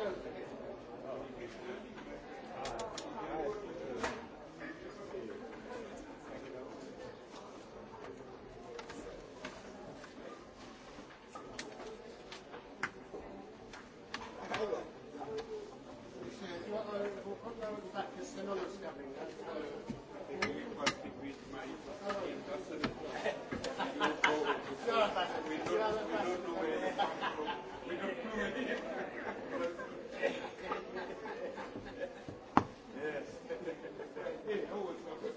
Thank you.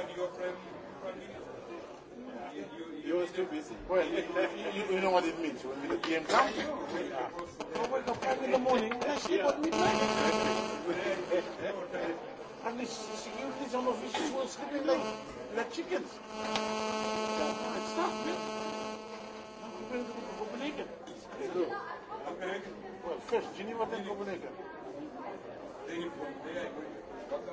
and your prime, prime minister. You, you, you, you are still busy. Well, you, you, you know what it means when the PM comes. I wake up five in the morning. Yeah, she yeah. bought me time. and the security zone officials were sleeping like, like chickens. It's stuff, man. I'm preparing to go to Copenhagen. So, well, first, Geneva, then Copenhagen. Then you go there. Okay.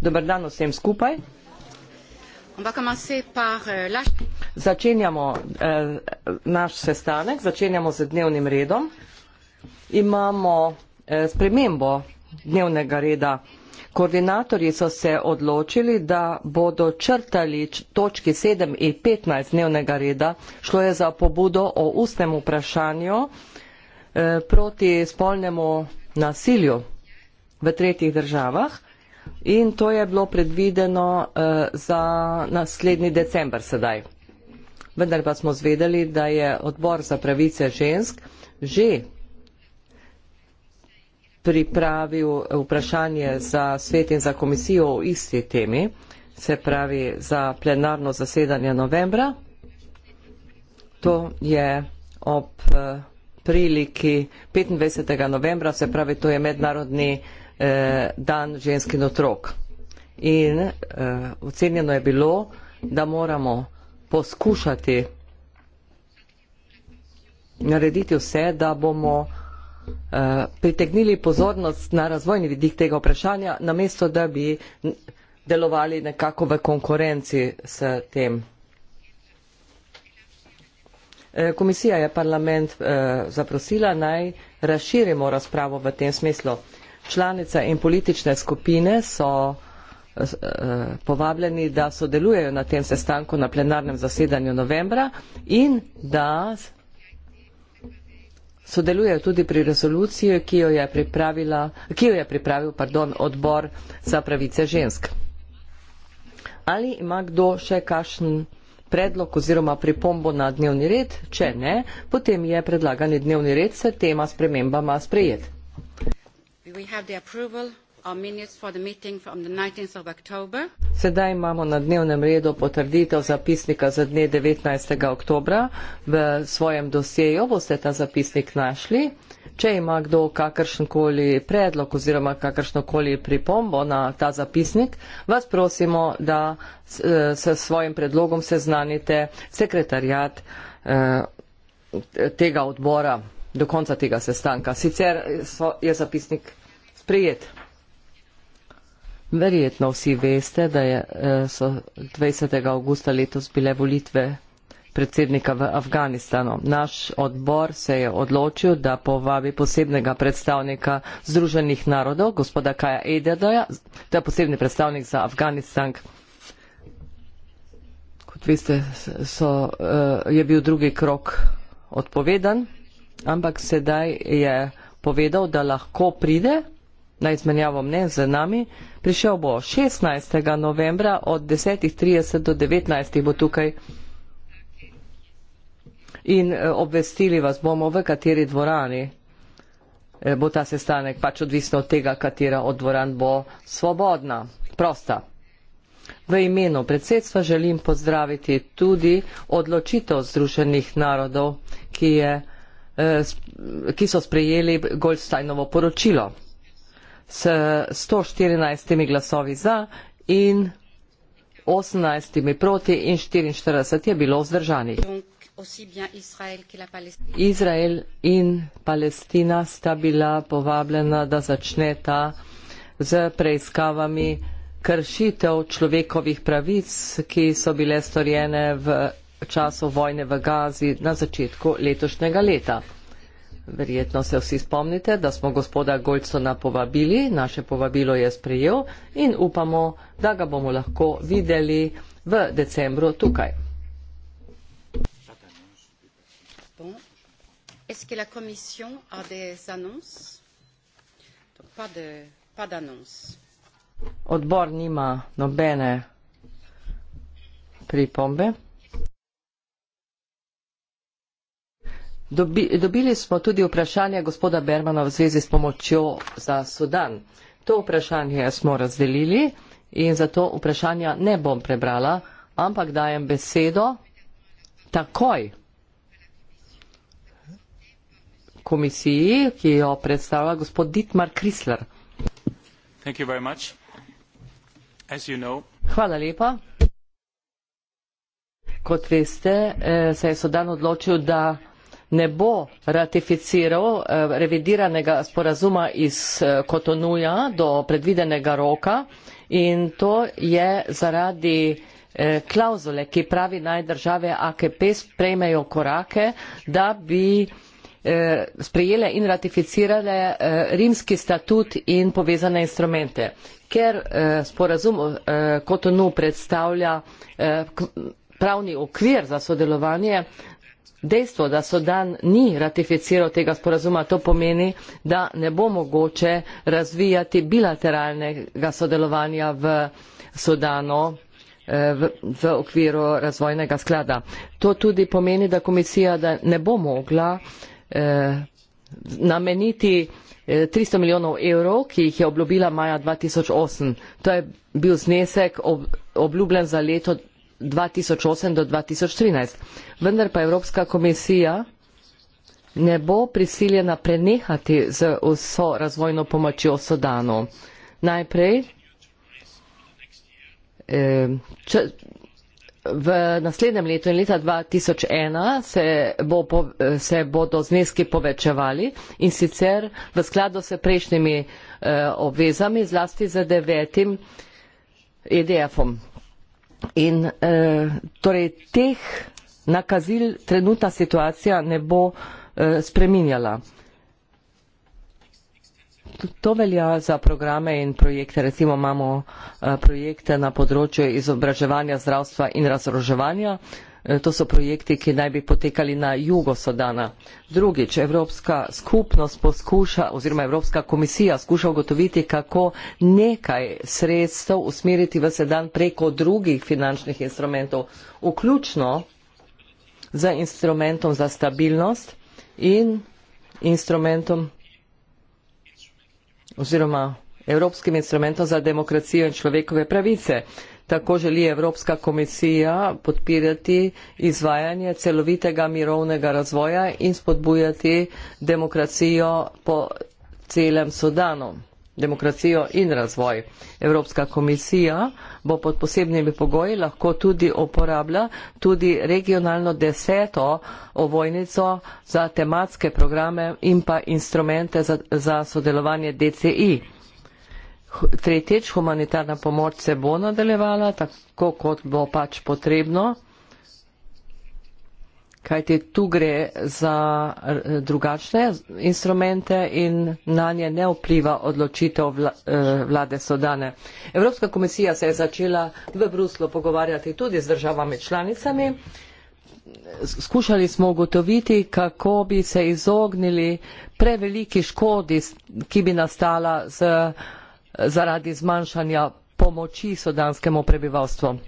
Dober dan vsem skupaj. Euh, začenjamo eh, naš sestanek, začenjamo z dnevnim redom. Imamo eh, spremembo dnevnega reda Koordinatorji so se odločili, da bodo črtali točki 7 in 15 dnevnega reda. Šlo je za pobudo o ustnem vprašanju eh, proti spolnemu nasilju v tretjih državah in to je bilo predvideno eh, za naslednji decembr sedaj. Vendar pa smo zvedeli, da je odbor za pravice žensk že pripravil vprašanje za svet in za komisijo o isti temi, se pravi za plenarno zasedanje novembra. To je ob eh, priliki 25. novembra, se pravi to je mednarodni eh, dan ženski otrok. In eh, ocenjeno je bilo, da moramo poskušati narediti vse, da bomo eh, Eh, pritegnili pozornost na razvojni vidik tega vprašanja, namesto da bi delovali nekako v konkurenci s tem. Eh, komisija je parlament eh, zaprosila naj razširimo razpravo v tem smislu. Članice in politične skupine so povabljeni, da sodelujejo na tem sestanku na plenarnem zasedanju novembra in da Sodelujejo tudi pri rezoluciji, ki jo je, ki jo je pripravil pardon, odbor za pravice žensk. Ali ima kdo še kakšen predlog oziroma pripombo na dnevni red? Če ne, potem je predlagani dnevni red se tema spremembama sprejet. Sedaj imamo na dnevnem redu potrditev zapisnika za dne 19. oktobra. V svojem dosjeju boste ta zapisnik našli. Če ima kdo kakršenkoli predlog oziroma kakršnokoli pripombo na ta zapisnik, vas prosimo, da se s svojim predlogom seznanite sekretarjat eh, tega odbora do konca tega sestanka. Sicer je zapisnik sprijet. Verjetno vsi veste, da je, eh, so 20. augusta letos bile volitve predsednika v Afganistanu. Naš odbor se je odločil, da povabi posebnega predstavnika Združenih narodov, gospoda Kaja Ededaja, da je posebni predstavnik za Afganistan. Kot veste, so, eh, je bil drugi krok odpovedan, ampak sedaj je povedal, da lahko pride na izmenjavo mnen z nami. Prišel bo 16. novembra od 10.30 do 19. bo tukaj. In eh, obvestili vas bomo, v kateri dvorani eh, bo ta sestanek, pač odvisno od tega, katera od dvoran bo svobodna, prosta. V imenu predsedstva želim pozdraviti tudi odločitev Združenih narodov, ki, je, eh, ki so sprejeli Goldsteinovo poročilo s 114 glasovi za in 18 proti in 44 je bilo vzdržanih. Izrael in Palestina sta bila povabljena, da začneta z preiskavami kršitev človekovih pravic, ki so bile storjene v času vojne v Gazi na začetku letošnjega leta. Verjetno se vsi spomnite, da smo gospoda Golcona povabili, naše povabilo je sprejel in upamo, da ga bomo lahko videli v decembru tukaj. Odbor nima nobene pripombe. Dobi, dobili smo tudi vprašanje gospoda Bermana v zvezi s pomočjo za Sudan. To vprašanje smo razdelili in zato vprašanja ne bom prebrala, ampak dajem besedo takoj komisiji, ki jo predstavlja gospod Dietmar Krisler. You know, Hvala lepa. Kot veste, eh, se je Sudan odločil, da ne bo ratificiral eh, revidiranega sporazuma iz eh, Kotonuja do predvidenega roka in to je zaradi eh, klauzule, ki pravi naj države AKP sprejmejo korake, da bi sprejele in ratificirale rimski statut in povezane instrumente. Ker sporazum Kotonu predstavlja pravni okvir za sodelovanje, Dejstvo, da Sudan ni ratificiral tega sporazuma, to pomeni, da ne bo mogoče razvijati bilateralnega sodelovanja v Sudanu eh, v, v okviru razvojnega sklada. To tudi pomeni, da komisija da ne bo mogla eh, nameniti 300 eh, milijonov evrov, ki jih je obljubila maja 2008. To je bil znesek ob, obljubljen za leto 2008. 2008 do 2013. Vendar pa Evropska komisija ne bo prisiljena prenehati z vso razvojno pomočjo Sodanu. Najprej eh, če, v naslednjem letu in leta 2001 se, bo, se bodo zneski povečevali in sicer v skladu s prejšnjimi eh, obvezami, zlasti za devetim EDF-om. In eh, torej teh nakazil trenutna situacija ne bo eh, spreminjala. To velja za programe in projekte. Recimo imamo eh, projekte na področju izobraževanja, zdravstva in razroževanja. Eh, to so projekti, ki naj bi potekali na jugo Sodana. Drugič, Evropska skupnost poskuša oziroma Evropska komisija skuša ugotoviti, kako nekaj sredstev usmeriti v Sedan preko drugih finančnih instrumentov, vključno z instrumentom za stabilnost in instrumentom oziroma Evropskim instrumentom za demokracijo in človekove pravice. Tako želi Evropska komisija podpirati izvajanje celovitega mirovnega razvoja in spodbujati demokracijo po celem Sudanu. Demokracijo in razvoj. Evropska komisija bo pod posebnimi pogoji lahko tudi uporabila tudi regionalno deseto ovojnico za tematske programe in pa instrumente za, za sodelovanje DCI. Tretjič, humanitarna pomoč se bo nadaljevala tako, kot bo pač potrebno, kajte tu gre za drugačne instrumente in na nje ne vpliva odločitev e, vlade Sodane. Evropska komisija se je začela v Bruslu pogovarjati tudi z državami članicami. Skušali smo ugotoviti, kako bi se izognili preveliki škodi, ki bi nastala z zaradi zmanjšanja pomoči sudanskemu prebivalstvu.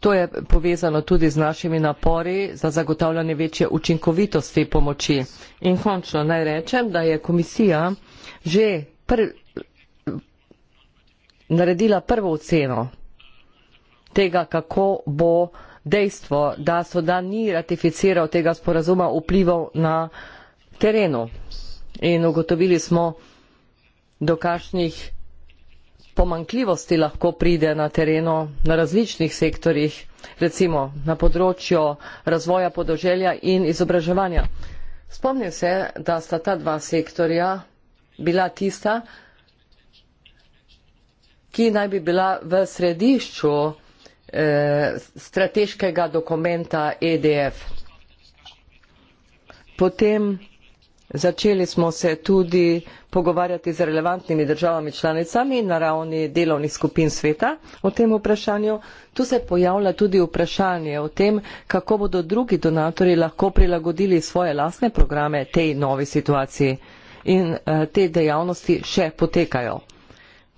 To je povezano tudi z našimi napori za zagotavljanje večje učinkovitosti pomoči. In končno naj rečem, da je komisija že pr naredila prvo oceno tega, kako bo dejstvo, da Sudan ni ratificiral tega sporazuma vplival na terenu. In ugotovili smo, do kašnih pomankljivosti lahko pride na terenu na različnih sektorjih, recimo na področju razvoja podoželja in izobraževanja. Spomnim se, da sta ta dva sektorja bila tista, ki naj bi bila v središču eh, strateškega dokumenta EDF. Potem začeli smo se tudi pogovarjati z relevantnimi državami članicami na ravni delovnih skupin sveta o tem vprašanju. Tu se pojavlja tudi vprašanje o tem, kako bodo drugi donatori lahko prilagodili svoje lastne programe tej novi situaciji in eh, te dejavnosti še potekajo.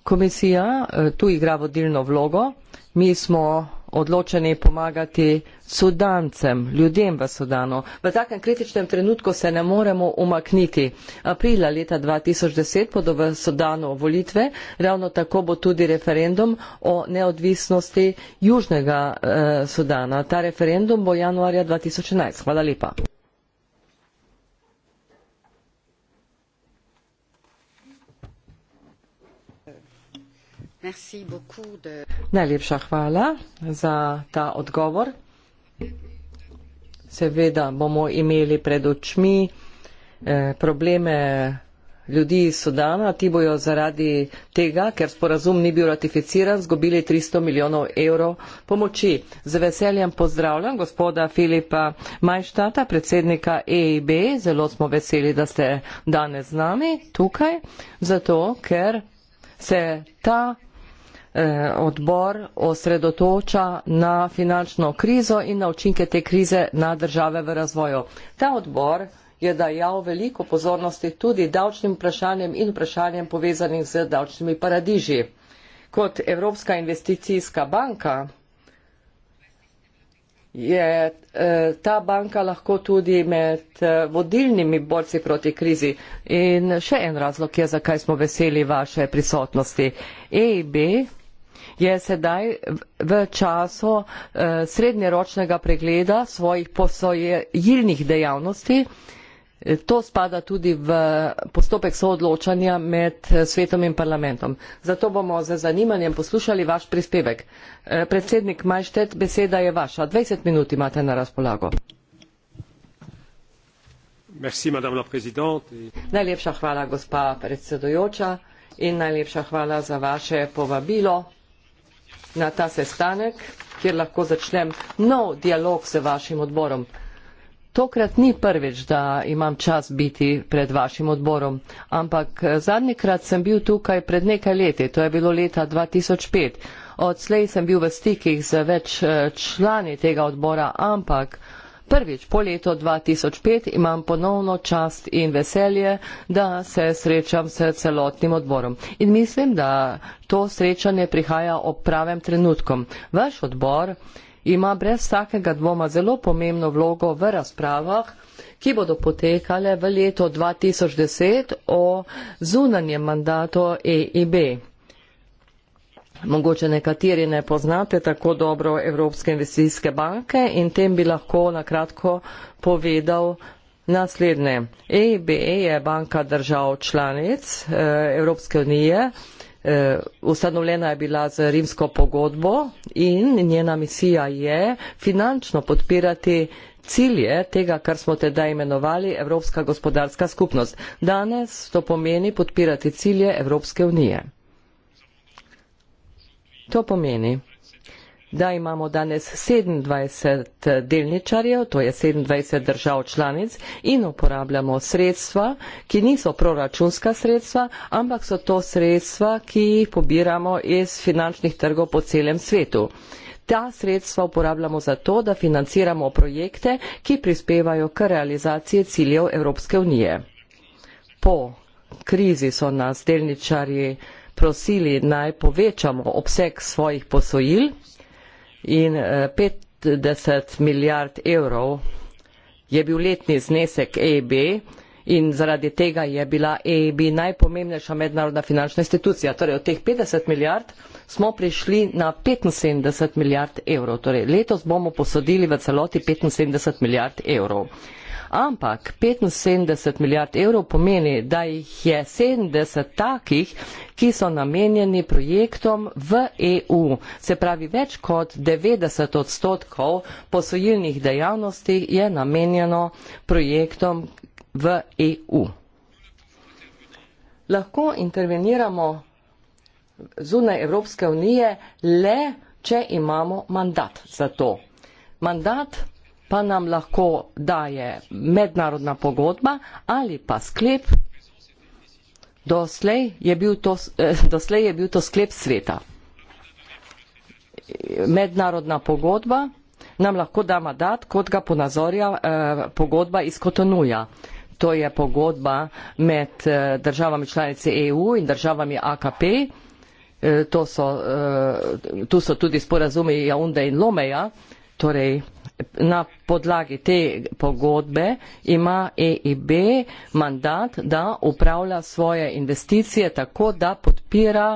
Komisija eh, tu igra vodilno vlogo. Mi smo odločeni pomagati sudancem, ljudem v Sudanu. V takem kritičnem trenutku se ne moremo umakniti. Aprila leta 2010 bodo v Sudanu volitve, ravno tako bo tudi referendum o neodvisnosti Južnega eh, Sudana. Ta referendum bo januarja 2011. Hvala lepa. Najlepša hvala za ta odgovor. Seveda bomo imeli pred očmi eh, probleme ljudi iz Sudana. Ti bojo zaradi tega, ker sporazum ni bil ratificiran, zgobili 300 milijonov evrov pomoči. Z veseljem pozdravljam gospoda Filipa Majštata, predsednika EIB. Zelo smo veseli, da ste danes z nami tukaj, zato ker se ta Eh, odbor osredotoča na finančno krizo in na učinke te krize na države v razvoju. Ta odbor je dajal veliko pozornosti tudi davčnim vprašanjem in vprašanjem povezanih z davčnimi paradiži. Kot Evropska investicijska banka je eh, ta banka lahko tudi med eh, vodilnimi borci proti krizi. In še en razlog je, zakaj smo veseli vaše prisotnosti. EIB je sedaj v času eh, srednjeročnega pregleda svojih posojilnih dejavnosti. Eh, to spada tudi v postopek soodločanja med eh, svetom in parlamentom. Zato bomo z zanimanjem poslušali vaš prispevek. Predsednik Majštet, beseda je vaša. 20 minut imate na razpolago. Merci, la najlepša hvala, gospa predsedujoča, in najlepša hvala za vaše povabilo na ta sestanek, kjer lahko začnem nov dialog z vašim odborom. Tokrat ni prvič, da imam čas biti pred vašim odborom, ampak eh, zadnjikrat sem bil tukaj pred nekaj leti, to je bilo leta 2005. Odslej sem bil v stikih z več eh, člani tega odbora, ampak Prvič po letu 2005 imam ponovno čast in veselje, da se srečam s celotnim odborom. In mislim, da to srečanje prihaja ob pravem trenutku. Vaš odbor ima brez vsakega dvoma zelo pomembno vlogo v razpravah, ki bodo potekale v letu 2010 o zunanjem mandatu EIB. Mogoče nekateri ne poznate tako dobro Evropske investicijske banke in tem bi lahko nakratko povedal naslednje. EIBE e je banka držav članic eh, Evropske unije. Eh, ustanovljena je bila z rimsko pogodbo in njena misija je finančno podpirati cilje tega, kar smo teda imenovali Evropska gospodarska skupnost. Danes to pomeni podpirati cilje Evropske unije. To pomeni, da imamo danes 27 delničarjev, to je 27 držav članic in uporabljamo sredstva, ki niso proračunska sredstva, ampak so to sredstva, ki jih pobiramo iz finančnih trgov po celem svetu. Ta sredstva uporabljamo za to, da financiramo projekte, ki prispevajo k realizaciji ciljev Evropske unije. Po krizi so nas delničarji prosili naj povečamo obseg svojih posojil in 50 eh, milijard evrov je bil letni znesek EIB in zaradi tega je bila EIB najpomembnejša mednarodna finančna institucija. Torej od teh 50 milijard smo prišli na 75 milijard evrov. Torej letos bomo posodili v celoti 75 milijard evrov ampak 75 milijard evrov pomeni, da jih je 70 takih, ki so namenjeni projektom v EU. Se pravi, več kot 90 odstotkov posojilnih dejavnosti je namenjeno projektom v EU. Lahko interveniramo zunaj Evropske unije le, če imamo mandat za to. Mandat pa nam lahko daje mednarodna pogodba ali pa sklep, doslej je bil to, eh, doslej je bil to sklep sveta. Mednarodna pogodba nam lahko da mandat, kot ga ponazorja eh, pogodba iz Kotonuja. To je pogodba med eh, državami članice EU in državami AKP. Eh, so, eh, tu so tudi sporazumi Jaunde in Lomeja, torej na podlagi te pogodbe ima EIB mandat, da upravlja svoje investicije tako, da podpira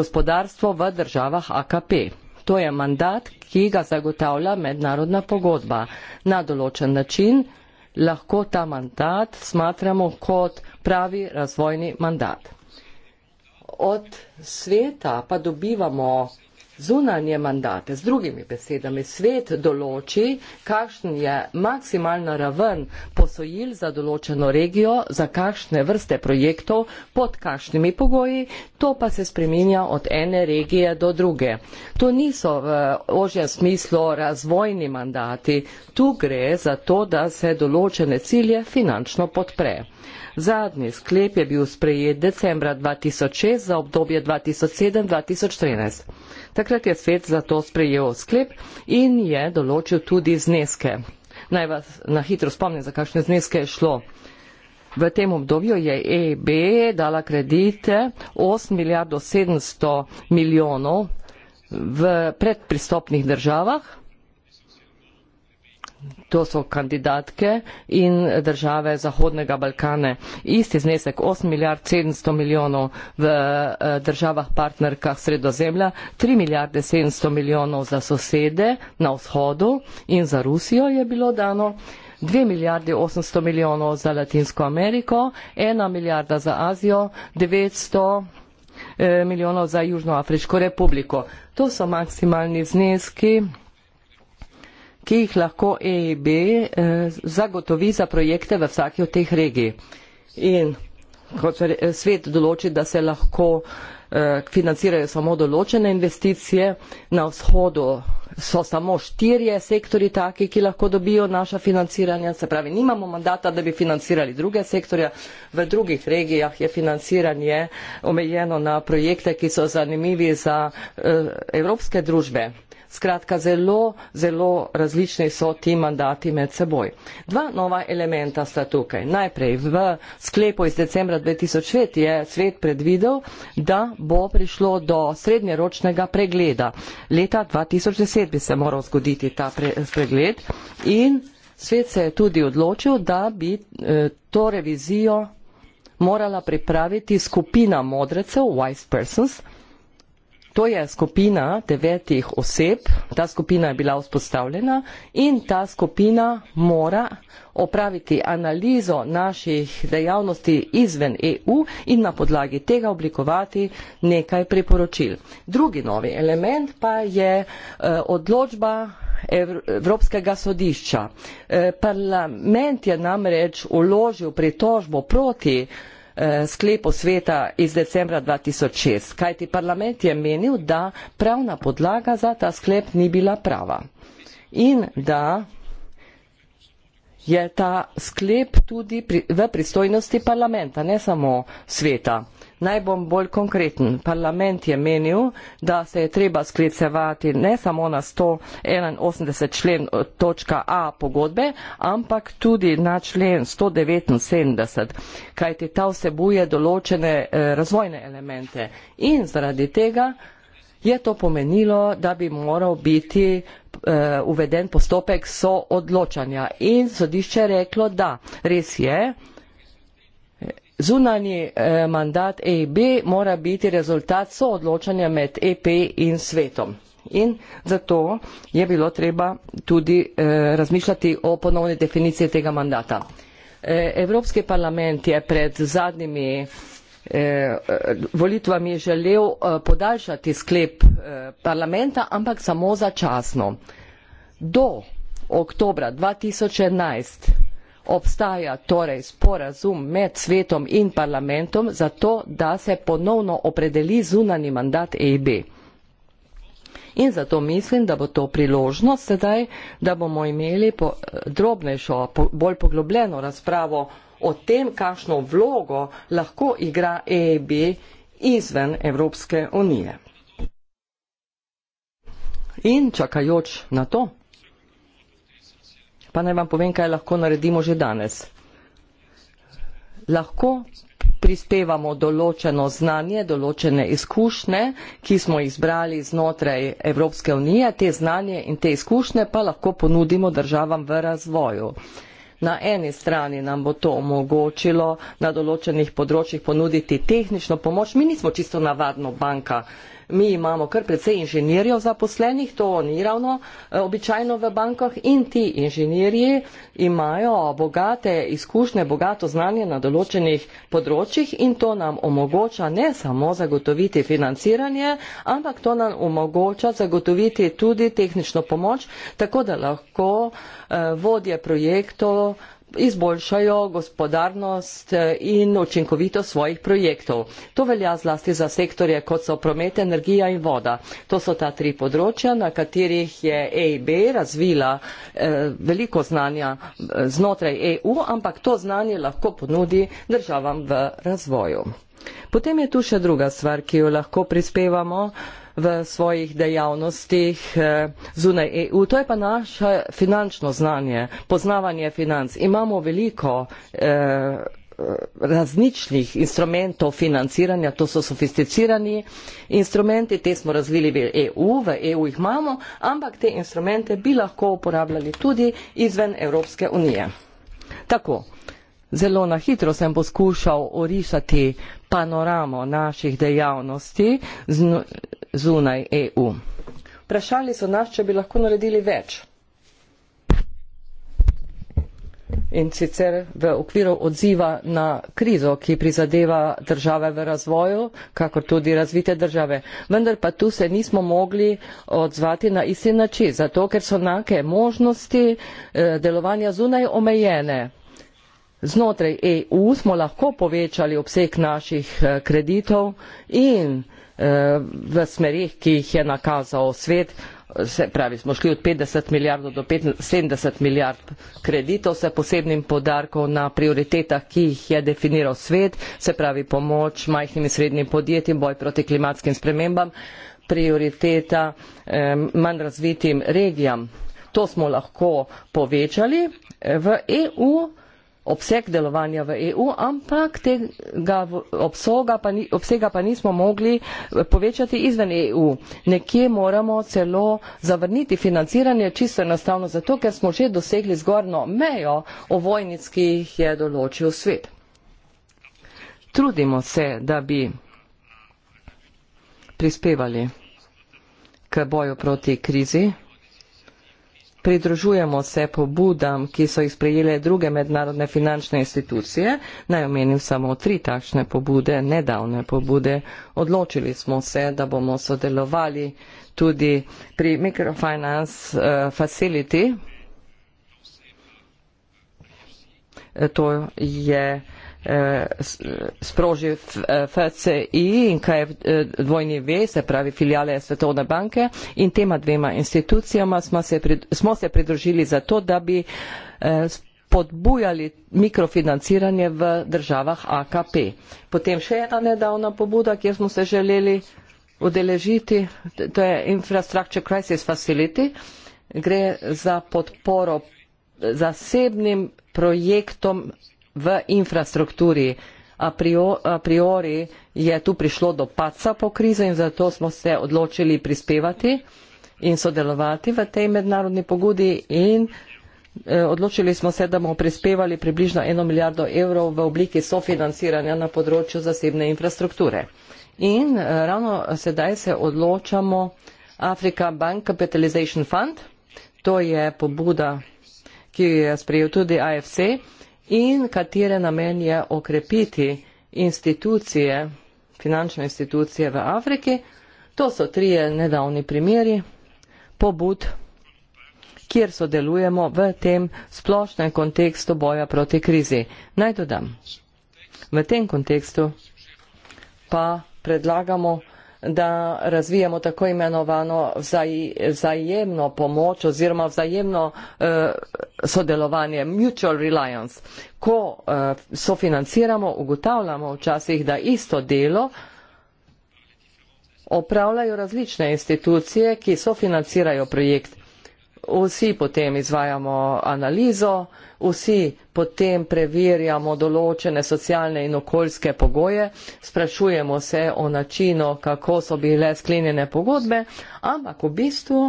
gospodarstvo v državah AKP. To je mandat, ki ga zagotavlja mednarodna pogodba. Na določen način lahko ta mandat smatramo kot pravi razvojni mandat. Od sveta pa dobivamo zunanje mandate, z drugimi besedami, svet določi, kakšen je maksimalna raven posojil za določeno regijo, za kakšne vrste projektov, pod kakšnimi pogoji, to pa se spreminja od ene regije do druge. To niso v ožjem smislu razvojni mandati, tu gre za to, da se določene cilje finančno podpre. Zadnji sklep je bil sprejet decembra 2006 za obdobje 2007-2013. Takrat je svet zato sprejel sklep in je določil tudi zneske. Naj vas na hitro spomnim, za kakšne zneske je šlo. V tem obdobju je EB dala kredite 8 milijardo 700 milijonov v predpristopnih državah, to so kandidatke in države Zahodnega Balkana. Isti znesek 8 milijard 700 milijonov v eh, državah partnerkah sredozemlja, 3 milijarde 700 milijonov za sosede na vzhodu in za Rusijo je bilo dano. 2 milijarde 800 milijonov za Latinsko Ameriko, 1 milijarda za Azijo, 900 eh, milijonov za Južnoafriško republiko. To so maksimalni zneski ki jih lahko EIB e eh, zagotovi za projekte v vsaki od teh regij. In kot se eh, svet določi, da se lahko eh, financirajo samo določene investicije, na vzhodu so samo štirje sektori taki, ki lahko dobijo naša financiranja, se pravi, nimamo mandata, da bi financirali druge sektorje, v drugih regijah je financiranje omejeno na projekte, ki so zanimivi za evropske družbe. Skratka, zelo, zelo različni so ti mandati med seboj. Dva nova elementa sta tukaj. Najprej v sklepu iz decembra 2005 je svet predvidel, da bo prišlo do srednjeročnega pregleda. Leta 2010 bi se moral zgoditi ta pregled in svet se je tudi odločil, da bi eh, to revizijo morala pripraviti skupina modrecev, wise persons, to je skupina devetih oseb, ta skupina je bila vzpostavljena in ta skupina mora opraviti analizo naših dejavnosti izven EU in na podlagi tega oblikovati nekaj priporočil. Drugi novi element pa je eh, odločba Evropskega sodišča. Eh, parlament je namreč uložil pritožbo proti Eh, sklepu sveta iz decembra 2006, kajti parlament je menil, da pravna podlaga za ta sklep ni bila prava in da je ta sklep tudi pri, v pristojnosti parlamenta, ne samo sveta. Naj bom bolj konkreten. Parlament je menil, da se je treba sklicevati ne samo na 181 člen točka A pogodbe, ampak tudi na člen 179, kajti ta vsebuje določene eh, razvojne elemente. In zaradi tega je to pomenilo, da bi moral biti eh, uveden postopek soodločanja. In sodišče je reklo, da res je, zunani eh, mandat EIB mora biti rezultat soodločanja med EP in svetom. In zato je bilo treba tudi eh, razmišljati o ponovni definiciji tega mandata. Eh, Evropski parlament je pred zadnjimi volitvami želel podaljšati sklep parlamenta, ampak samo začasno. Do oktobra 2011 obstaja torej sporazum med svetom in parlamentom za to, da se ponovno opredeli zunani mandat EIB. In zato mislim, da bo to priložnost sedaj, da bomo imeli po, eh, drobnejšo, po, bolj poglobljeno razpravo o tem, kakšno vlogo lahko igra EIB izven Evropske unije. In čakajoč na to, Pa naj vam povem, kaj lahko naredimo že danes. Lahko prispevamo določeno znanje, določene izkušnje, ki smo jih zbrali znotraj Evropske unije, te znanje in te izkušnje pa lahko ponudimo državam v razvoju. Na eni strani nam bo to omogočilo na določenih področjih ponuditi tehnično pomoč. Mi nismo čisto navadno banka, mi imamo kar precej inženirjev zaposlenih, to ni ravno eh, običajno v bankah in ti inženirji imajo bogate izkušnje, bogato znanje na določenih področjih in to nam omogoča ne samo zagotoviti financiranje, ampak to nam omogoča zagotoviti tudi tehnično pomoč, tako da lahko eh, vodje projektov izboljšajo gospodarnost eh, in učinkovitost svojih projektov. To velja zlasti za sektorje, kot so promet, energija in voda. To so ta tri področja, na katerih je EIB razvila eh, veliko znanja eh, znotraj EU, ampak to znanje lahko ponudi državam v razvoju. Potem je tu še druga stvar, ki jo lahko prispevamo v svojih dejavnostih eh, zunaj EU. To je pa naše finančno znanje, poznavanje financ. Imamo veliko eh, različnih instrumentov financiranja, to so sofisticirani instrumenti, te smo razvili v EU, v EU jih imamo, ampak te instrumente bi lahko uporabljali tudi izven Evropske unije. Tako zelo na hitro sem poskušal orišati panoramo naših dejavnosti zunaj EU. Vprašali so nas, če bi lahko naredili več. In sicer v okviru odziva na krizo, ki prizadeva države v razvoju, kakor tudi razvite države. Vendar pa tu se nismo mogli odzvati na isti način, zato ker so nake možnosti eh, delovanja zunaj omejene znotraj eu smo lahko povečali obseg naših eh, kreditov in eh, v smerih, ki jih je nakazal svet, se pravi, smo šli od 50 milijard do 70 milijard kreditov, se posebnim podarkom na prioritetah, ki jih je definiral svet, se pravi pomoč majhnim in srednjim podjetjem, boj proti klimatskim spremembam, prioriteta manj razvitim regijam. To smo lahko povečali eh, v EU, obseg delovanja v EU, ampak tega obsega pa, ni, obsega pa nismo mogli povečati izven EU. Nekje moramo celo zavrniti financiranje, čisto enostavno zato, ker smo že dosegli zgornjo mejo ovojnic, ki jih je določil svet. Trudimo se, da bi prispevali k boju proti krizi, Pridružujemo se pobudam, ki so jih sprejele druge mednarodne finančne institucije, naj omenim samo tri takšne pobude, nedavne pobude. Odločili smo se, da bomo sodelovali tudi pri Microfinance eh, Facility. To je Eh, sproži FCI eh, in kaj je eh, dvojni V, se pravi filijale Svetovne banke in tema dvema institucijama smo se, smo se pridružili za to, da bi podbujali mikrofinanciranje v državah AKP. Potem še ena nedavna pobuda, kjer smo se želeli udeležiti, to je Infrastructure Crisis Facility, gre za podporo zasebnim projektom v infrastrukturi. A priori, a priori je tu prišlo do paca po krizi in zato smo se odločili prispevati in sodelovati v tej mednarodni pogodi in e, odločili smo se, da bomo prispevali približno eno milijardo evrov v obliki sofinanciranja na področju zasebne infrastrukture. In e, ravno sedaj se odločamo Africa Bank Capitalization Fund, to je pobuda, ki jo je sprejel tudi AFC, in katere namen je okrepiti institucije, finančne institucije v Afriki. To so trije nedavni primeri pobud, kjer sodelujemo v tem splošnem kontekstu boja proti krizi. Naj dodam, v tem kontekstu pa predlagamo da razvijamo tako imenovano vzaj, vzajemno pomoč oziroma vzajemno uh, sodelovanje, mutual reliance. Ko uh, sofinanciramo, ugotavljamo včasih, da isto delo opravljajo različne institucije, ki sofinancirajo projekt vsi potem izvajamo analizo, vsi potem preverjamo določene socialne in okoljske pogoje, sprašujemo se o načinu, kako so bile sklenjene pogodbe, ampak v bistvu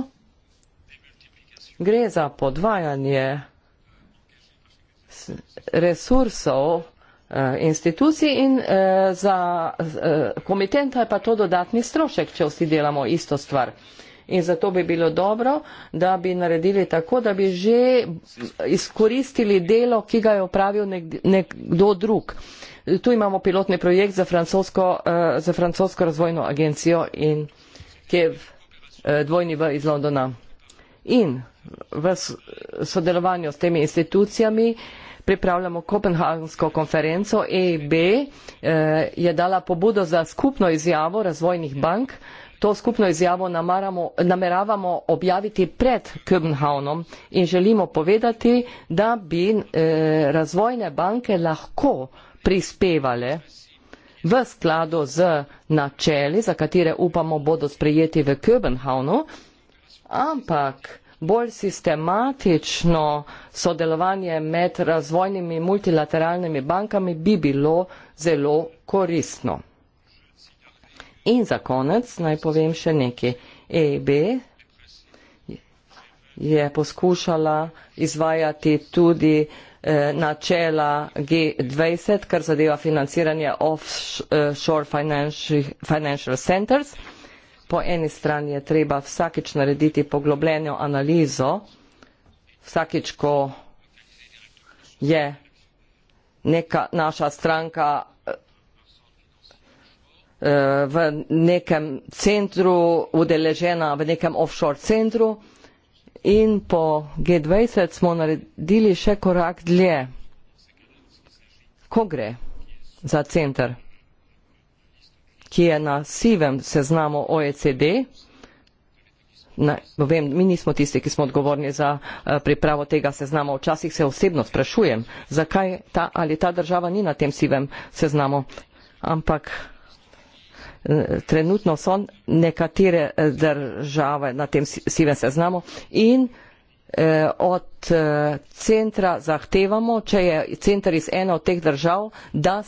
gre za podvajanje resursov eh, institucij in eh, za eh, komitenta je pa to dodatni strošek, če vsi delamo isto stvar in zato bi bilo dobro, da bi naredili tako, da bi že izkoristili delo, ki ga je opravil nekdo drug. Tu imamo pilotni projekt za francosko, eh, za francosko razvojno agencijo in Kev eh, dvojni v iz Londona. In v sodelovanju s temi institucijami pripravljamo kopenhagensko konferenco EIB, eh, je dala pobudo za skupno izjavo razvojnih bank, To skupno izjavo namaramo, nameravamo objaviti pred Köbenhavnom in želimo povedati, da bi eh, razvojne banke lahko prispevale v skladu z načeli, za katere upamo bodo sprejeti v Köbenhavnu, ampak bolj sistematično sodelovanje med razvojnimi multilateralnimi bankami bi bilo zelo koristno. In za konec naj povem še nekaj. EB je poskušala izvajati tudi eh, načela G20, kar zadeva financiranje offshore financial centers. Po eni strani je treba vsakič narediti poglobljeno analizo, vsakič, ko je neka naša stranka v nekem centru, udeležena v nekem offshore centru in po G20 smo naredili še korak dlje. Ko gre za center, ki je na sivem seznamu OECD, Na, vem, mi nismo tisti, ki smo odgovorni za uh, pripravo tega seznama. Včasih se osebno sprašujem, zakaj ta ali ta država ni na tem sivem seznamu. Ampak trenutno so nekatere eh, države na tem sivem seznamu in eh, od eh, centra zahtevamo, če je center iz ene od teh držav, da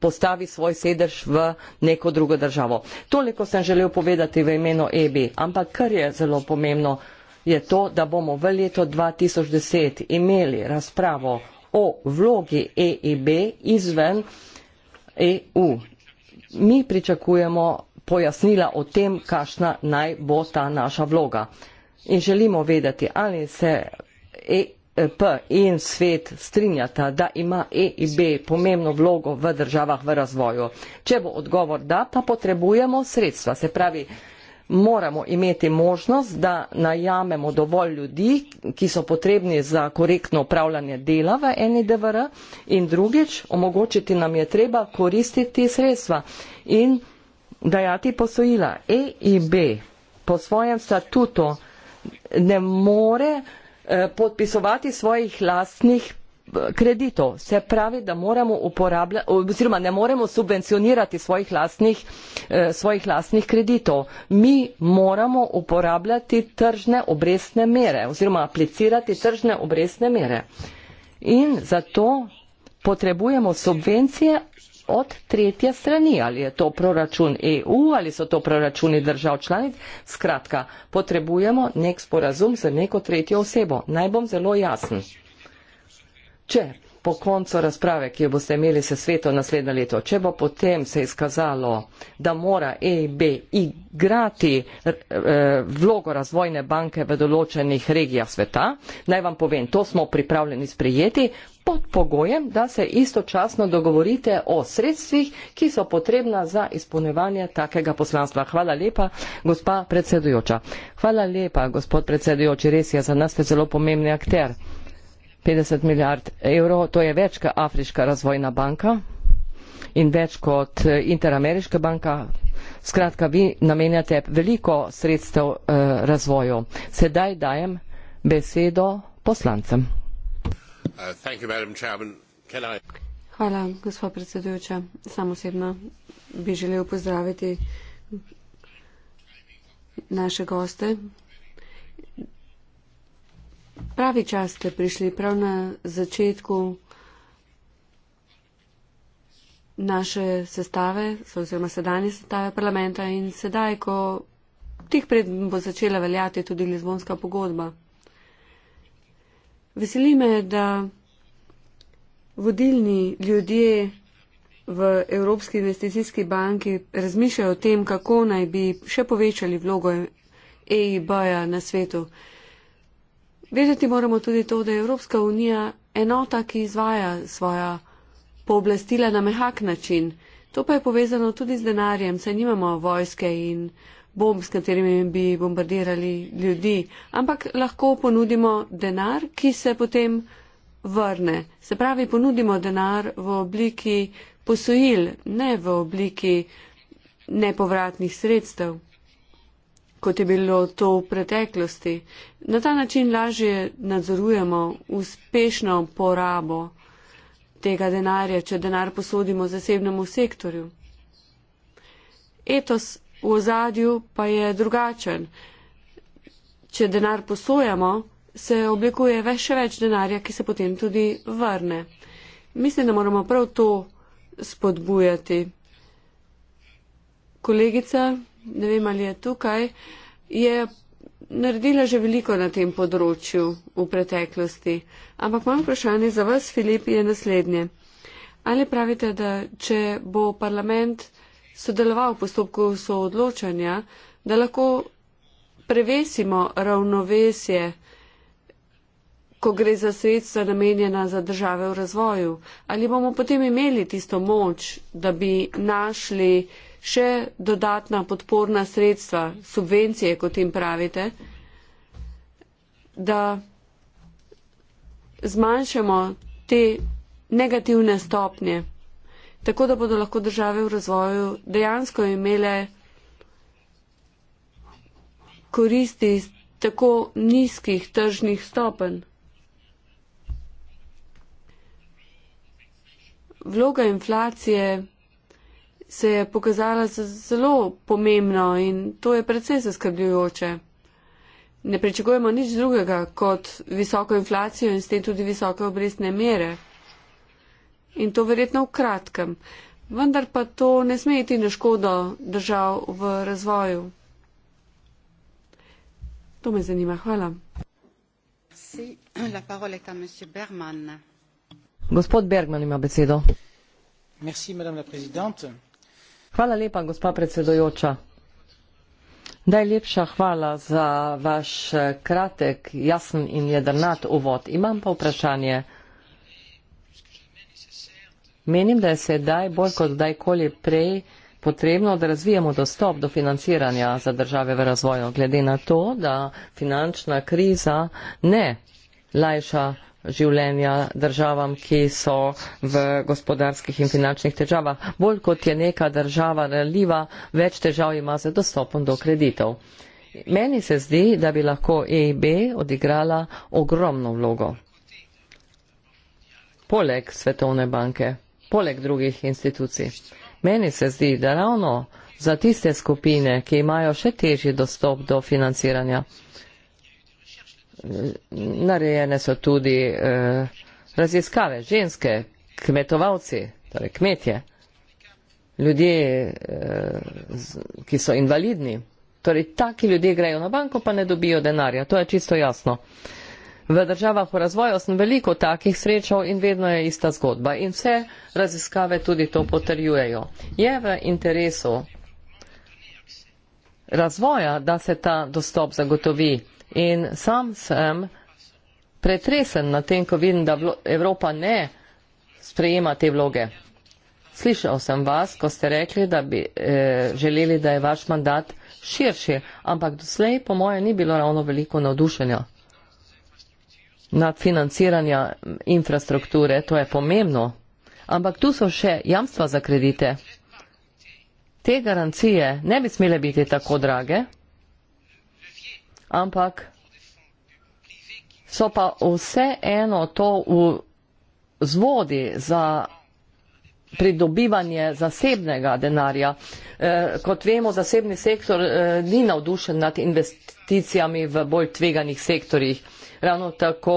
postavi svoj sedež v neko drugo državo. Toliko sem želel povedati v imenu EBI, ampak kar je zelo pomembno, je to, da bomo v letu 2010 imeli razpravo o vlogi EIB izven EU mi pričakujemo pojasnila o tem, kakšna naj bo ta naša vloga. In želimo vedeti, ali se EP in svet strinjata, da ima EIB pomembno vlogo v državah v razvoju. Če bo odgovor da, pa potrebujemo sredstva. Se pravi, moramo imeti možnost, da najamemo dovolj ljudi, ki so potrebni za korektno upravljanje dela v NIDVR in drugič omogočiti nam je treba koristiti sredstva in dajati posojila. EIB po svojem statutu ne more eh, podpisovati svojih lastnih kreditov se pravi da moramo uporabljati oziroma ne moremo subvencionirati svojih lastnih, eh, svojih lastnih kreditov mi moramo uporabljati tržne obrestne mere oziroma aplicirati tržne obrestne mere in zato potrebujemo subvencije od tretje strani ali je to proračun EU ali so to proračuni držav članic skratka potrebujemo nek sporazum za neko tretjo osebo naj bom zelo jasen Če po koncu razprave, ki jo boste imeli se sveto naslednje leto, če bo potem se izkazalo, da mora EIB igrati eh, vlogo razvojne banke v določenih regijah sveta, naj vam povem, to smo pripravljeni sprijeti pod pogojem, da se istočasno dogovorite o sredstvih, ki so potrebna za izpolnevanje takega poslanstva. Hvala lepa, gospa predsedujoča. Hvala lepa, gospod predsedujoči, res je za nas zelo pomembni akter. 50 milijard evrov, to je več kot Afriška razvojna banka in več kot eh, Interameriška banka. Skratka, vi namenjate veliko sredstev eh, razvoju. Sedaj dajem besedo poslancem. Uh, you, I... Hvala, gospod predsedujoča. Samosebno bi želel pozdraviti naše goste, Pravi čas ste prišli prav na začetku naše sestave, oziroma sedanje sestave parlamenta in sedaj, ko tih pred bo začela veljati tudi Lizbonska pogodba. Veseli me, da vodilni ljudje v Evropski investicijski banki razmišljajo o tem, kako naj bi še povečali vlogo EIB-ja na svetu. Vedeti moramo tudi to, da je Evropska unija enota, ki izvaja svoja pooblastila na mehak način. To pa je povezano tudi z denarjem, saj nimamo vojske in bomb, s katerimi bi bombardirali ljudi, ampak lahko ponudimo denar, ki se potem vrne. Se pravi, ponudimo denar v obliki posojil, ne v obliki nepovratnih sredstev kot je bilo to v preteklosti. Na ta način lažje nadzorujemo uspešno porabo tega denarja, če denar posodimo zasebnemu sektorju. Etos v ozadju pa je drugačen. Če denar posojamo, se oblikuje več še več denarja, ki se potem tudi vrne. Mislim, da moramo prav to spodbujati. Kolegica ne vem ali je tukaj, je naredila že veliko na tem področju v preteklosti. Ampak moje vprašanje za vas, Filip, je naslednje. Ali pravite, da če bo parlament sodeloval v postopku soodločanja, da lahko prevesimo ravnovesje, ko gre za sredstva namenjena za države v razvoju? Ali bomo potem imeli tisto moč, da bi našli še dodatna podporna sredstva, subvencije, kot jim pravite, da zmanjšamo te negativne stopnje, tako da bodo lahko države v razvoju dejansko imele koristi iz tako nizkih tržnih stopenj. Vloga inflacije se je pokazala za zelo pomembno in to je predvsej zaskrbljujoče. Ne pričakujemo nič drugega kot visoko inflacijo in s tem tudi visoke obrestne mere. In to verjetno v kratkem. Vendar pa to ne sme iti na škodo držav v razvoju. To me zanima. Hvala. Gospod Bergman ima besedo. Merci, Hvala lepa, gospa predsedojoča. Najlepša hvala za vaš eh, kratek, jasen in jedrnat uvod. Imam pa vprašanje. Menim, da je sedaj bolj kot kdajkoli prej potrebno, da razvijemo dostop do financiranja za države v razvoju, glede na to, da finančna kriza ne lajša življenja državam, ki so v gospodarskih in finančnih težavah. Bolj kot je neka država reljiva, več težav ima z dostopom do kreditov. Meni se zdi, da bi lahko EIB odigrala ogromno vlogo. Poleg Svetovne banke, poleg drugih institucij. Meni se zdi, da ravno za tiste skupine, ki imajo še težji dostop do financiranja, narejene so tudi eh, raziskave, ženske, kmetovalci, torej kmetje, ljudje, eh, ki so invalidni. Torej, taki ljudje grejo na banko, pa ne dobijo denarja, to je čisto jasno. V državah v razvoju sem veliko takih srečal in vedno je ista zgodba. In vse raziskave tudi to potrjujejo. Je v interesu razvoja, da se ta dostop zagotovi In sam sem pretresen na tem, ko vidim, da Evropa ne sprejema te vloge. Slišal sem vas, ko ste rekli, da bi e, želeli, da je vaš mandat širši, ampak doslej, po moje, ni bilo ravno veliko navdušenja nad financiranja infrastrukture. To je pomembno. Ampak tu so še jamstva za kredite. Te garancije ne bi smele biti tako drage ampak so pa vse eno to vzvodi za pridobivanje zasebnega denarja. E, kot vemo, zasebni sektor e, ni navdušen nad investicijami v bolj tveganih sektorjih. Ravno tako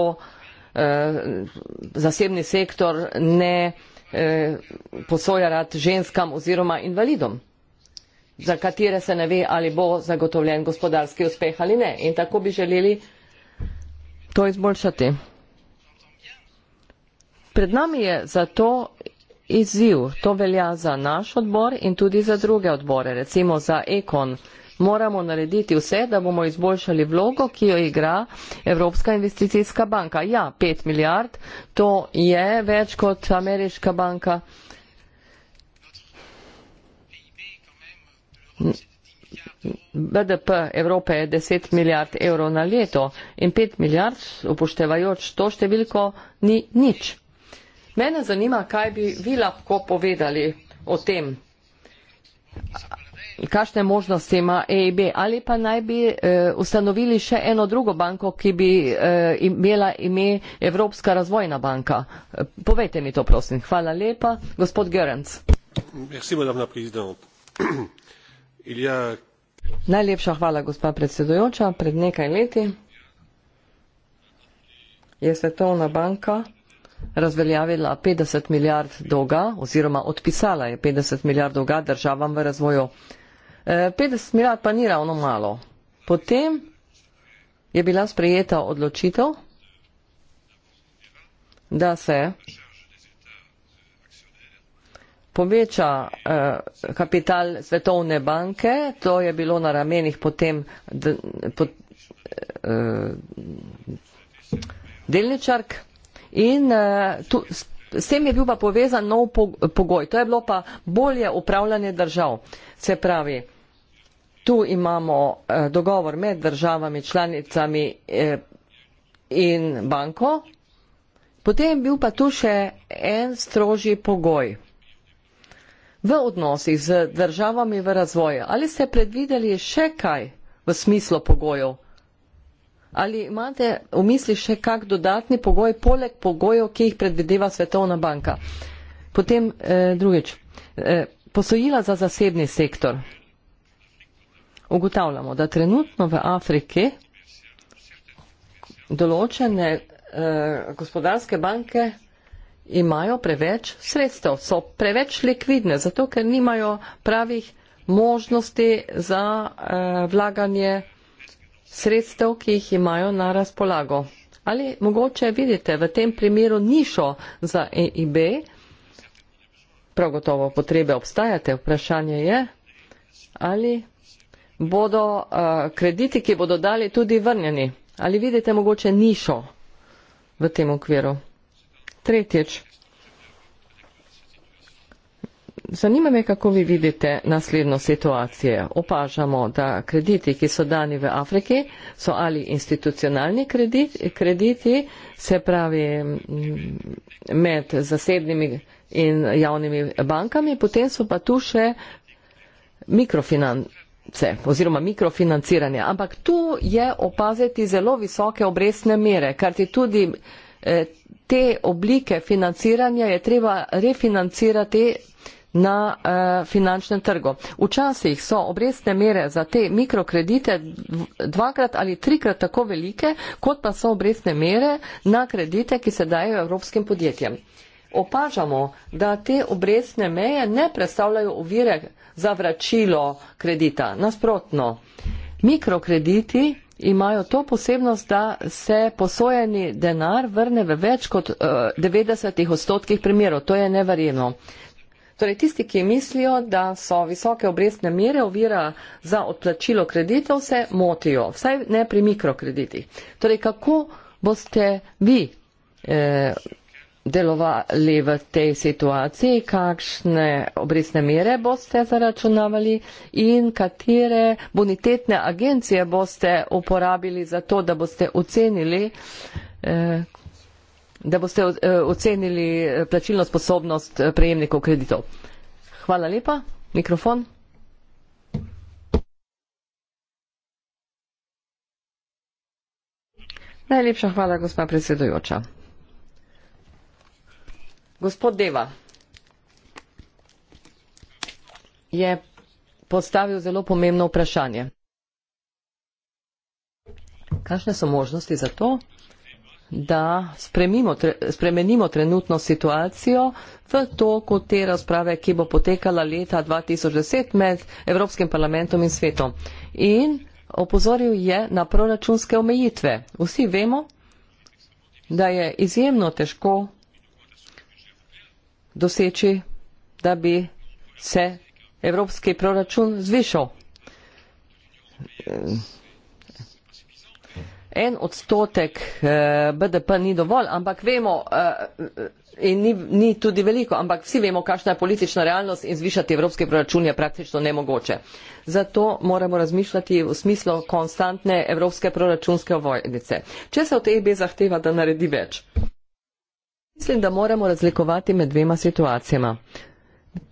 e, zasebni sektor ne e, posoja rad ženskam oziroma invalidom za katere se ne ve, ali bo zagotovljen gospodarski uspeh ali ne. In tako bi želeli to izboljšati. Pred nami je zato izziv. To velja za naš odbor in tudi za druge odbore, recimo za Ekon. Moramo narediti vse, da bomo izboljšali vlogo, ki jo igra Evropska investicijska banka. Ja, 5 milijard, to je več kot ameriška banka. BDP Evrope je 10 milijard evrov na leto in 5 milijard, upoštevajoč to številko, ni nič. Mene zanima, kaj bi vi lahko povedali o tem. Kakšne možnosti ima EIB ali pa naj bi e, ustanovili še eno drugo banko, ki bi e, imela ime Evropska razvojna banka? E, povejte mi to, prosim. Hvala lepa. Gospod Görens. Merci, madame la présidente. Najlepša hvala, gospa predsedujoča. Pred nekaj leti je Svetovna banka razveljavila 50 milijard dolga oziroma odpisala je 50 milijard dolga državam v razvoju. 50 e, milijard pa ni ravno malo. Potem je bila sprejeta odločitev, da se poveča eh, kapital Svetovne banke, to je bilo na ramenih potem eh, delničark in eh, tu, s tem je bil pa povezan nov pogoj, to je bilo pa bolje upravljanje držav. Se pravi, tu imamo dogovor med državami, članicami in banko, potem je bil pa tu še en strožji pogoj v odnosih z državami v razvoju, ali ste predvideli še kaj v smislu pogojev? Ali imate v misli še kak dodatni pogoj, poleg pogojev, ki jih predvideva Svetovna banka? Potem eh, drugič, eh, posojila za zasebni sektor. Ugotavljamo, da trenutno v Afriki določene eh, gospodarske banke imajo preveč sredstev, so preveč likvidne, zato ker nimajo pravih možnosti za eh, vlaganje sredstev, ki jih imajo na razpolago. Ali mogoče vidite v tem primeru nišo za EIB, prav gotovo potrebe obstajate, vprašanje je, ali bodo eh, krediti, ki bodo dali, tudi vrnjeni. Ali vidite mogoče nišo v tem okviru? Tretjič. Zanima me, kako vi vidite naslednjo situacijo. Opažamo, da krediti, ki so dani v Afriki, so ali institucionalni kredit, krediti, se pravi mm, med zasebnimi in javnimi bankami, potem so pa tu še mikrofinance oziroma mikrofinanciranje. Ampak tu je opaziti zelo visoke obrestne mere, kar ti tudi. Eh, te oblike financiranja je treba refinancirati na uh, finančnem trgu. Včasih so obrestne mere za te mikrokredite dvakrat ali trikrat tako velike, kot pa so obrestne mere na kredite, ki se dajo evropskim podjetjem. Opažamo, da te obrestne meje ne predstavljajo ovire za vračilo kredita. Nasprotno, mikrokrediti imajo to posebnost, da se posojeni denar vrne v več kot uh, eh, 90 odstotkih primerov. To je neverjeno. Torej, tisti, ki mislijo, da so visoke obrestne mere ovira za odplačilo kreditov, se motijo, vsaj ne pri mikrokreditih. Torej, kako boste vi eh, delovali v tej situaciji, kakšne obresne mere boste zaračunavali in katere bonitetne agencije boste uporabili za to, da boste ocenili, eh, da boste eh, ocenili eh, plačilno sposobnost prejemnikov kreditov. Hvala lepa. Mikrofon. Najlepša hvala, gospa predsedujoča. Gospod Deva je postavil zelo pomembno vprašanje. Kakšne so možnosti za to, da spremimo, tre, spremenimo trenutno situacijo v to, kot te razprave, ki bo potekala leta 2010 med Evropskim parlamentom in svetom. In opozoril je na proračunske omejitve. Vsi vemo, da je izjemno težko doseči, da bi se evropski proračun zvišal. En odstotek eh, BDP ni dovolj, ampak vemo, eh, in ni, ni tudi veliko, ampak vsi vemo, kakšna je politična realnost in zvišati evropski proračun je praktično nemogoče. Zato moramo razmišljati v smislu konstantne evropske proračunske ovojnice. Če se od EB zahteva, da naredi več? Mislim, da moramo razlikovati med dvema situacijama.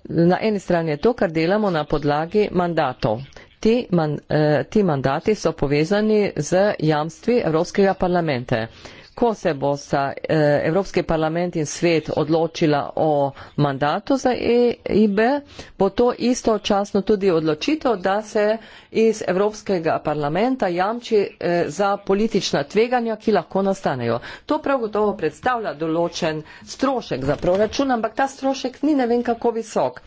Na eni strani je to, kar delamo na podlagi mandatov. Ti, man, eh, ti mandati so povezani z jamstvi Evropskega parlamenta ko se bo sta eh, Evropski parlament in svet odločila o mandatu za EIB, bo to istočasno tudi odločitev, da se iz Evropskega parlamenta jamči eh, za politična tveganja, ki lahko nastanejo. To prav gotovo predstavlja določen strošek za proračun, ampak ta strošek ni ne vem kako visok.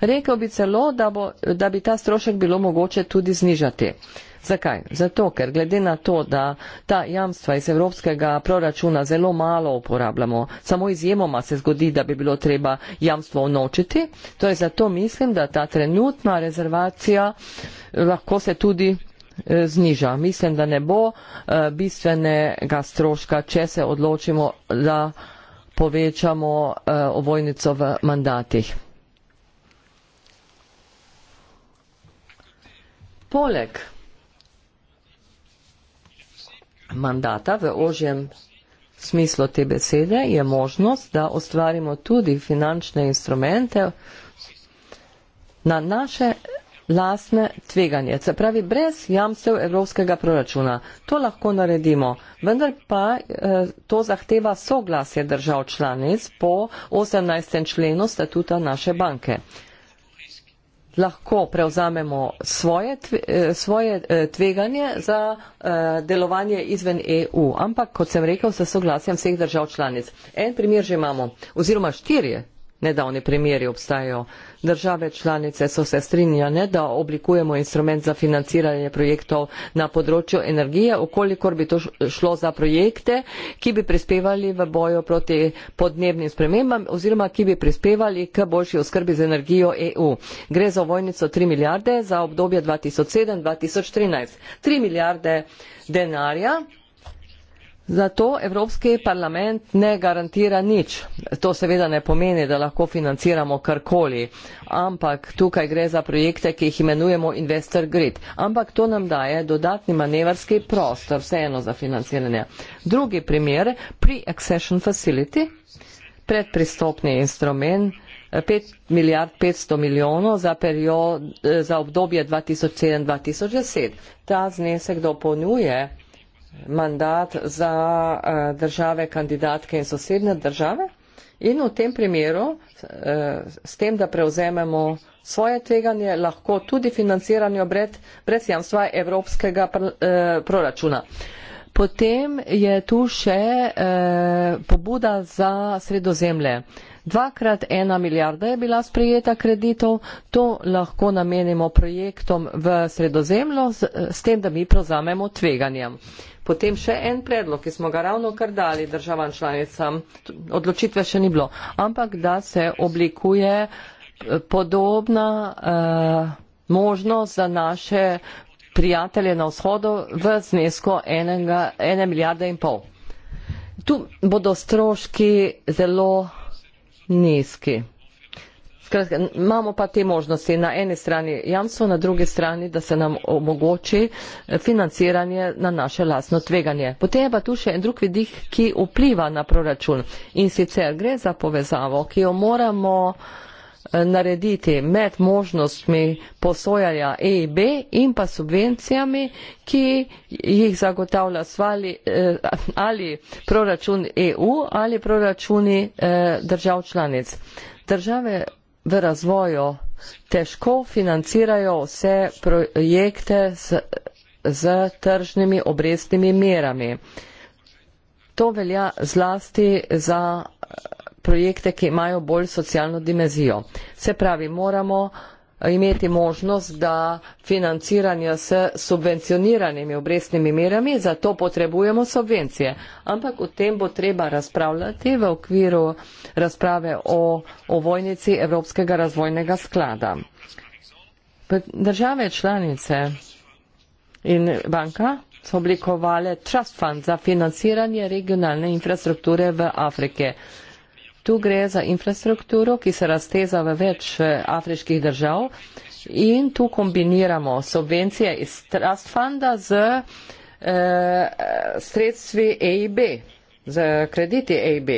Rekel bi celo, da, bo, da bi ta strošek bilo mogoče tudi znižati. Uh, Zakaj? Zato, ker glede na to, da ta jamstva iz evropskega proračuna zelo malo uporabljamo, samo izjemoma se zgodi, da bi bilo treba jamstvo unočiti, to je zato mislim, da ta trenutna rezervacija eh, lahko se tudi eh, zniža. Mislim, da ne bo eh, bistvenega stroška, če se odločimo, da povečamo ovojnico v mandatih. Poleg mandata v ožjem smislu te besede je možnost, da ustvarimo tudi finančne instrumente na naše lastne tveganje, se pravi brez jamstev evropskega proračuna. To lahko naredimo, vendar pa eh, to zahteva soglasje držav članic po 18. členu statuta naše banke lahko prevzamemo svoje, eh, svoje eh, tveganje za eh, delovanje izven EU. Ampak, kot sem rekel, se soglasjem vseh držav članic. En primer že imamo, oziroma štirje nedavni primeri obstajajo. Države članice so se strinjale, da oblikujemo instrument za financiranje projektov na področju energije, okolikor bi to šlo za projekte, ki bi prispevali v boju proti podnebnim spremembam oziroma ki bi prispevali k boljši oskrbi z energijo EU. Gre za vojnico 3 milijarde za obdobje 2007-2013. 3 milijarde denarja Zato Evropski parlament ne garantira nič. To seveda ne pomeni, da lahko financiramo karkoli, ampak tukaj gre za projekte, ki jih imenujemo Investor Grid. Ampak to nam daje dodatni manevrski prostor vseeno za financiranje. Drugi primer, pre-accession facility, predpristopni instrument, 5 eh, milijard 500 milijonov za, period, eh, za obdobje 2007-2010. Ta znesek dopolnjuje mandat za eh, države kandidatke in sosednje države in v tem primeru eh, s tem, da prevzememo svoje tveganje, lahko tudi financiranje brez, brez jamstva evropskega eh, proračuna. Potem je tu še pobuda za sredozemlje. Dvakrat ena milijarda je bila sprejeta kreditov, to lahko namenimo projektom v sredozemlju, s tem, da mi prevzamemo tveganjem. Potem še en predlog, ki smo ga ravno kar dali državam članicam, odločitve še ni bilo, ampak da se oblikuje eh, podobna uh, možnost za naše prijatelje na vzhodu v znesko enega, ene milijarde in pol. Tu bodo stroški zelo nizki. Skratka, imamo pa te možnosti. Na eni strani jamstvo, na drugi strani, da se nam omogoči eh, financiranje na naše lasno tveganje. Potem je pa tu še en drug vidik, ki vpliva na proračun. In sicer gre za povezavo, ki jo moramo eh, narediti med možnostmi posojanja EIB in pa subvencijami, ki jih zagotavlja svali, eh, ali proračun EU ali proračuni držav članic. Države v razvoju težko financirajo vse projekte z, z tržnimi obrestnimi merami. To velja zlasti za eh, projekte, ki imajo bolj socialno dimenzijo. Se pravi, moramo imeti možnost, da financiranje s subvencioniranimi obrestnimi merami, zato potrebujemo subvencije. Ampak o tem bo treba razpravljati v okviru razprave o, o vojnici Evropskega razvojnega sklada. Države članice in banka so oblikovale Trust Fund za financiranje regionalne infrastrukture v Afriki. Tu gre za infrastrukturo, ki se razteza v več eh, afriških držav in tu kombiniramo subvencije iz Trust Funda z eh, eh sredstvi EIB, z krediti EIB.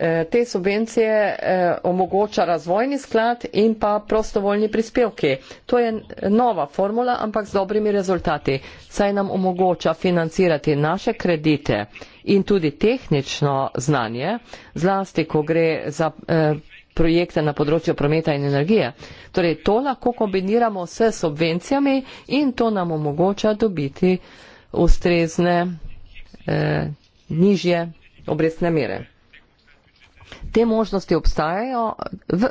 Eh, te subvencije eh, omogoča razvojni sklad in pa prostovoljni prispevki. To je nova formula, ampak z dobrimi rezultati. Saj nam omogoča financirati naše kredite in tudi tehnično znanje, zlasti, ko gre za eh, projekte na področju prometa in energije. Torej, to lahko kombiniramo s subvencijami in to nam omogoča dobiti ustrezne, eh, nižje obrestne mere. Te možnosti obstajajo,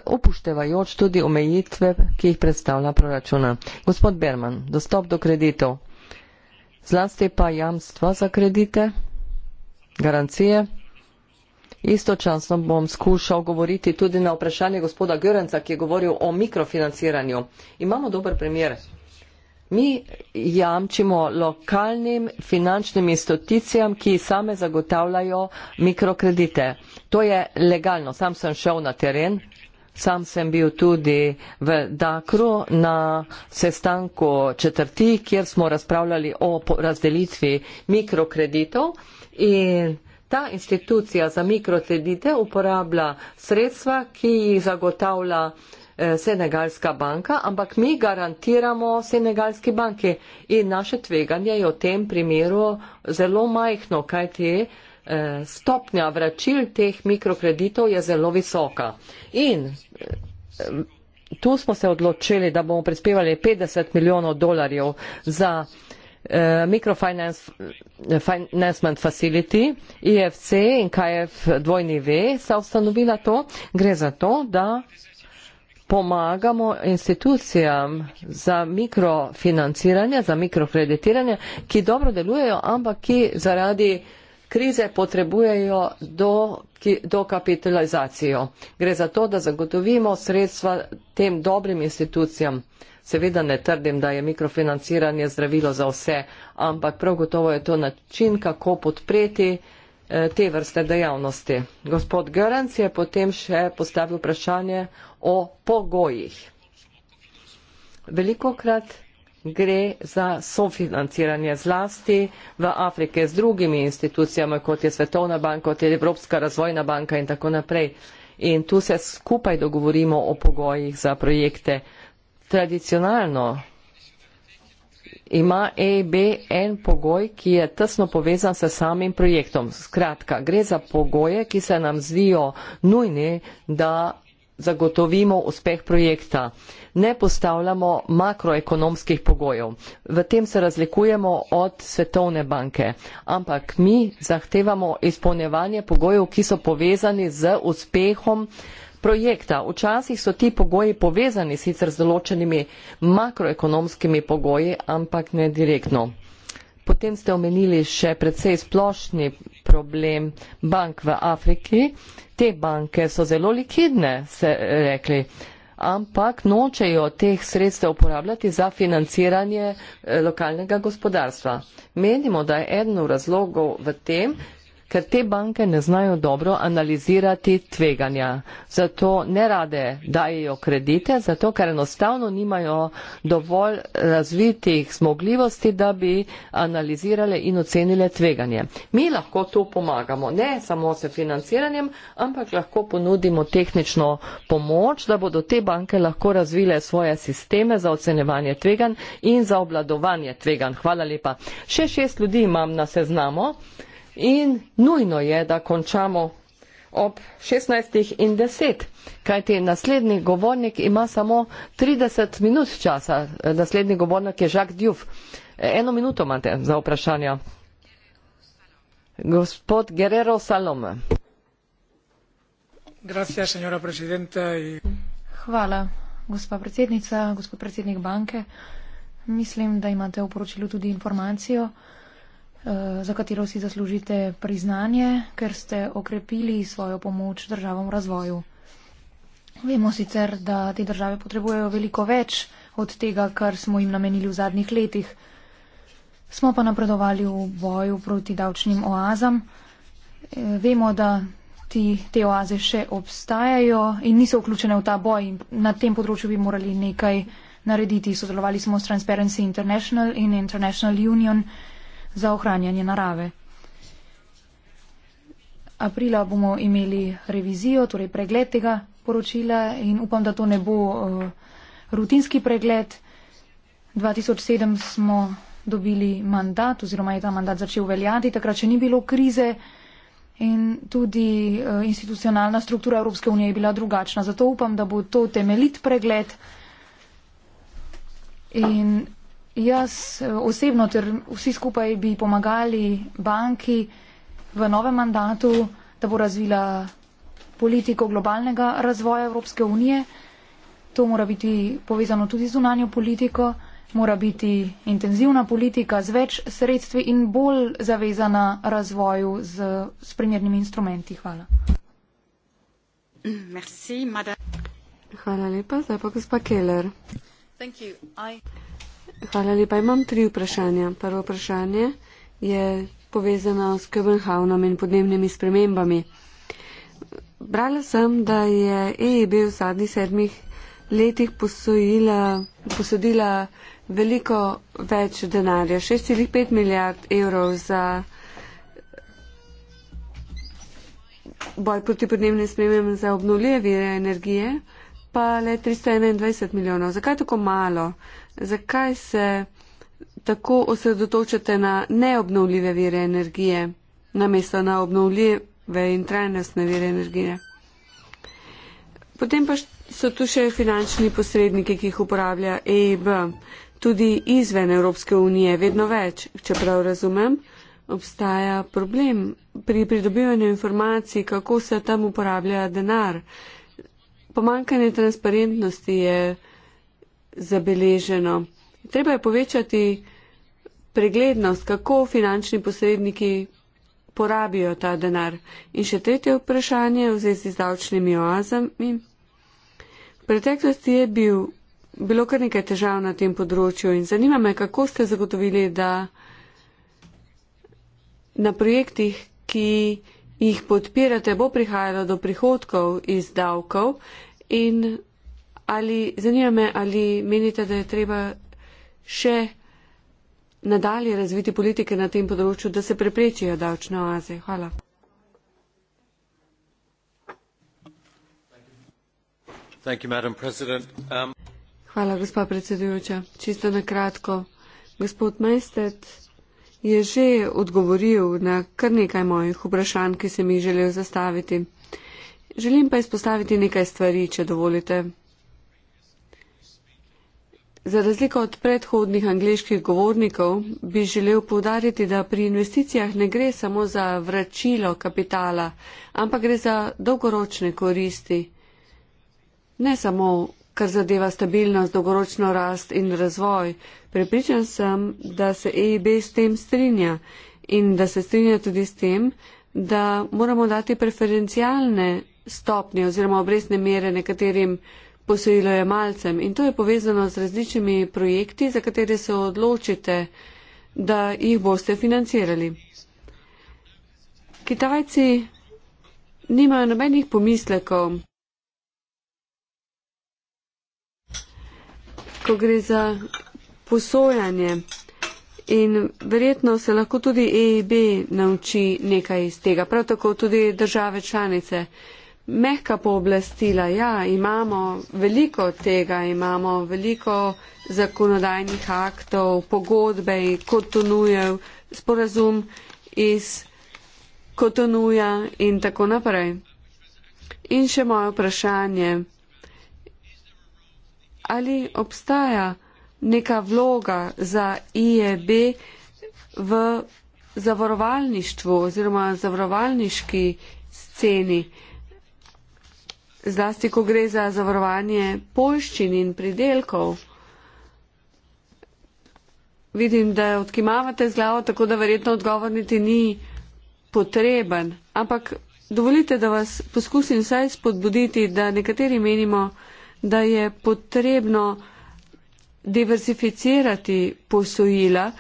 upoštevajoč tudi omejitve, ki jih predstavlja proračuna. Gospod Berman, dostop do kreditov, zlasti pa jamstva za kredite, garancije. Istočasno bom skušal govoriti tudi na vprašanje gospoda Görenca, ki je govoril o mikrofinanciranju. Imamo dober primer. Mi jamčimo lokalnim finančnim institucijam, ki same zagotavljajo mikrokredite. To je legalno, sam sem šel na teren, sam sem bil tudi v Dakru na sestanku četrti, kjer smo razpravljali o razdelitvi mikrokreditov in ta institucija za mikrokredite uporablja sredstva, ki jih zagotavlja eh, Senegalska banka, ampak mi garantiramo Senegalski banki in naše tveganje je v tem primeru zelo majhno, kajti Eh, stopnja vračil teh mikrokreditov je zelo visoka. In eh, tu smo se odločili, da bomo prispevali 50 milijonov dolarjev za eh, Microfinance Finance Facility, IFC in KF dvojni V sta ustanovila to. Gre za to, da pomagamo institucijam za mikrofinanciranje, za mikrokreditiranje, ki dobro delujejo, ampak ki zaradi krize potrebujejo do, ki, do kapitalizacijo. Gre za to, da zagotovimo sredstva tem dobrim institucijam. Seveda ne trdim, da je mikrofinanciranje zdravilo za vse, ampak prav gotovo je to način, kako podpreti eh, te vrste dejavnosti. Gospod Gerenc je potem še postavil vprašanje o pogojih. Veliko krat gre za sofinanciranje zlasti v Afrike z drugimi institucijami, kot je Svetovna banka, kot je Evropska razvojna banka in tako naprej. In tu se skupaj dogovorimo o pogojih za projekte. Tradicionalno ima EIB en pogoj, ki je tesno povezan s samim projektom. Skratka, gre za pogoje, ki se nam zdijo nujni, da zagotovimo uspeh projekta. Ne postavljamo makroekonomskih pogojev. V tem se razlikujemo od Svetovne banke. Ampak mi zahtevamo izpolnjevanje pogojev, ki so povezani z uspehom projekta. Včasih so ti pogoji povezani sicer z določenimi makroekonomskimi pogoji, ampak ne direktno. Potem ste omenili še predvsej splošni problem bank v Afriki. Te banke so zelo likidne, ste rekli, ampak nočejo teh sredstev uporabljati za financiranje eh, lokalnega gospodarstva. Menimo, da je eden od razlogov v tem, ker te banke ne znajo dobro analizirati tveganja. Zato ne rade dajejo kredite, zato ker enostavno nimajo dovolj razvitih zmogljivosti, da bi analizirale in ocenile tveganje. Mi lahko to pomagamo, ne samo s financiranjem, ampak lahko ponudimo tehnično pomoč, da bodo te banke lahko razvile svoje sisteme za ocenevanje tveganj in za obladovanje tveganj. Hvala lepa. Še šest ljudi imam na seznamu in nujno je, da končamo ob 16. in 10. Kajti naslednji govornik ima samo 30 minut časa. Naslednji govornik je Žak Djuf. Eno minuto imate za vprašanja. Gospod Guerrero Salom. Gracias, señora presidenta. Hvala, gospa predsednica, gospod predsednik banke. Mislim, da imate v poročilu tudi informacijo, Eh, za katero si zaslužite priznanje, ker ste okrepili svojo pomoč državam v razvoju. Vemo sicer, da te države potrebujejo veliko več od tega, kar smo jim namenili v zadnjih letih. Smo pa napredovali v boju proti davčnim oazam. Eh, vemo, da ti, te oaze še obstajajo in niso vključene v ta boj. Na tem področju bi morali nekaj narediti. Sodelovali smo s Transparency International in International Union za ohranjanje narave. Aprila bomo imeli revizijo, torej pregled tega poročila in upam, da to ne bo uh, rutinski pregled. 2007 smo dobili mandat oziroma je ta mandat začel veljati, takrat še ni bilo krize in tudi uh, institucionalna struktura Evropske unije je bila drugačna. Zato upam, da bo to temeljit pregled in Jaz eh, osebno ter vsi skupaj bi pomagali banki v novem mandatu, da bo razvila politiko globalnega razvoja Evropske unije. To mora biti povezano tudi z unanjo politiko, mora biti intenzivna politika z več sredstvi in bolj zavezana razvoju z, s primernimi instrumenti. Hvala. Merci, Hvala lepa, zdaj pa gospa Keller. Thank you. I... Hvala lepa. Imam tri vprašanja. Prvo vprašanje je povezano s Köbenhavnom in podnebnimi spremembami. Brala sem, da je EIB v zadnjih sedmih letih posojila, posodila veliko več denarja, 6,5 milijard evrov za boj proti podnebnim spremembam za obnovljive vire energije, pa le 321 milijonov. Zakaj tako malo? zakaj se tako osredotočate na neobnovljive vire energije, namesto na obnovljive in trajnostne vire energije. Potem pa so tu še finančni posredniki, ki jih uporablja EIB, tudi izven Evropske unije, vedno več, če prav razumem, obstaja problem pri pridobivanju informacij, kako se tam uporablja denar. Pomankanje transparentnosti je zabeleženo. Treba je povečati preglednost, kako finančni posredniki porabijo ta denar. In še tretje vprašanje v zvezi z davčnimi oazami. V preteklosti je bil, bilo kar nekaj težav na tem področju in zanima me, kako ste zagotovili, da na projektih, ki jih podpirate, bo prihajalo do prihodkov iz davkov in ali zanima me, ali menite, da je treba še nadalje razviti politike na tem področju, da se preprečijo davčne oaze. Hvala. Thank you, um... Hvala, gospa predsedujoča. Čisto na kratko. Gospod Majstet je že odgovoril na kar nekaj mojih vprašanj, ki sem jih želel zastaviti. Želim pa izpostaviti nekaj stvari, če dovolite. Za razliko od predhodnih angliških govornikov bi želel povdariti, da pri investicijah ne gre samo za vračilo kapitala, ampak gre za dolgoročne koristi. Ne samo, kar zadeva stabilnost, dolgoročno rast in razvoj. Prepričan sem, da se EIB s tem strinja in da se strinja tudi s tem, da moramo dati preferencialne stopnje oziroma obrestne mere nekaterim posojilo je malcem in to je povezano z različnimi projekti, za katere se odločite, da jih boste financirali. Kitajci nimajo nobenih pomislekov, ko gre za posojanje in verjetno se lahko tudi EIB nauči nekaj iz tega, prav tako tudi države članice mehka pooblastila. Ja, imamo veliko tega, imamo veliko zakonodajnih aktov, pogodbe, kot tonuje sporazum iz kotonuja in tako naprej. In še moje vprašanje. Ali obstaja neka vloga za IEB v zavarovalništvu oziroma zavarovalniški sceni? zlasti, ko gre za zavarovanje poljščin in pridelkov. Vidim, da odkimavate z glavo, tako da verjetno odgovor niti ni potreben. Ampak dovolite, da vas poskusim saj spodbuditi, da nekateri menimo, da je potrebno diversificirati posojila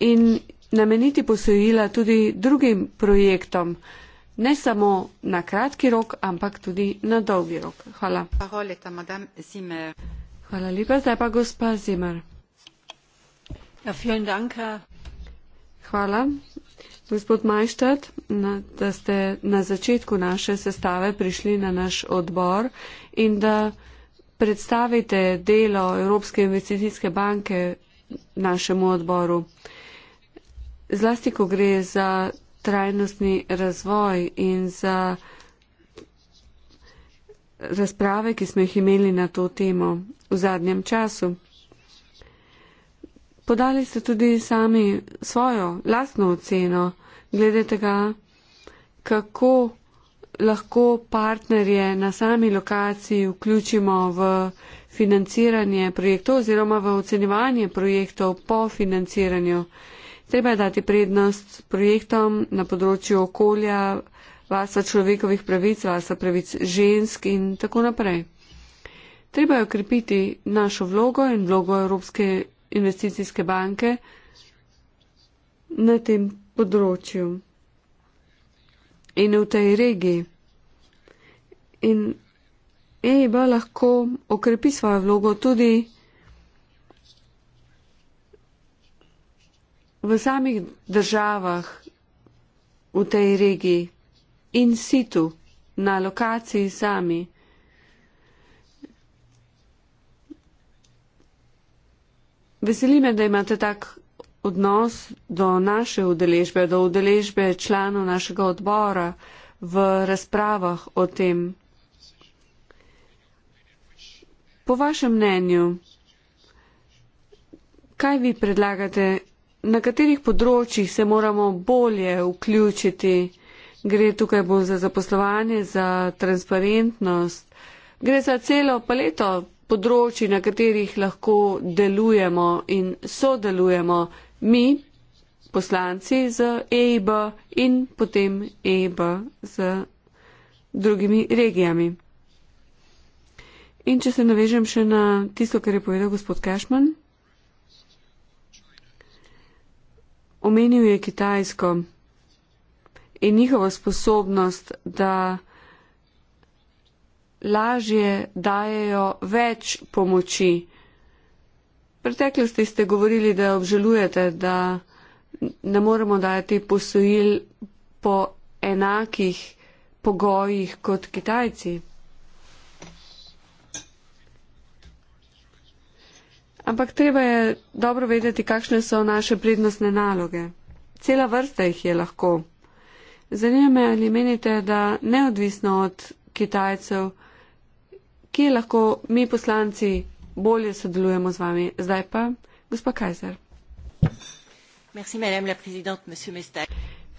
in nameniti posojila tudi drugim projektom ne samo na kratki rok, ampak tudi na dolgi rok. Hvala. Hvala lepa, zdaj pa gospa Zimmer. Ja, Hvala, gospod Majštad, da ste na začetku naše sestave prišli na naš odbor in da predstavite delo Evropske investicijske banke našemu odboru. Zlasti, ko gre za trajnostni razvoj in za razprave, ki smo jih imeli na to temo v zadnjem času. Podali ste tudi sami svojo lastno oceno glede tega, kako lahko partnerje na sami lokaciji vključimo v financiranje projektov oziroma v ocenjevanje projektov po financiranju. Treba je dati prednost projektom na področju okolja, vasa človekovih pravic, vasa pravic žensk in tako naprej. Treba je okrepiti našo vlogo in vlogo Evropske investicijske banke na tem področju in v tej regiji. In EIB lahko okrepi svojo vlogo tudi. v samih državah v tej regiji in situ na lokaciji sami. Veseli me, da imate tak odnos do naše udeležbe, do udeležbe članov našega odbora v razpravah o tem. Po vašem mnenju, kaj vi predlagate na katerih področjih se moramo bolje vključiti. Gre tukaj bolj za zaposlovanje, za transparentnost, gre za celo paleto področji, na katerih lahko delujemo in sodelujemo mi, poslanci z EIB in potem EIB z drugimi regijami. In če se navežem še na tisto, kar je povedal gospod Kešman. omenil je Kitajsko in njihovo sposobnost, da lažje dajejo več pomoči. V preteklosti ste govorili, da obžalujete, da ne moremo dajati posojil po enakih pogojih kot Kitajci. Ampak treba je dobro vedeti, kakšne so naše prednostne naloge. Cela vrsta jih je lahko. Zanima me, ali menite, da neodvisno od Kitajcev, kje lahko mi poslanci bolje sodelujemo z vami. Zdaj pa, gospod Kajzer.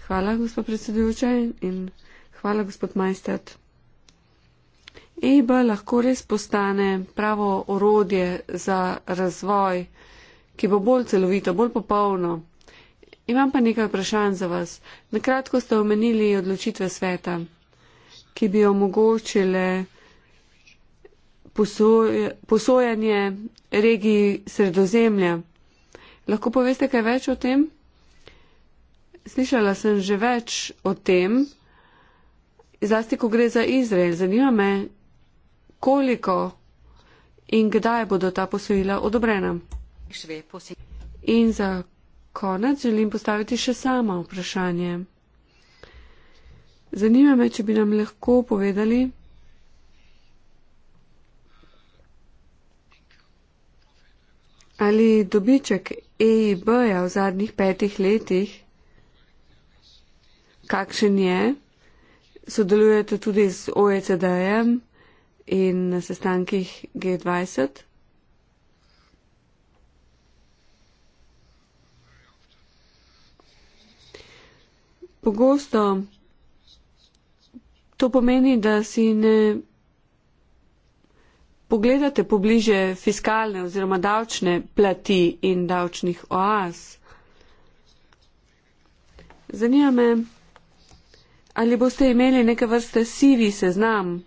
Hvala, gospod predsedujoča in hvala, gospod Majstad. EIB lahko res postane pravo orodje za razvoj, ki bo bolj celovito, bolj popolno. Imam pa nekaj vprašanj za vas. Nakratko ste omenili odločitve sveta, ki bi omogočile posoje, posojanje regiji sredozemlja. Lahko poveste kaj več o tem? Slišala sem že več o tem, zlasti ko gre za Izrael. Zanima me, koliko in kdaj bodo ta posojila odobrena. In za konec želim postaviti še sama vprašanje. Zanima me, če bi nam lahko povedali, ali dobiček EIB-ja v zadnjih petih letih, kakšen je, sodelujete tudi z OECD-jem in na sestankih G20. Pogosto to pomeni, da si ne pogledate pobliže fiskalne oziroma davčne plati in davčnih oaz. Zanima me, ali boste imeli neke vrste sivi seznam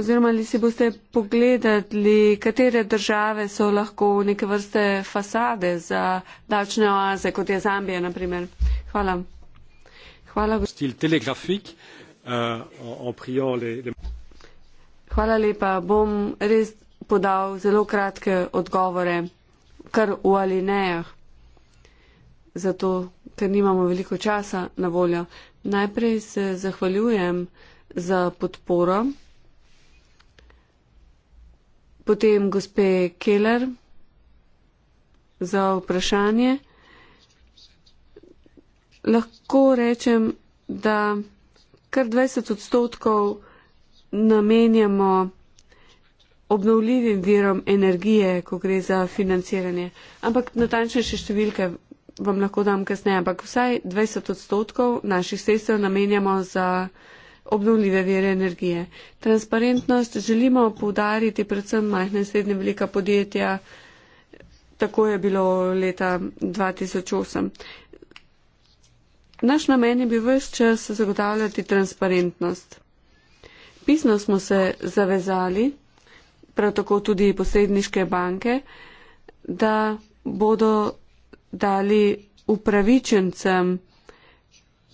Oziroma, ali si boste pogledali, katere države so lahko neke vrste fasade za davčne oaze, kot je Zambija, naprimer. Hvala. Hvala, telegrafik, uh, les, les... Hvala lepa. Bom res podal zelo kratke odgovore, kar v alinejah, zato, ker nimamo veliko časa na voljo. Najprej se zahvaljujem za podporo potem gospe Keller za vprašanje. Lahko rečem, da kar 20 odstotkov namenjamo obnovljivim virom energije, ko gre za financiranje. Ampak natančnejše številke vam lahko dam kasneje, ampak vsaj 20 odstotkov naših sredstev namenjamo za obnovljive vere energije. Transparentnost želimo poudariti predvsem majhne srednje velika podjetja, tako je bilo leta 2008. Naš namen je bil vse čas zagotavljati transparentnost. Pisno smo se zavezali, prav tako tudi posredniške banke, da bodo dali upravičencem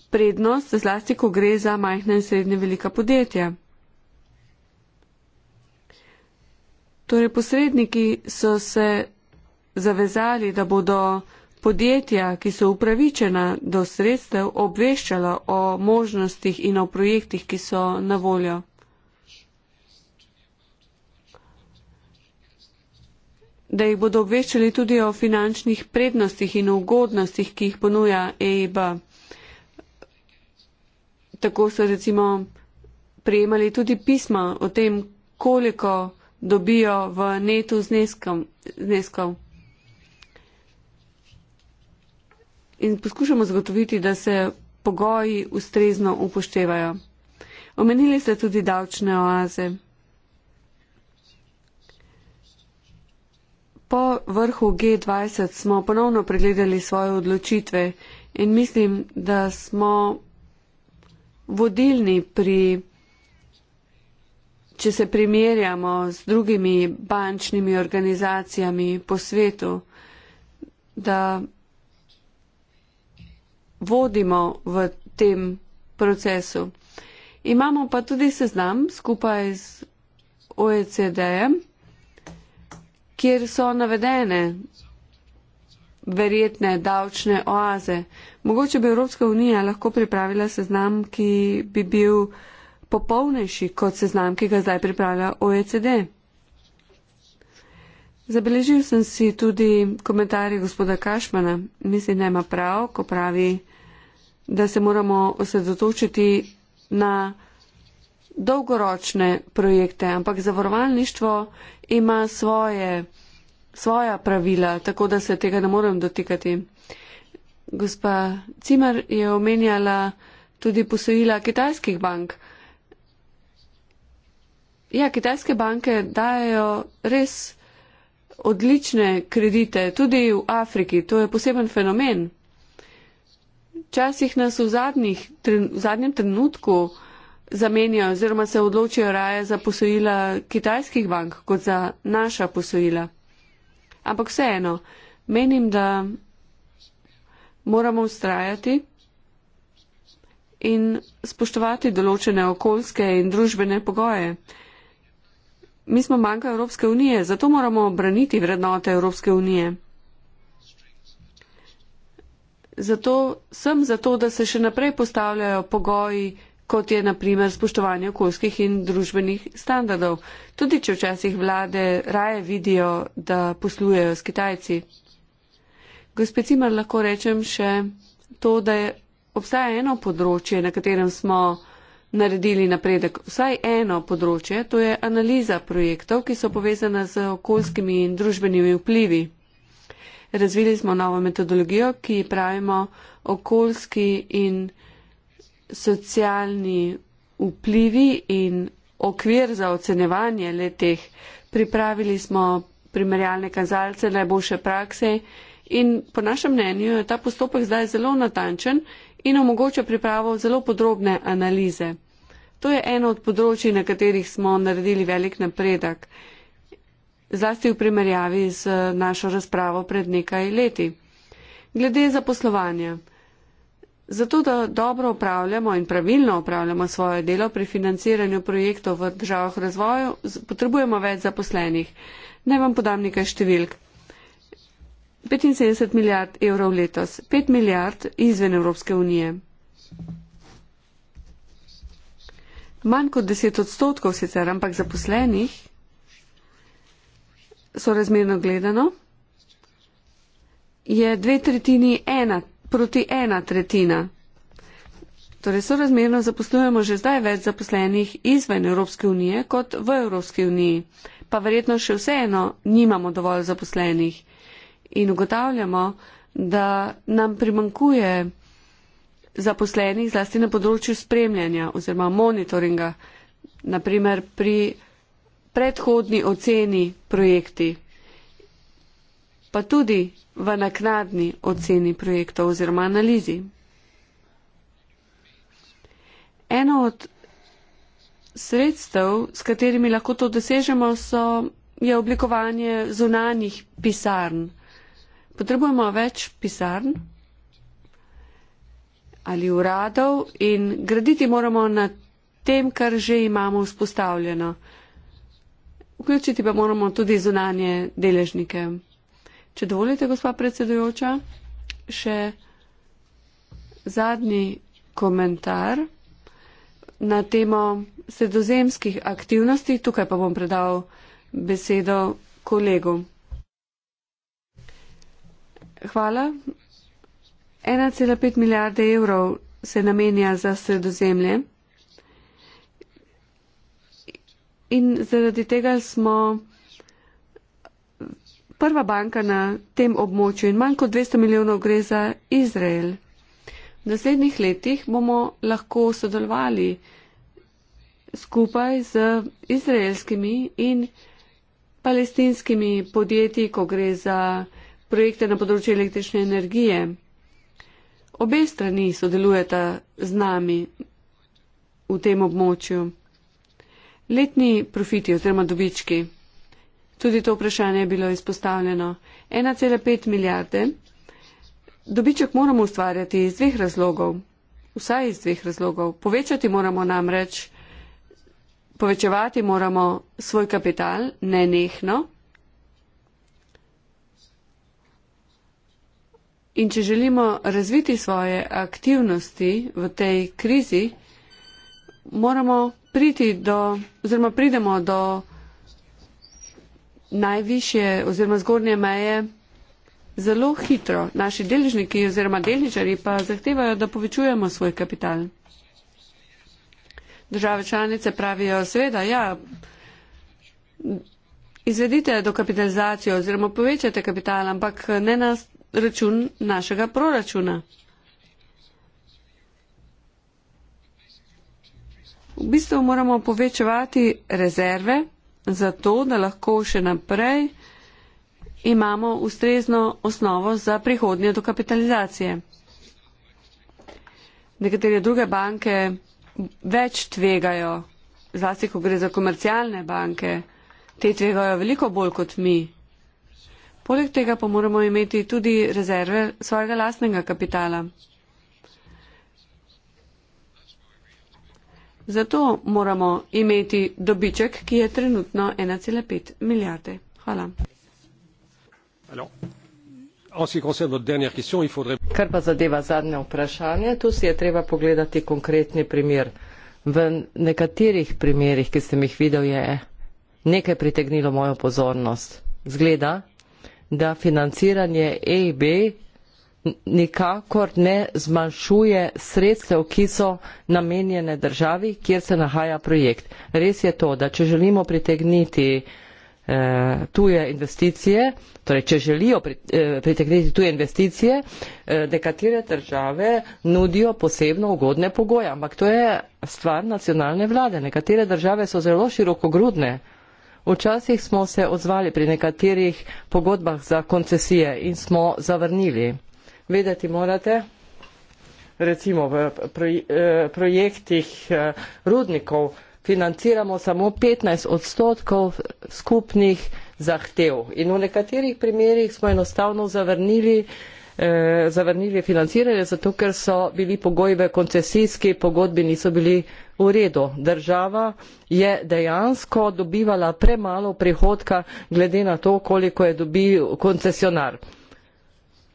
prednost, zlasti ko gre za majhna in srednje velika podjetja. Torej, posredniki so se zavezali, da bodo podjetja, ki so upravičena do sredstev, obveščala o možnostih in o projektih, ki so na voljo. Da jih bodo obveščali tudi o finančnih prednostih in ugodnostih, ki jih ponuja EIB tako so recimo prejemali tudi pisma o tem, koliko dobijo v netu zneskom, zneskov. In poskušamo zagotoviti, da se pogoji ustrezno upoštevajo. Omenili ste tudi davčne oaze. Po vrhu G20 smo ponovno pregledali svoje odločitve in mislim, da smo vodilni pri, če se primerjamo z drugimi bančnimi organizacijami po svetu, da vodimo v tem procesu. Imamo pa tudi seznam skupaj z OECD-em, kjer so navedene verjetne davčne oaze. Mogoče bi Evropska unija lahko pripravila seznam, ki bi bil popolnejši kot seznam, ki ga zdaj pripravlja OECD. Zabeležil sem si tudi komentarje gospoda Kašmana. Mislim, da ima prav, ko pravi, da se moramo osredotočiti na dolgoročne projekte, ampak zavarovalništvo ima svoje, svoja pravila, tako da se tega ne morem dotikati. Gospa Cimer je omenjala tudi posojila kitajskih bank. Ja, kitajske banke dajo res odlične kredite, tudi v Afriki. To je poseben fenomen. Včasih nas v, zadnjih, v zadnjem trenutku zamenjajo oziroma se odločijo raje za posojila kitajskih bank kot za naša posojila. Ampak vseeno, menim, da moramo ustrajati in spoštovati določene okoljske in družbene pogoje. Mi smo manjka Evropske unije, zato moramo obraniti vrednote Evropske unije. Zato sem zato, da se še naprej postavljajo pogoji, kot je naprimer spoštovanje okoljskih in družbenih standardov, tudi če včasih vlade raje vidijo, da poslujejo s Kitajci. Gospod Cimer, lahko rečem še to, da je, obstaja eno področje, na katerem smo naredili napredek, vsaj eno področje, to je analiza projektov, ki so povezane z okoljskimi in družbenimi vplivi. Razvili smo novo metodologijo, ki pravimo okoljski in socialni vplivi in okvir za ocenevanje le teh. Pripravili smo primerjalne kazalce najboljše prakse in po našem mnenju je ta postopek zdaj zelo natančen in omogoča pripravo zelo podrobne analize. To je eno od področji, na katerih smo naredili velik napredek, zlasti v primerjavi z našo razpravo pred nekaj leti. Glede zaposlovanja. Zato, da dobro upravljamo in pravilno upravljamo svoje delo pri financiranju projektov v državah razvoju, potrebujemo več zaposlenih. Naj vam podam nekaj številk. 75 milijard evrov letos, 5 milijard izven Evropske unije. Manj kot 10 odstotkov sicer, ampak zaposlenih so razmerno gledano, je dve tretjini ena proti ena tretjina. Torej so razmerno zaposlujemo že zdaj več zaposlenih izven Evropske unije kot v Evropski uniji. Pa verjetno še vseeno nimamo dovolj zaposlenih in ugotavljamo, da nam primankuje zaposlenih zlasti na področju spremljanja oziroma monitoringa, naprimer pri predhodni oceni projekti, pa tudi v naknadni oceni projektov oziroma analizi. Eno od sredstev, s katerimi lahko to dosežemo, so, je oblikovanje zunanjih pisarn. Potrebujemo več pisarn ali uradov in graditi moramo na tem, kar že imamo vzpostavljeno. Vključiti pa moramo tudi zunanje deležnike. Če dovolite, gospa predsedujoča, še zadnji komentar na temo sredozemskih aktivnosti. Tukaj pa bom predal besedo kolegu. Hvala. 1,5 milijarde evrov se namenja za sredozemlje. In zaradi tega smo prva banka na tem območju in manj kot 200 milijonov gre za Izrael. V naslednjih letih bomo lahko sodelovali skupaj z izraelskimi in palestinskimi podjetji, ko gre za projekte na področju električne energije. Obe strani sodelujeta z nami v tem območju. Letni profiti oziroma dobički. Tudi to vprašanje je bilo izpostavljeno. 1,5 milijarde. Dobiček moramo ustvarjati iz dveh razlogov. Vsaj iz dveh razlogov. Povečati moramo namreč, povečevati moramo svoj kapital nenehno, In če želimo razviti svoje aktivnosti v tej krizi, moramo priti do, oziroma pridemo do najvišje oziroma zgornje meje zelo hitro. Naši deležniki oziroma deležari pa zahtevajo, da povečujemo svoj kapital. Države članice pravijo, seveda, ja, izvedite dokapitalizacijo oziroma povečajte kapital, ampak ne nas račun našega proračuna. V bistvu moramo povečevati rezerve, zato da lahko še naprej imamo ustrezno osnovo za prihodnje dokapitalizacije. Nekatere druge banke več tvegajo, zlasti ko gre za komercialne banke, te tvegajo veliko bolj kot mi. Poleg tega pa moramo imeti tudi rezerve svojega lastnega kapitala. Zato moramo imeti dobiček, ki je trenutno 1,5 milijarde. Hvala. Alors. Kar pa zadeva zadnje vprašanje, tu si je treba pogledati konkretni primer. V nekaterih primerih, ki sem jih videl, je nekaj pritegnilo mojo pozornost. Zgleda, da financiranje EIB nikakor ne zmanjšuje sredstev, ki so namenjene državi, kjer se nahaja projekt. Res je to, da če želimo pritegniti eh, tuje investicije, torej če želijo eh, pritegniti tuje investicije, eh, nekatere države nudijo posebno ugodne pogoje, ampak to je stvar nacionalne vlade. Nekatere države so zelo širokogrudne, Včasih smo se odzvali pri nekaterih pogodbah za koncesije in smo zavrnili. Vedeti morate, recimo v eh, projektih eh, rudnikov financiramo samo 15 odstotkov skupnih zahtev. In v nekaterih primerjih smo enostavno zavrnili, eh, zavrnili financiranje, zato ker so bili pogoji v koncesijski pogodbi niso bili v redu država je dejansko dobivala premalo prihodka glede na to koliko je dobil koncesionar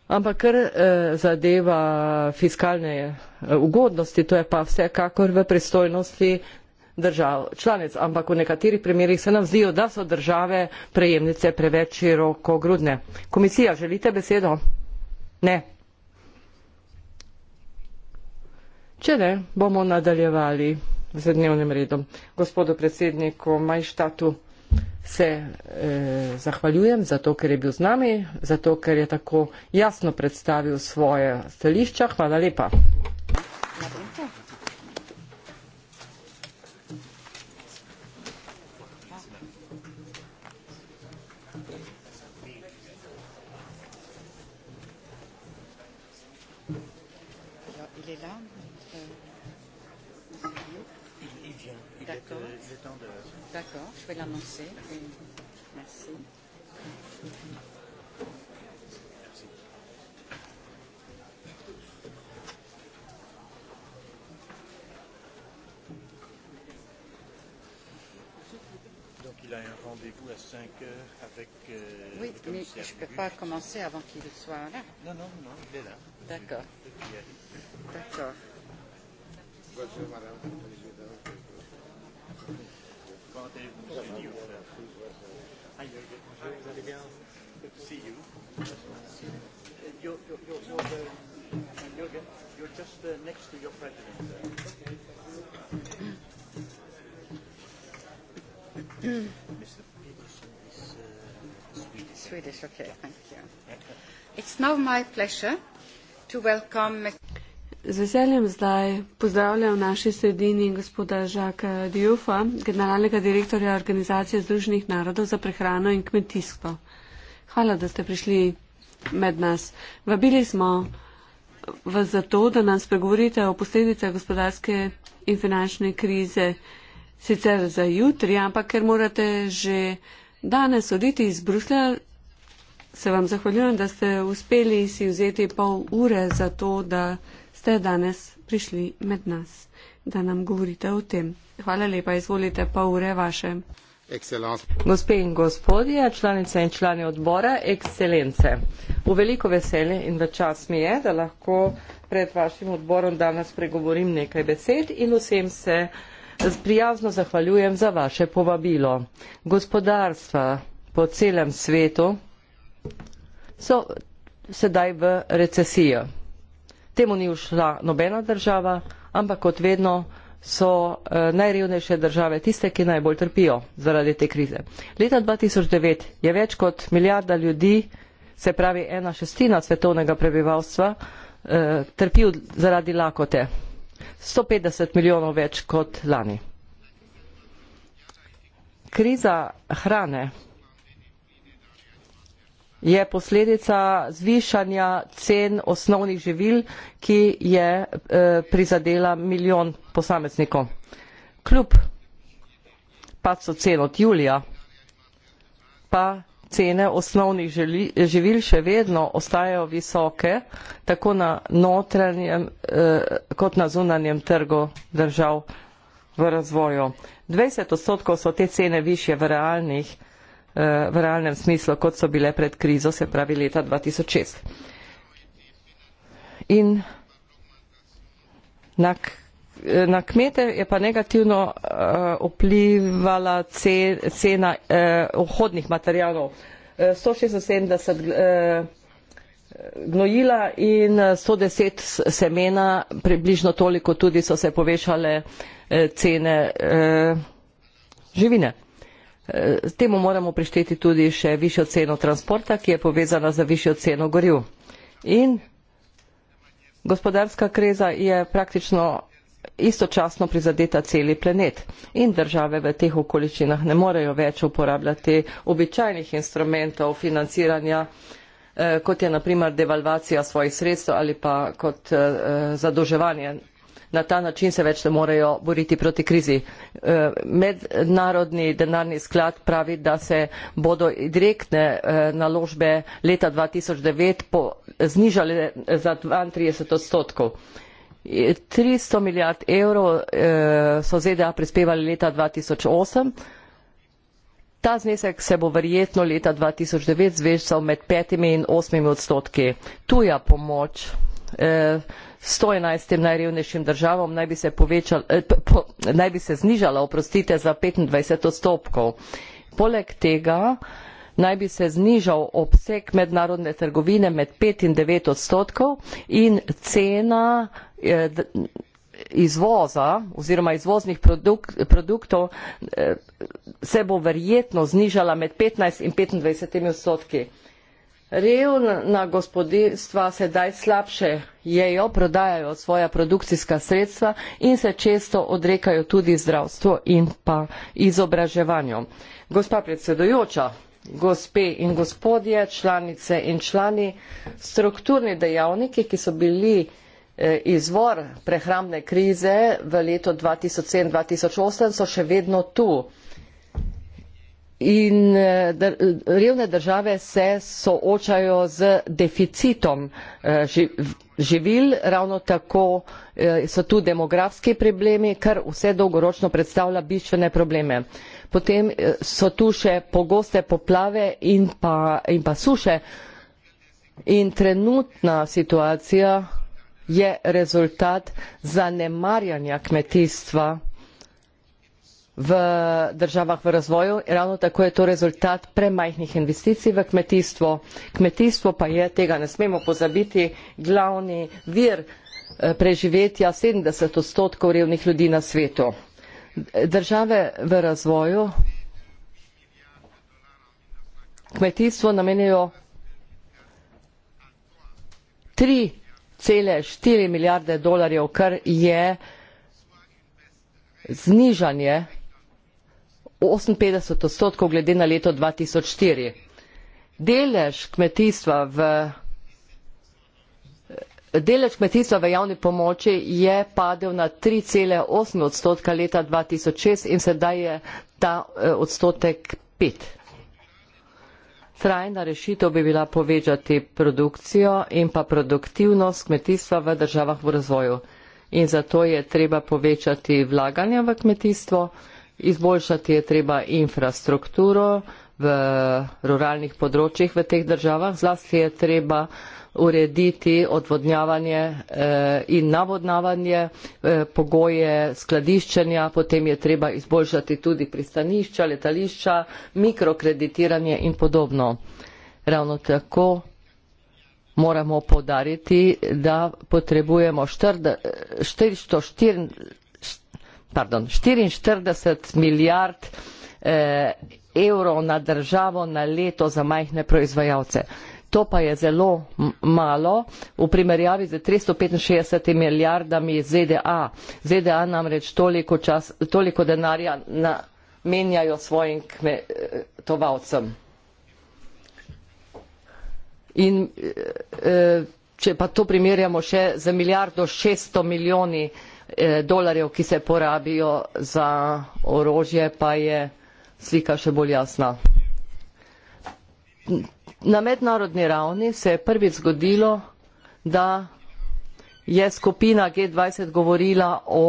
ampak kar eh, zadeva fiskalne eh, ugodnosti to je pa vsekakor v pristojnosti držav članic ampak v nekaterih primerih se nam zdijo da so države prejemnice preveč širokogrudne komisija želite besedo ne če ne bomo nadaljevali z dnevnim redom. Gospodu predsedniku Majštatu se e, zahvaljujem za to, ker je bil z nami, za to, ker je tako jasno predstavil svoje stališča. Hvala lepa. vais l'annoncer. Merci. Donc il a un rendez-vous à 5 heures avec. Euh, oui, le mais je ne peux pas commencer avant qu'il soit là. Non, non, non, il est là. D'accord. D'accord. Bonjour, madame. Swedish, okay, thank you. It's now my pleasure to welcome Z veseljem zdaj pozdravljam v naši sredini gospoda Žaka Diofa, generalnega direktorja Organizacije Združenih narodov za prehrano in kmetijstvo. Hvala, da ste prišli med nas. Vabili smo vas zato, da nam spregovorite o posledicah gospodarske in finančne krize, sicer za jutri, ampak ker morate že danes oditi iz Bruslja, se vam zahvaljujem, da ste uspeli si vzeti pol ure za to, da ste danes prišli med nas, da nam govorite o tem. Hvala lepa, izvolite pa ure vaše. Excellence. Gospe in gospodje, članice in člani odbora, ekscelence. V veliko veselje in v čas mi je, da lahko pred vašim odborom danes pregovorim nekaj besed in vsem se prijazno zahvaljujem za vaše povabilo. Gospodarstva po celem svetu so sedaj v recesijo temu ni ušla nobena država, ampak kot vedno so eh, najrevnejše države tiste, ki najbolj trpijo zaradi te krize. Leta 2009 je več kot milijarda ljudi, se pravi ena šestina svetovnega prebivalstva, eh, trpil zaradi lakote. 150 milijonov več kot lani. Kriza hrane je posledica zvišanja cen osnovnih živil ki je eh, prizadela milijon posameznikov. kljub padcu cen od julija pa cene osnovnih živil še vedno ostajajo visoke tako na notranjem eh, kot na zunanjem trgu držav v razvoju. dvajset odstotkov so te cene višje v realnih v realnem smislu, kot so bile pred krizo, se pravi leta 2006. In na, na kmete je pa negativno uh, vplivala cen, cena eh, vhodnih uh, materijalov. Uh, 176 uh, gnojila in 110 eh, semena, približno toliko tudi so se povešale uh, cene uh, živine. Eh, temu moramo prišteti tudi še višjo ceno transporta, ki je povezana za višjo ceno goriv. In gospodarska kriza je praktično istočasno prizadeta celi planet in države v teh okoliščinah ne morejo več uporabljati običajnih instrumentov financiranja, eh, kot je naprimer devalvacija svojih sredstev ali pa kot eh, zadoževanje na ta način se več ne morejo boriti proti krizi. Eh, Mednarodni denarni sklad pravi, da se bodo direktne eh, naložbe leta 2009 po, znižale eh, za 32 odstotkov. 300 milijard evrov so ZDA prispevali leta 2008. Ta znesek se bo verjetno leta 2009 zvečal med 5 in 8 odstotki. Tuja pomoč 111 najrevnejšim državam naj bi se, povečal, eh, po, naj bi se znižala oprostite, za 25 odstotkov. Poleg tega naj bi se znižal obseg mednarodne trgovine med 5 in 9 odstotkov in cena eh, izvoza oziroma izvoznih produk, produktov eh, se bo verjetno znižala med 15 in 25 odstotki. Revna gospodinstva sedaj slabše jejo, prodajajo svoja produkcijska sredstva in se često odrekajo tudi zdravstvo in pa izobraževanju. Gospa predsedujoča, gospe in gospodje, članice in člani, strukturni dejavniki, ki so bili eh, izvor prehramne krize v letu 2007-2008, so še vedno tu. In eh, eh, revne države se soočajo z deficitom eh, živil, ravno tako so tu demografski problemi, kar vse dolgoročno predstavlja bistvene probleme. Potem so tu še pogoste poplave in pa, in pa suše. In trenutna situacija je rezultat zanemarjanja kmetijstva v državah v razvoju. Ravno tako je to rezultat premajhnih investicij v kmetijstvo. Kmetijstvo pa je, tega ne smemo pozabiti, glavni vir eh, preživetja 70 odstotkov revnih ljudi na svetu. Države v razvoju kmetijstvo namenjajo 3,4 milijarde dolarjev, kar je znižanje oseminpetdeset odstotkov glede na leto dva tisoč štiri delež kmetijstva v Delež kmetijstva v javni pomoči je padel na 3,8 odstotka leta 2006 in sedaj je ta eh, odstotek 5. Trajna rešitev bi bila povečati produkcijo in pa produktivnost kmetijstva v državah v razvoju. In zato je treba povečati vlaganja v kmetijstvo izboljšati je treba infrastrukturo v ruralnih področjih v teh državah, zlasti je treba urediti odvodnjavanje eh, in navodnavanje, eh, pogoje skladiščenja, potem je treba izboljšati tudi pristanišča, letališča, mikrokreditiranje in podobno. Ravno tako moramo podariti, da potrebujemo 400, 400, 400 pardon, 44 milijard eh, evrov na državo na leto za majhne proizvajalce. To pa je zelo malo v primerjavi z 365 milijardami ZDA. ZDA namreč toliko, čas, toliko denarja namenjajo svojim kmetovalcem. In eh, eh če pa to primerjamo še z milijardo 600 milijoni eh, Eh, dolarjev, ki se porabijo za orožje, pa je slika še bolj jasna. Na mednarodni ravni se je prvi zgodilo, da je skupina G20 govorila o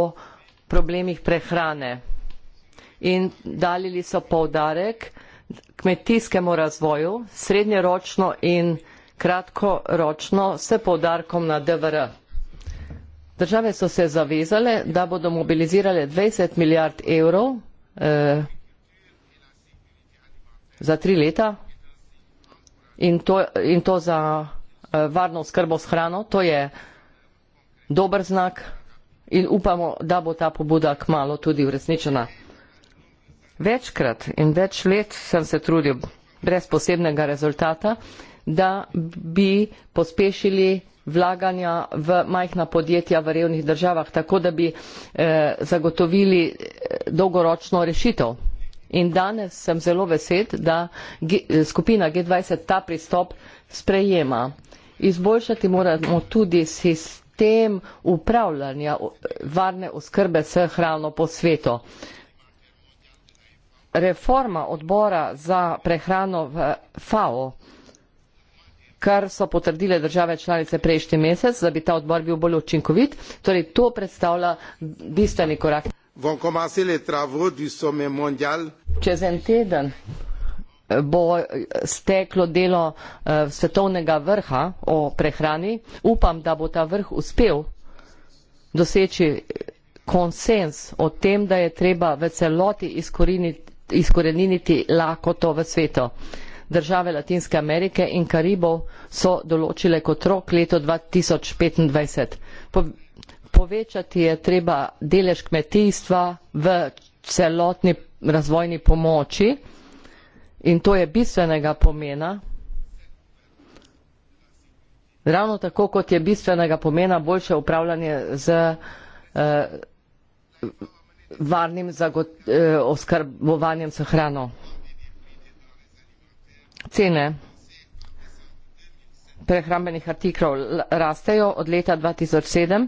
problemih prehrane in dalili so povdarek kmetijskemu razvoju srednjeročno in kratkoročno s povdarkom na DVR. Države so se zavezale, da bodo mobilizirale 20 milijard evrov eh, za tri leta in to, in to za eh, varno skrbo s hrano. To je dober znak in upamo, da bo ta pobuda kmalo tudi uresničena. Večkrat in več let sem se trudil brez posebnega rezultata, da bi pospešili vlaganja v majhna podjetja v revnih državah tako da bi eh, zagotovili eh, dolgoročno rešitev. In danes sem zelo vesel, da G eh, skupina G20 ta pristop sprejema. Izboljšati moramo tudi sistem upravljanja varne oskrbe s hrano po svetu. Reforma odbora za prehrano v FAO kar so potrdile države članice prejšnji mesec, da bi ta odbor bil bolj učinkovit. Torej, to predstavlja bistveni korak. Čez en teden bo steklo delo eh, svetovnega vrha o prehrani. Upam, da bo ta vrh uspel doseči konsens o tem, da je treba v celoti izkoreniti lakoto v svetu države Latinske Amerike in Karibov so določile kot rok leto 2025. Povečati je treba delež kmetijstva v celotni razvojni pomoči in to je bistvenega pomena. Ravno tako, kot je bistvenega pomena boljše upravljanje z eh, varnim eh, oskrbovanjem s hrano cene prehrambenih artiklov rastejo od leta 2007,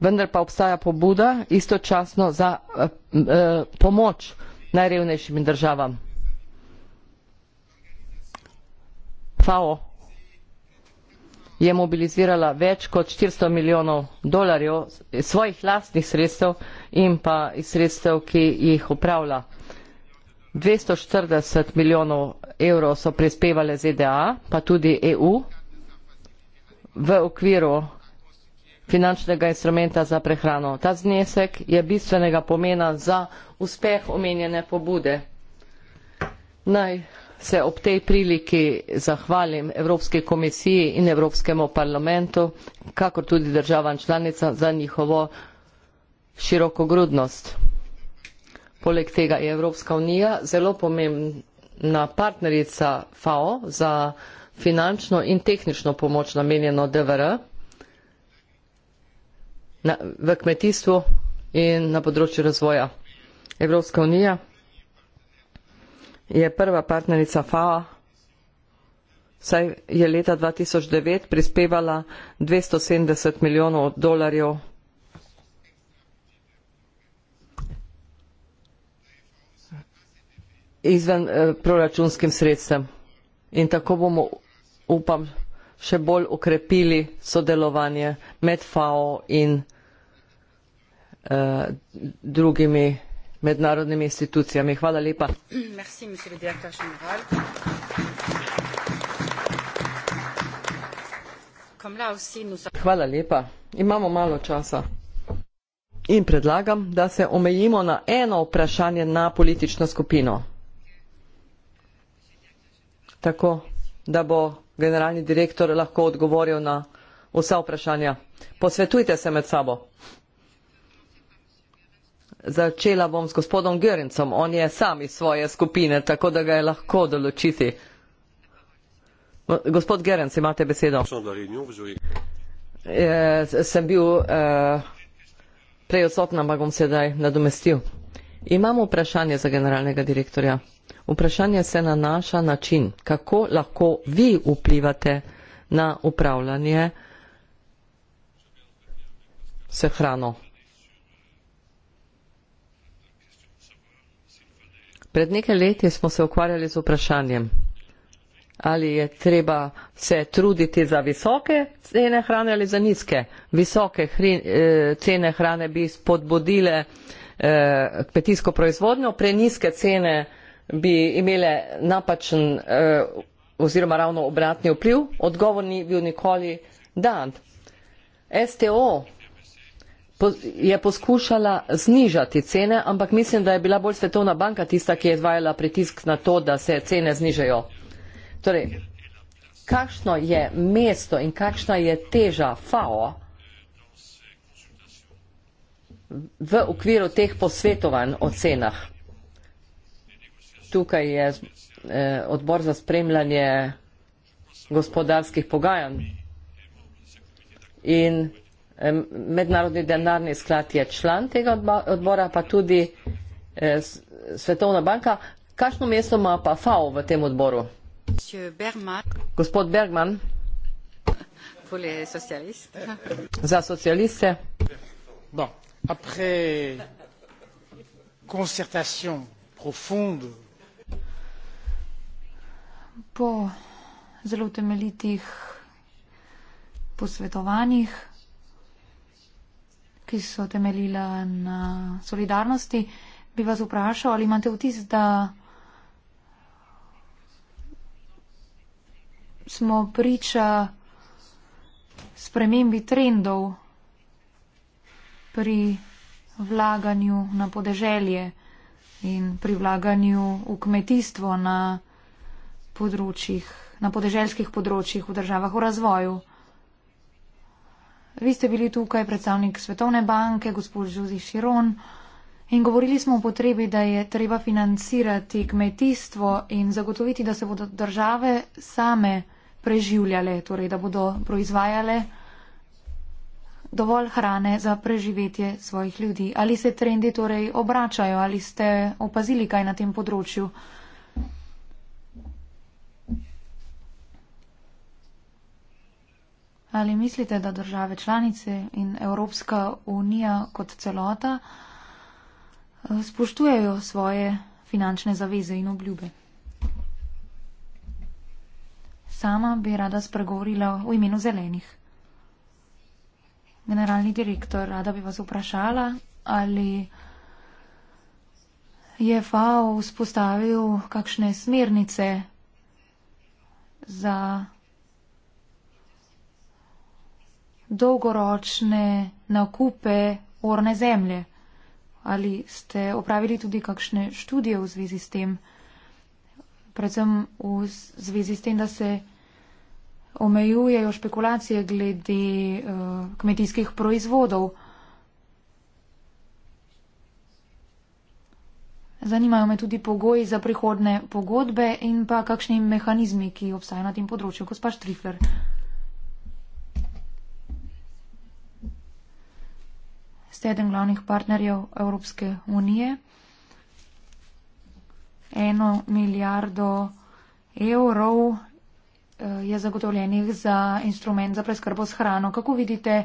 vendar pa obstaja pobuda istočasno za eh, eh, pomoč najrevnejšim državam. FAO je mobilizirala več kot 400 milijonov dolarjev svojih lastnih sredstev in pa iz sredstev, ki jih upravlja. 240 milijonov evrov so prispevale ZDA, pa tudi EU v okviru finančnega instrumenta za prehrano. Ta znesek je bistvenega pomena za uspeh omenjene pobude. Naj se ob tej priliki zahvalim Evropske komisiji in Evropskemu parlamentu, kakor tudi državam članica za njihovo širokogrudnost. Poleg tega je Evropska unija zelo pomembna partnerica FAO za finančno in tehnično pomoč namenjeno DVR na, v kmetijstvu in na področju razvoja. Evropska unija je prva partnerica FAO, saj je leta 2009 prispevala 270 milijonov dolarjev izven eh, proračunskim sredstvem. In tako bomo, upam, še bolj ukrepili sodelovanje med FAO in uh, drugimi mednarodnimi institucijami. Hvala lepa. Merci, Hvala lepa. Imamo malo časa. In predlagam, da se omejimo na eno vprašanje na politično skupino tako, da bo generalni direktor lahko odgovoril na vsa vprašanja. Posvetujte se med sabo. Začela bom s gospodom Görincom. On je sam iz svoje skupine, tako da ga je lahko določiti. Gospod Görinc, imate besedo. E, sem bil e, prej odsotna, ampak bom sedaj nadomestil. Imamo vprašanje za generalnega direktorja. Vprašanje se nanaša na način, kako lahko vi vplivate na upravljanje se hrano. Pred nekaj leti smo se ukvarjali z vprašanjem, ali je treba se truditi za visoke cene hrane ali za nizke. Visoke hri, eh, cene hrane bi spodbudile eh, kmetijsko proizvodnjo, pre nizke cene eh, bi imele napačen eh, oziroma ravno obratni vpliv, odgovor ni bil nikoli dan. STO je poskušala znižati cene, ampak mislim, da je bila bolj svetovna banka tista, ki je izvajala pritisk na to, da se cene znižajo. Torej, kakšno je mesto in kakšna je teža FAO v okviru teh posvetovanj o cenah? tukaj je eh, odbor za spremljanje gospodarskih pogajanj in Mednarodni denarni sklad je član tega odbora, pa tudi eh, Svetovna banka. Kakšno mesto ima pa FAO v tem odboru? Gospod Bergman. Za socialiste. Bon, après concertation profonde po zelo temeljitih posvetovanjih, ki so temeljila na solidarnosti, bi vas vprašal, ali imate vtis, da smo priča spremembi trendov pri vlaganju na podeželje in pri vlaganju v kmetijstvo na področjih, na podeželskih področjih v državah v razvoju. Vi ste bili tukaj predstavnik Svetovne banke, gospod Žuzi Širon, in govorili smo o potrebi, da je treba financirati kmetijstvo in zagotoviti, da se bodo države same preživljale, torej da bodo proizvajale dovolj hrane za preživetje svojih ljudi. Ali se trendi torej obračajo, ali ste opazili kaj na tem področju? Ali mislite, da države članice in Evropska unija kot celota eh, spoštujejo svoje finančne zaveze in obljube? Sama bi rada spregovorila v imenu zelenih. Generalni direktor, rada bi vas vprašala, ali je FAO vzpostavil kakšne smernice za dolgoročne nakupe orne zemlje. Ali ste opravili tudi kakšne študije v zvezi s tem, predvsem v zvezi s tem, da se omejujejo špekulacije glede uh, kmetijskih proizvodov. Zanimajo me tudi pogoji za prihodne pogodbe in pa kakšni mehanizmi, ki obstajajo na tem področju. Gospa Štrifler. ste eden glavnih partnerjev Evropske unije. Eno milijardo evrov eh, je zagotovljenih za instrument za preskrbo s hrano. Kako vidite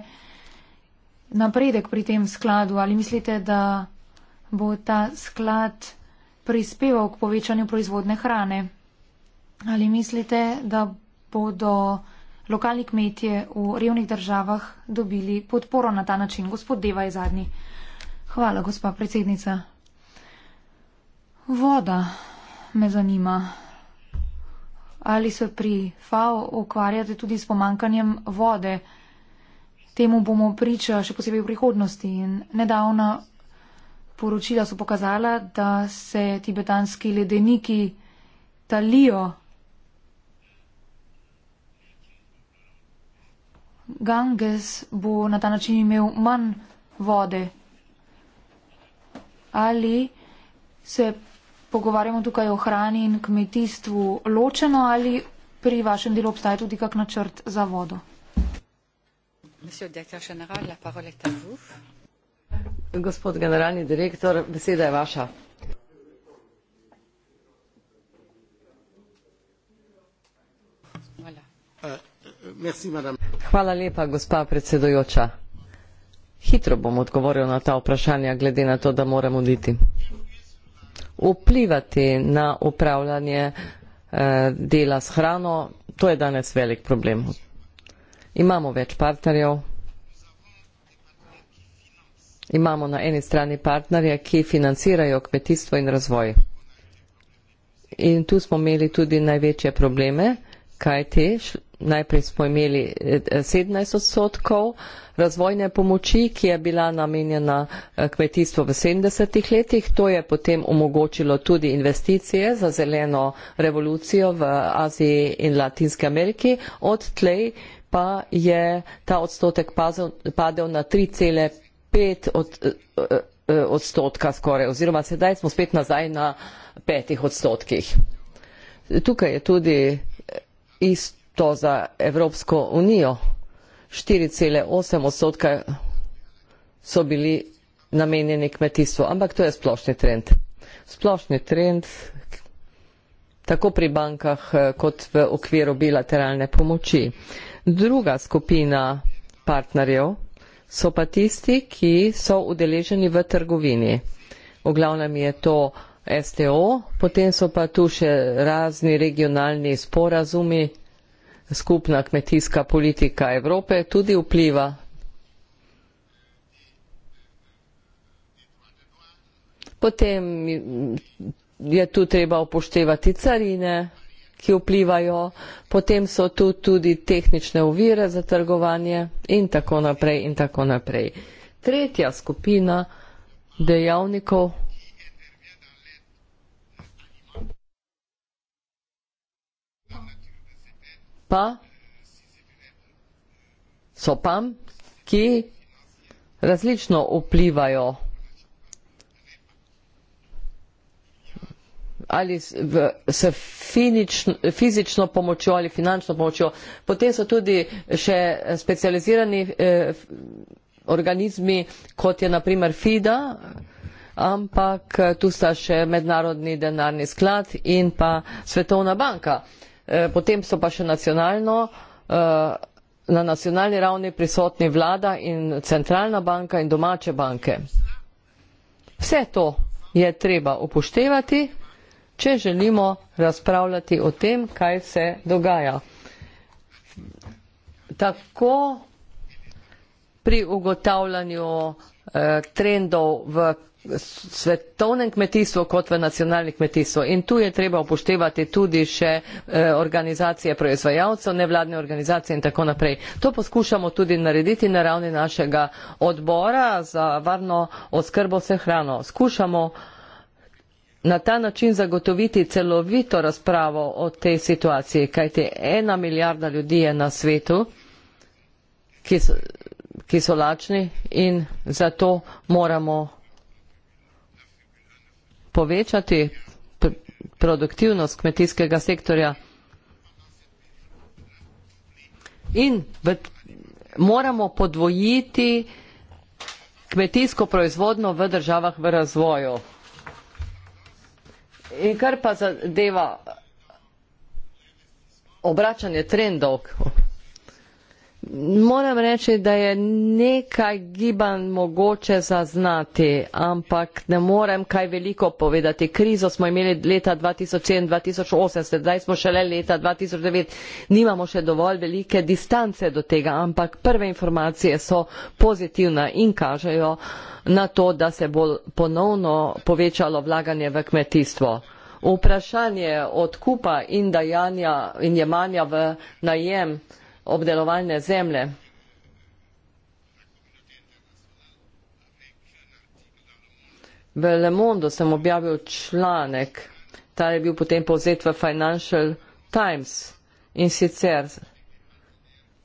napredek pri tem skladu? Ali mislite, da bo ta sklad prispeval k povečanju proizvodne hrane? Ali mislite, da bodo lokalni kmetje v revnih državah dobili podporo na ta način. Gospod Deva je zadnji. Hvala, gospa predsednica. Voda me zanima. Ali se pri FAO ukvarjate tudi s pomankanjem vode? Temu bomo priča še posebej v prihodnosti. In nedavna poročila so pokazala, da se tibetanski ledeniki talijo. Ganges bo na ta način imel manj vode. Ali se pogovarjamo tukaj o hrani in kmetijstvu ločeno ali pri vašem delu obstaja tudi kak načrt za vodo? Gospod generalni direktor, beseda je vaša. Hvala. Euh, euh, Hvala lepa, gospa predsedujoča. Hitro bom odgovoril na ta vprašanja, glede na to, da moram oditi. Vplivati na upravljanje eh, dela s hrano, to je danes velik problem. Imamo več partnerjev. Imamo na eni strani partnerje, ki financirajo kmetijstvo in razvoj. In tu smo imeli tudi največje probleme, kaj te najprej smo imeli 17 eh, odstotkov razvojne pomoči, ki je bila namenjena eh, kmetijstvu v 70-ih letih. To je potem omogočilo tudi investicije za zeleno revolucijo v Aziji in Latinske Ameriki. Od tlej pa je ta odstotek padel na 3,5 od, eh, odstotka skoraj, oziroma sedaj smo spet nazaj na petih odstotkih. Tukaj je tudi isto to za Evropsko unijo. 4,8 odstotka so bili namenjeni kmetijstvu, ampak to je splošni trend. Splošni trend tako pri bankah eh, kot v okviru bilateralne pomoči. Druga skupina partnerjev so pa tisti, ki so udeleženi v trgovini. V glavnem je to STO, potem so pa tu še razni regionalni sporazumi, skupna kmetijska politika Evrope tudi vpliva. Potem je tu treba upoštevati carine, ki vplivajo, potem so tu tudi tehnične uvire za trgovanje in tako naprej in tako naprej. Tretja skupina dejavnikov pa so pam, ki različno vplivajo ali s fizično pomočjo ali finančno pomočjo. Potem so tudi še specializirani eh, organizmi, kot je naprimer FIDA, ampak tu sta še mednarodni denarni sklad in pa Svetovna banka. Eh, Eh, potem so pa še nacionalno eh, na nacionalni ravni prisotni vlada in centralna banka in domače banke. Vse to je treba upoštevati, če želimo razpravljati o tem, kaj se dogaja. Tako pri ugotavljanju eh, trendov v svetovnem kmetijstvu kot v nacionalnem kmetijstvu. In tu je treba upoštevati tudi še eh, organizacije proizvajalcev, nevladne organizacije in tako naprej. To poskušamo tudi narediti na ravni našega odbora za varno oskrbo vse hrano. Skušamo na ta način zagotoviti celovito razpravo o tej situaciji, kajti ena milijarda ljudi je na svetu, ki so, ki so lačni in zato moramo povečati pr produktivnost kmetijskega sektorja. In v, moramo podvojiti kmetijsko proizvodno v državah v razvoju. In kar pa zadeva obračanje trendov, Moram reči, da je nekaj gibanj mogoče zaznati, ampak ne morem kaj veliko povedati. Krizo smo imeli leta 2007-2008, zdaj smo šele leta 2009, nimamo še dovolj velike distance do tega, ampak prve informacije so pozitivne in kažejo na to, da se bo ponovno povečalo vlaganje v kmetijstvo. Vprašanje odkupa in dajanja in jemanja v najem obdelovalne zemlje. V Le Monde sem objavil članek, ta je bil potem povzet v Financial Times in sicer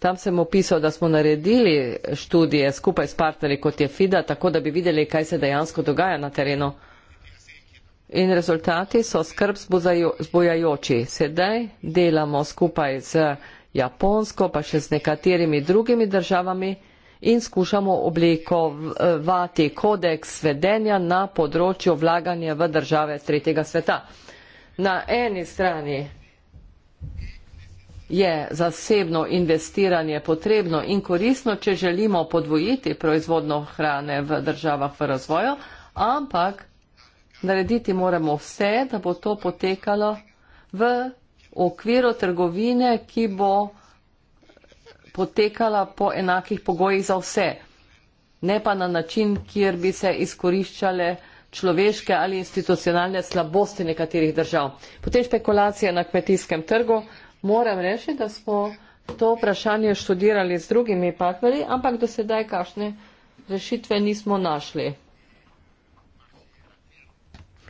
tam sem opisal, da smo naredili študije skupaj s partnerji kot je FIDA, tako da bi videli, kaj se dejansko dogaja na terenu. In rezultati so skrb zbujajoči. Sedaj delamo skupaj z Japonsko, pa še z nekaterimi drugimi državami in skušamo oblikovati kodeks vedenja na področju vlaganja v države tretjega sveta. Na eni strani je zasebno investiranje potrebno in koristno, če želimo podvojiti proizvodno hrane v državah v razvoju, ampak narediti moramo vse, da bo to potekalo v okviru trgovine, ki bo potekala po enakih pogojih za vse, ne pa na način, kjer bi se izkoriščale človeške ali institucionalne slabosti nekaterih držav. Potem špekulacije na kmetijskem trgu. Moram reči, da smo to vprašanje študirali z drugimi partnerji, ampak do sedaj kašne rešitve nismo našli.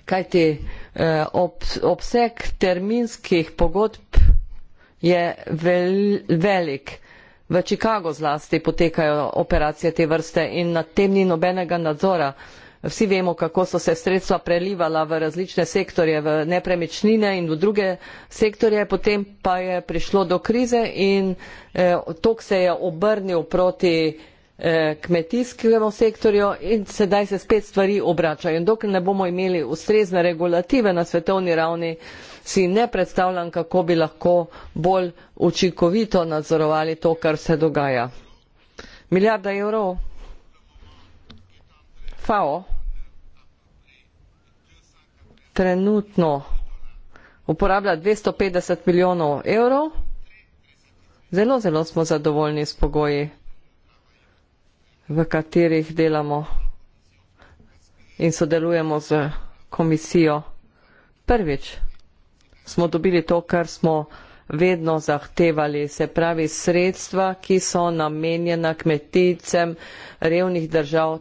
Kaj ti? Te... Eh, ob, obseg terminskih pogodb je vel, velik. V Chicagu zlasti potekajo operacije te vrste in nad tem ni nobenega nadzora. Vsi vemo, kako so se sredstva prelivala v različne sektorje, v nepremičnine in v druge sektorje, potem pa je prišlo do krize in eh, tok se je obrnil proti eh, Eh, kmetijskemu sektorju in sedaj se spet stvari obračajo in dokler ne bomo imeli ustrezne regulative na svetovni ravni, si ne predstavljam, kako bi lahko bolj učinkovito nadzorovali to, kar se dogaja. Milijarda evrov. FAO. Trenutno uporablja 250 milijonov evrov. Zelo, zelo smo zadovoljni s pogoji v katerih delamo in sodelujemo z komisijo. Prvič smo dobili to, kar smo vedno zahtevali, se pravi sredstva, ki so namenjena kmeticem revnih držav,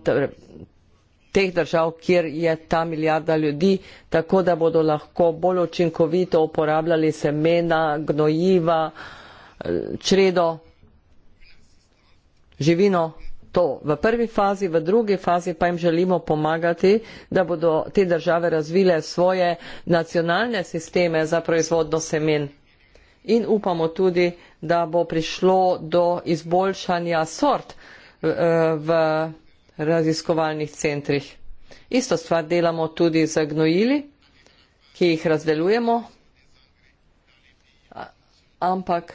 teh držav, kjer je ta milijarda ljudi, tako da bodo lahko bolj učinkovito uporabljali semena, gnojiva, eh, čredo, živino to v prvi fazi, v drugi fazi pa jim želimo pomagati, da bodo te države razvile svoje nacionalne sisteme za proizvodno semen. In upamo tudi, da bo prišlo do izboljšanja sort eh, v raziskovalnih centrih. Isto stvar delamo tudi z gnojili, ki jih razdelujemo, ampak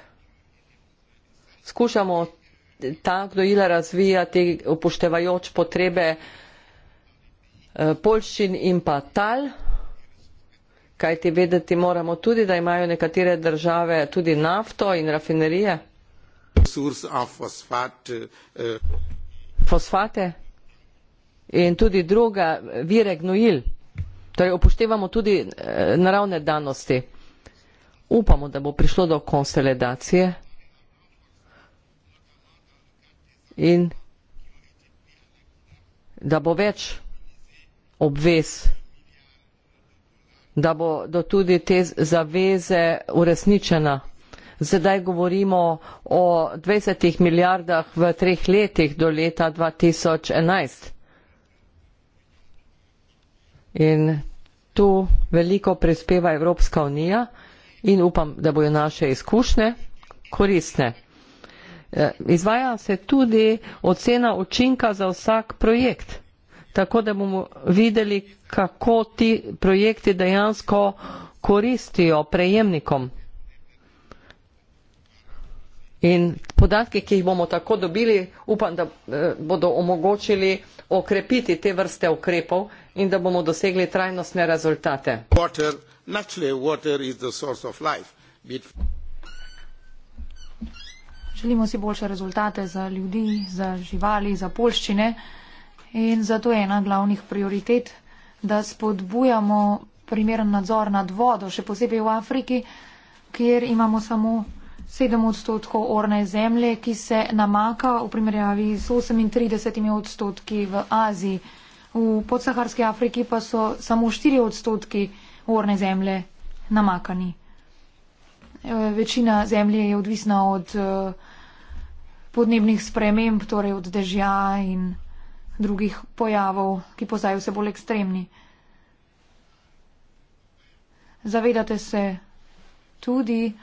skušamo ta gnojila razvijati upoštevajoč potrebe eh, polščin in pa tal, kajti vedeti moramo tudi, da imajo nekatere države tudi nafto in rafinerije. Eh, eh. Fosfate in tudi druga vire gnojil. Torej upoštevamo tudi naravne danosti. Upamo, da bo prišlo do konsolidacije. in da bo več obvez, da bo do tudi te zaveze uresničena. Zdaj govorimo o 20 milijardah v treh letih do leta 2011. In tu veliko prispeva Evropska unija in upam, da bojo naše izkušnje koristne. Eh, izvaja se tudi ocena učinka za vsak projekt, tako da bomo videli, kako ti projekti dejansko koristijo prejemnikom. In podatke, ki jih bomo tako dobili, upam, da eh, bodo omogočili okrepiti te vrste ukrepov in da bomo dosegli trajnostne rezultate. Water, Želimo si boljše rezultate za ljudi, za živali, za polščine in zato je ena glavnih prioritet, da spodbujamo primeren nadzor nad vodo, še posebej v Afriki, kjer imamo samo 7 odstotkov orne zemlje, ki se namaka v primerjavi s 38 odstotki v Aziji. V podsaharski Afriki pa so samo 4 odstotki orne zemlje namakani. Večina zemlje je odvisna od uh, podnebnih sprememb, torej od dežja in drugih pojavov, ki postajajo vse bolj ekstremni. Zavedate se tudi,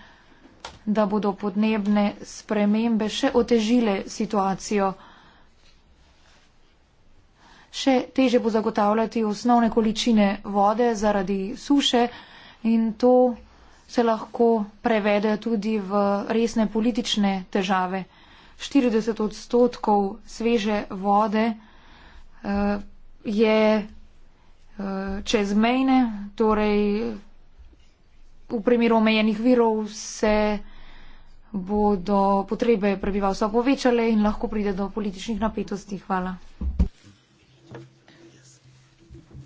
da bodo podnebne spremembe še otežile situacijo. Še teže bo zagotavljati osnovne količine vode zaradi suše in to se lahko prevede tudi v resne politične težave. 40 odstotkov sveže vode uh, je uh, čezmejne, torej v primeru omejenih virov se bodo potrebe prebivalstva povečale in lahko pride do političnih napetosti. Hvala.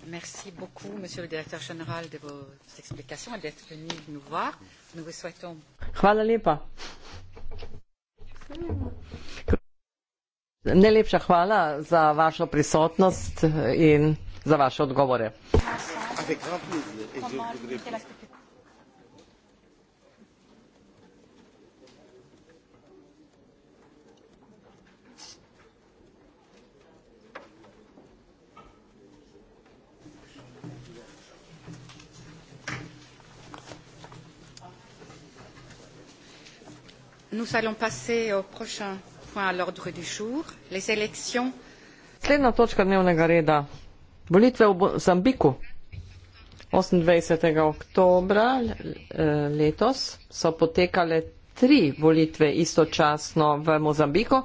Merci beaucoup, monsieur le directeur général, de vos explications et d'être venu nous voir. Nous vous souhaitons. Hvala lepa. Najlepša hvala za vašo prisotnost in za vaše odgovore. Hvala. Nous allons passer au prochain point à l'ordre du jour, les élections. Slednja točka dnevnega reda, volitve v Mozambiku. 28. oktobra eh, letos so potekale tri volitve istočasno v Mozambiku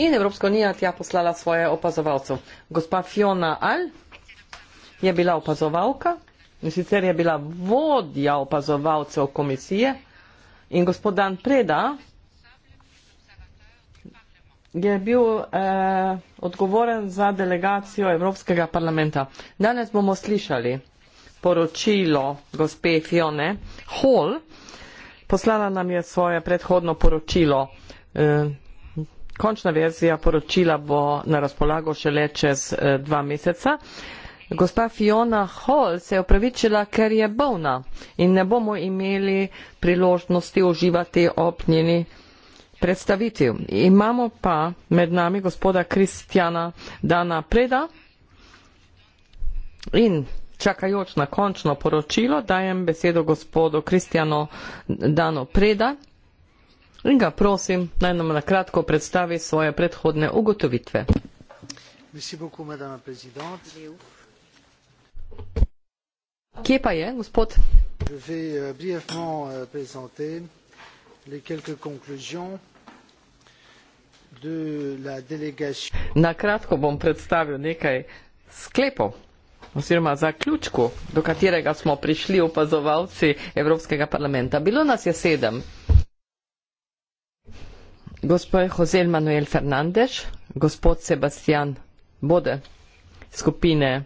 in Evropska unija tja poslala svoje opazovalcev. Gospa Fiona Al je bila opazovalka in sicer je bila vodja opazovalcev komisije in gospod Dan Preda je bil eh, odgovoren za delegacijo Evropskega parlamenta. Danes bomo slišali poročilo gospe Fione Hall. Poslala nam je svoje predhodno poročilo. Eh, končna verzija poročila bo na razpolago šele čez eh, dva meseca. Gospa Fiona Hall se je opravičila, ker je bolna in ne bomo imeli priložnosti uživati ob njeni predstavitev. Imamo pa med nami gospoda Kristjana Dana Preda in čakajoč na končno poročilo dajem besedo gospodu Kristjano Dano Preda in ga prosim, naj nam na kratko predstavi svoje predhodne ugotovitve. Kje pa je, gospod? Je vais euh, brièvement euh, présenter les quelques conclusions Na kratko bom predstavil nekaj sklepov oziroma zaključku, do katerega smo prišli opazovalci Evropskega parlamenta. Bilo nas je sedem. Gospod Jose Manuel Fernandez, gospod Sebastian Bode, skupine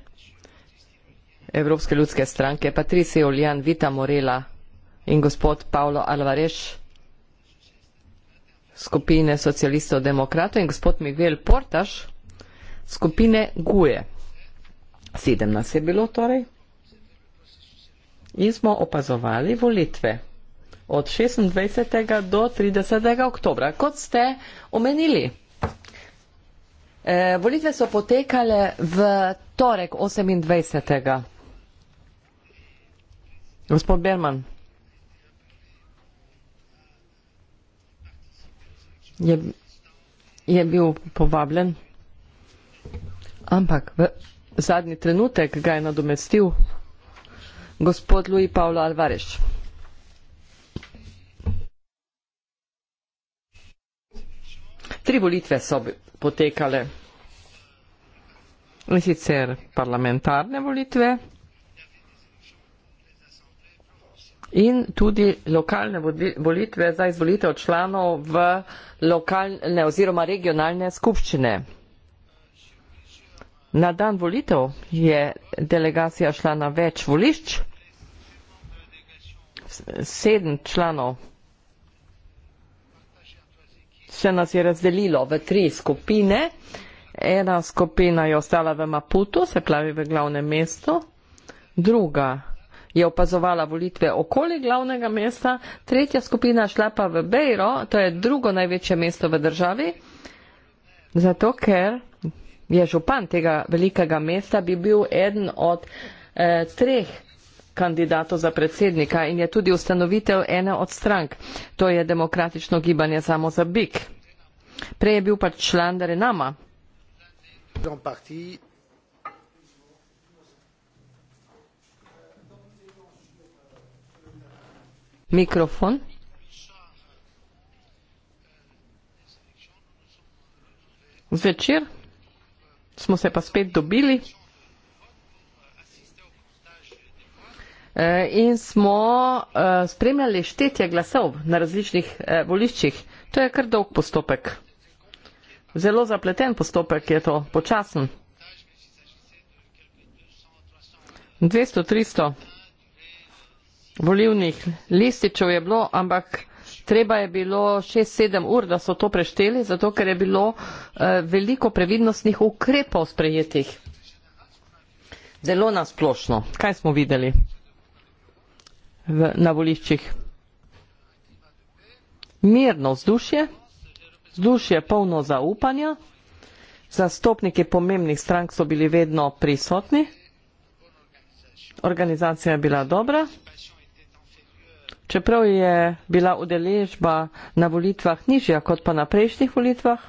Evropske ljudske stranke, Patricio Julian Vita Morela in gospod Paolo Alvarez skupine socialistov demokratov in gospod Miguel Portaš skupine Guje. Sedem nas je bilo torej in smo opazovali volitve od 26. do 30. oktobra, kot ste omenili. E, volitve so potekale v torek 28. Gospod Berman. je, je bil povabljen, ampak v zadnji trenutek ga je nadomestil gospod Luji Pavlo Alvarez. Tri volitve so potekale. In sicer parlamentarne volitve, in tudi lokalne volitve za izvolitev članov v lokalne oziroma regionalne skupščine. Na dan volitev je delegacija šla na več volišč, sedem članov se nas je razdelilo v tri skupine. Ena skupina je ostala v Maputu, se pravi v glavnem mestu, druga je opazovala volitve okoli glavnega mesta, tretja skupina šla pa v Bejro, to je drugo največje mesto v državi, zato ker je župan tega velikega mesta bi bil eden od eh, treh kandidatov za predsednika in je tudi ustanovitelj ene od strank, to je demokratično gibanje samo za Bik. Prej je bil pač član Renama. Mikrofon. Zvečer smo se pa spet dobili e, in smo e, spremljali štetje glasov na različnih e, voliščih. To je kar dolg postopek. Zelo zapleten postopek je to, počasen. 200, 300 volivnih lističev je bilo, ampak treba je bilo 6-7 ur, da so to prešteli, zato ker je bilo eh, veliko previdnostnih ukrepov sprejetih. Zelo nasplošno. Kaj smo videli v, na voliščih? Mirno vzdušje, vzdušje polno zaupanja, zastopniki pomembnih strank so bili vedno prisotni, organizacija je bila dobra čeprav je bila udeležba na volitvah nižja kot pa na prejšnjih volitvah.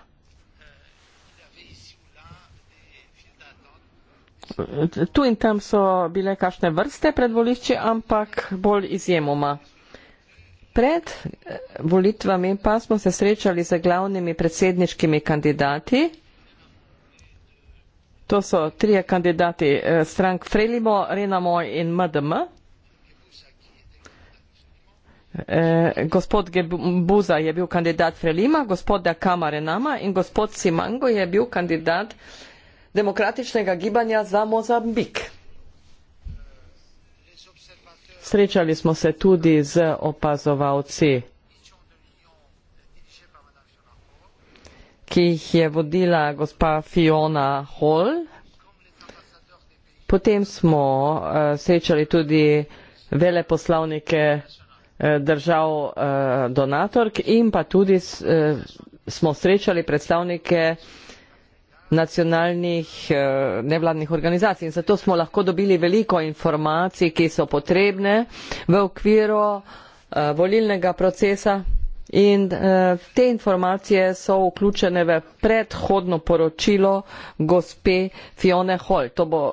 Tu in tam so bile kakšne vrste pred volišči, ampak bolj izjemoma. Pred eh, volitvami pa smo se srečali z glavnimi predsedniškimi kandidati. To so trije kandidati strank eh, Frelimo, Renamo in MDM. Eh, gospod Geb Buza je bil kandidat Frelima, gospoda Kamarenama in gospod Simango je bil kandidat demokratičnega gibanja za Mozambik. Srečali smo se tudi z opazovalci, ki jih je vodila gospa Fiona Hall. Potem smo uh, srečali tudi veleposlavnike Eh, držav eh, donatork in pa tudi eh, smo srečali predstavnike nacionalnih nevladnih organizacij. In zato smo lahko dobili veliko informacij, ki so potrebne v okviru volilnega procesa. In te informacije so vključene v predhodno poročilo gospe Fione Hall. To bo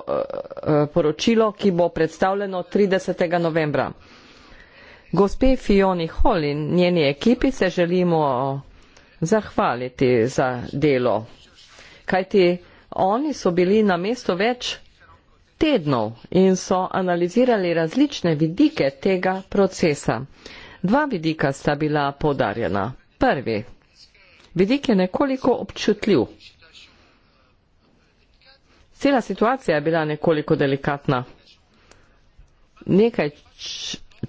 poročilo, ki bo predstavljeno 30. novembra. Gospe Fioni Hol in njeni ekipi se želimo zahvaliti za delo. Kajti oni so bili na mestu več tednov in so analizirali različne vidike tega procesa. Dva vidika sta bila podarjena. Prvi. Vidik je nekoliko občutljiv. Cela situacija je bila nekoliko delikatna. Nekaj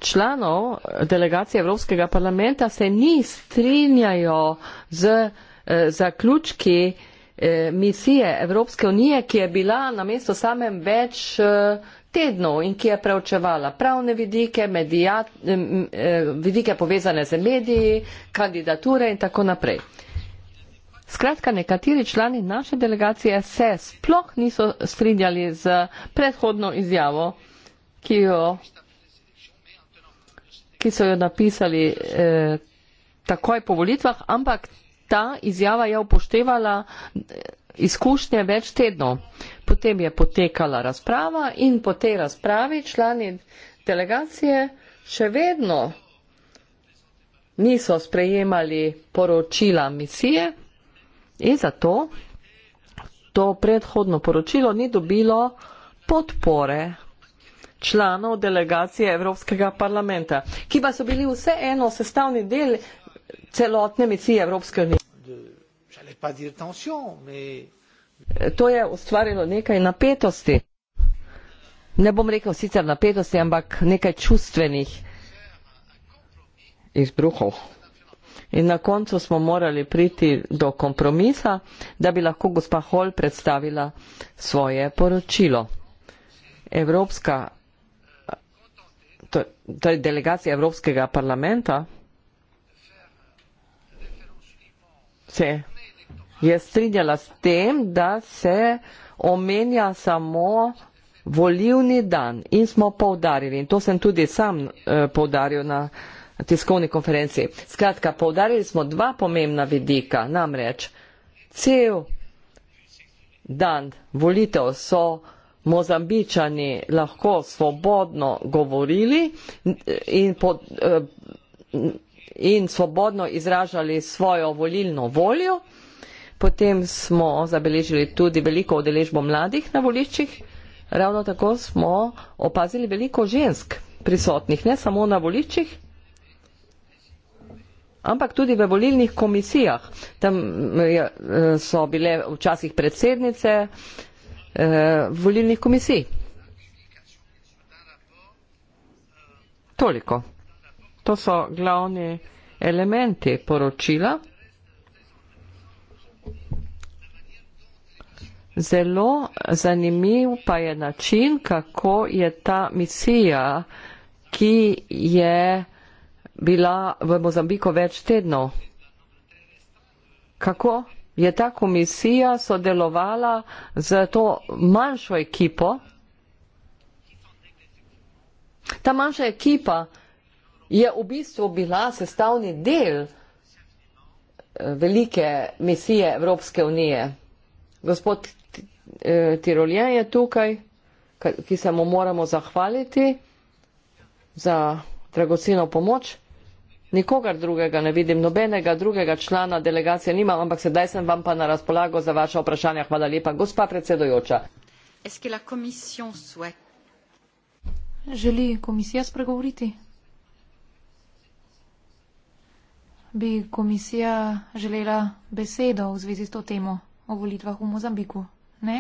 članov delegacije Evropskega parlamenta se ni strinjajo z eh, zaključki eh, misije Evropske unije, ki je bila na mesto samem več eh, tednov in ki je preučevala pravne vidike, medijat, vidike povezane z mediji, kandidature in tako naprej. Skratka, nekateri člani naše delegacije se sploh niso strinjali z predhodno izjavo, ki jo ki so jo napisali eh, takoj po volitvah, ampak ta izjava je upoštevala eh, izkušnje več tednov. Potem je potekala razprava in po tej razpravi člani delegacije še vedno niso sprejemali poročila misije in zato to predhodno poročilo ni dobilo podpore članov delegacije Evropskega parlamenta, ki pa so bili vseeno sestavni del celotne misije Evropske unije. To je ustvarilo nekaj napetosti. Ne bom rekel sicer napetosti, ampak nekaj čustvenih izbruhov. In na koncu smo morali priti do kompromisa, da bi lahko gospa Hol predstavila svoje poročilo. Evropska torej delegacija Evropskega parlamenta se je strinjala s tem, da se omenja samo volivni dan in smo povdarili, in to sem tudi sam eh, povdaril na tiskovni konferenci. Skratka, povdarili smo dva pomembna vidika, namreč cel dan volitev so mozambičani lahko svobodno govorili in, pod, eh, in svobodno izražali svojo volilno voljo. Potem smo zabeležili tudi veliko udeležbo mladih na voliščih. Ravno tako smo opazili veliko žensk prisotnih, ne samo na voliščih, ampak tudi v volilnih komisijah. Tam eh, so bile včasih predsednice, eh, volilnih komisij. Toliko. To so glavni elementi poročila. Zelo zanimiv pa je način, kako je ta misija, ki je bila v Mozambiku več tednov. Kako? je ta komisija sodelovala z to manjšo ekipo. Ta manjša ekipa je v bistvu bila sestavni del eh, velike misije Evropske unije. Gospod eh, Tirolje je tukaj, ki se mu moramo zahvaliti za dragoceno pomoč. Nikogar drugega ne vidim, nobenega drugega člana delegacije nimam, ampak sedaj sem vam pa na razpolago za vaše vprašanja. Hvala lepa. Gospa predsedojoča. Želi komisija spregovoriti? Bi komisija želela besedo v zvezi s to temo o volitvah v Mozambiku? Ne?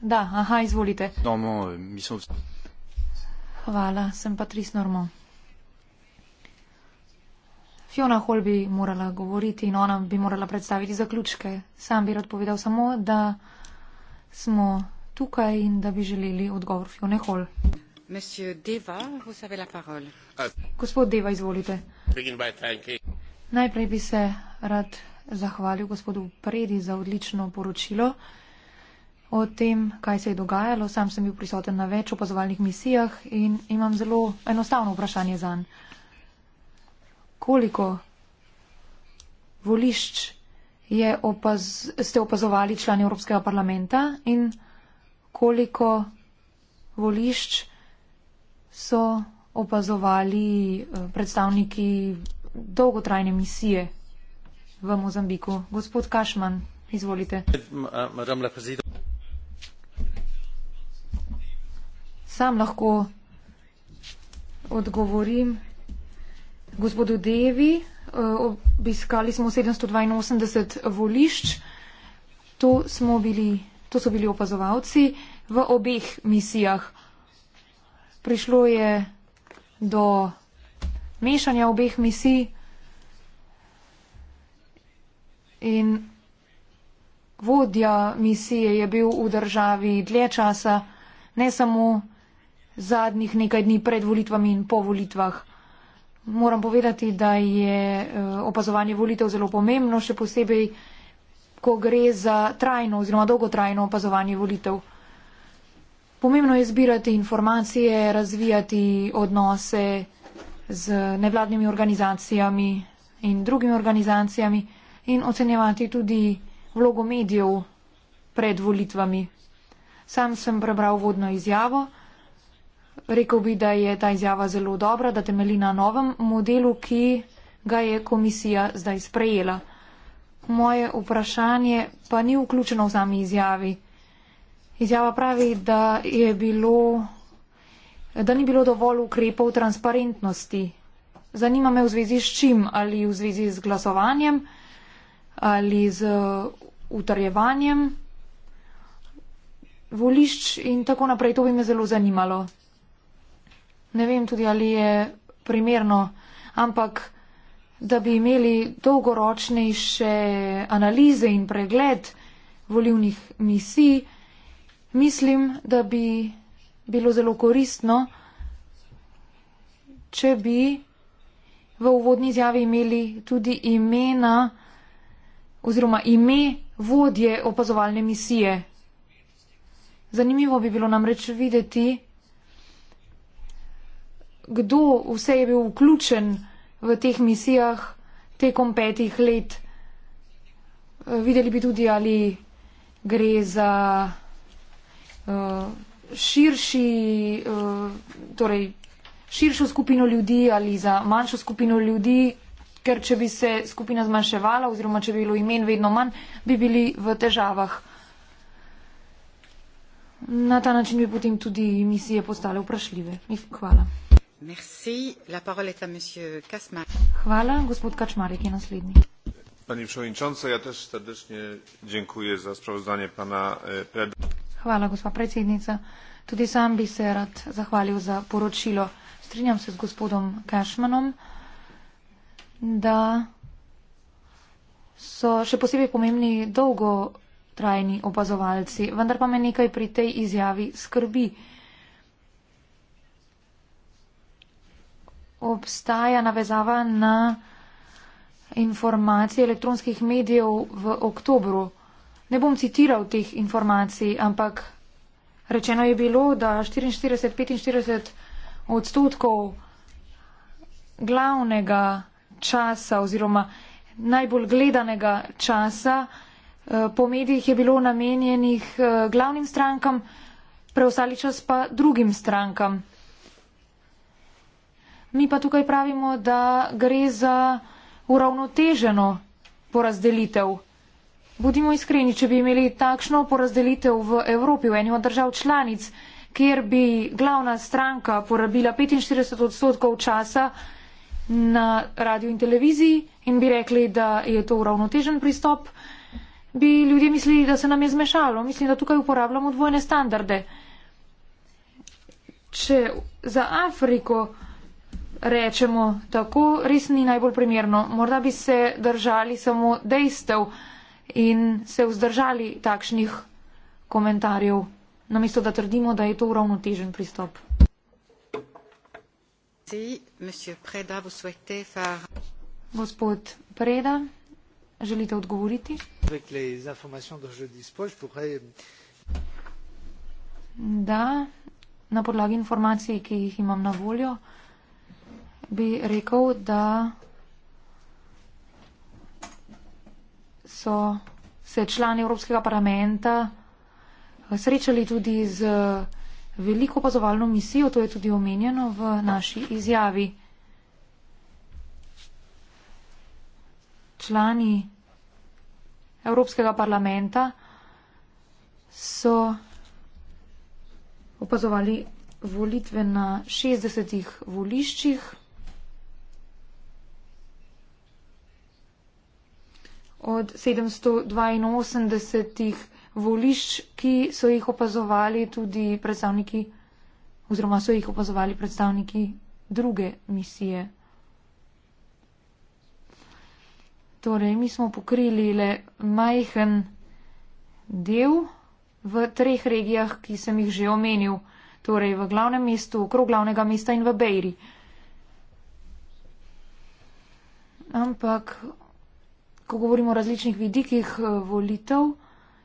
Da, aha, izvolite. Eh, Hvala, sem Patrice Normand. Fiona Hall bi morala govoriti in ona bi morala predstaviti zaključke. Sam bi rad povedal samo, da smo tukaj in da bi želeli odgovor Fiona Hall. Deva, uh, Gospod Deva, izvolite. Najprej bi se rad zahvalil gospodu Predi za odlično poročilo o tem, kaj se je dogajalo. Sam sem bil prisoten na več opazovalnih misijah in imam zelo enostavno vprašanje zanj koliko volišč je opaz, ste opazovali člani Evropskega parlamenta in koliko volišč so opazovali eh, predstavniki dolgotrajne misije v Mozambiku. Gospod Kašman, izvolite. Sam lahko odgovorim, gospodu Devi. Eh, obiskali smo 782 volišč. To, smo bili, to so bili opazovalci v obeh misijah. Prišlo je do mešanja obeh misij in vodja misije je bil v državi dlje časa, ne samo zadnjih nekaj dni pred volitvami in po volitvah moram povedati, da je eh, opazovanje volitev zelo pomembno, še posebej, ko gre za trajno oziroma dolgotrajno opazovanje volitev. Pomembno je zbirati informacije, razvijati odnose z nevladnimi organizacijami in drugimi organizacijami in ocenjevati tudi vlogo medijev pred volitvami. Sam sem prebral vodno izjavo. Rekl bi, da je ta izjava zelo dobra, da temeli na novem modelu, ki ga je komisija zdaj sprejela. Moje vprašanje pa ni vključeno v sami izjavi. Izjava pravi, da, bilo, da ni bilo dovolj ukrepov transparentnosti. Zanima me v zvezi s čim, ali v zvezi z glasovanjem, ali z utrjevanjem volišč in tako naprej. To bi me zelo zanimalo ne vem tudi, ali je primerno, ampak da bi imeli dolgoročnejše analize in pregled volivnih misij, mislim, da bi bilo zelo koristno, če bi v uvodni izjavi imeli tudi imena oziroma ime vodje opazovalne misije. Zanimivo bi bilo namreč videti, kdo vse je bil vključen v teh misijah tekom petih let. Eh, videli bi tudi, ali gre za eh, širši, eh, torej širšo skupino ljudi ali za manjšo skupino ljudi, ker če bi se skupina zmanjševala oziroma če bi bilo imen vedno manj, bi bili v težavah. Na ta način bi potem tudi misije postale vprašljive. Hvala pani przewodnicząca ja też serdecznie dziękuję za sprawozdanie pana e, preda. Hvala, gospa predsednica. Tudi sam bi se rad zahvalil za poročilo. Strinjam se z gospodom Cashmanom, da so še posebej pomembni dolgotrajni opazovalci, vendar pa me nekaj pri tej izjavi skrbi. obstaja navezava na informacije elektronskih medijev v oktobru. Ne bom citiral teh informacij, ampak rečeno je bilo, da 44-45 odstotkov glavnega časa oziroma najbolj gledanega časa eh, po medijih je bilo namenjenih eh, glavnim strankam, preostali čas pa drugim strankam. Mi pa tukaj pravimo, da gre za uravnoteženo porazdelitev. Budimo iskreni, če bi imeli takšno porazdelitev v Evropi, v eni od držav članic, kjer bi glavna stranka porabila 45 odstotkov časa na radio in televiziji in bi rekli, da je to uravnotežen pristop, bi ljudje mislili, da se nam je zmešalo. Mislim, da tukaj uporabljamo dvojne standarde. Če za Afriko rečemo tako, res ni najbolj primerno. Morda bi se držali samo dejstev in se vzdržali takšnih komentarjev, namesto da trdimo, da je to uravnotežen pristop. Gospod Preda, želite odgovoriti? Da, na podlagi informacij, ki jih imam na voljo bi rekel, da so se člani Evropskega parlamenta eh, srečali tudi z eh, veliko pozovalno misijo, to je tudi omenjeno v naši izjavi. Člani Evropskega parlamenta so opazovali volitve na 60 voliščih. od 782 volišč, ki so jih opazovali tudi predstavniki oziroma so jih opazovali predstavniki druge misije. Torej, mi smo pokrili le majhen del v treh regijah, ki sem jih že omenil, torej v glavnem mestu, okrog glavnega mesta in v Bejri. Ampak ko govorimo o različnih vidikih eh, volitev,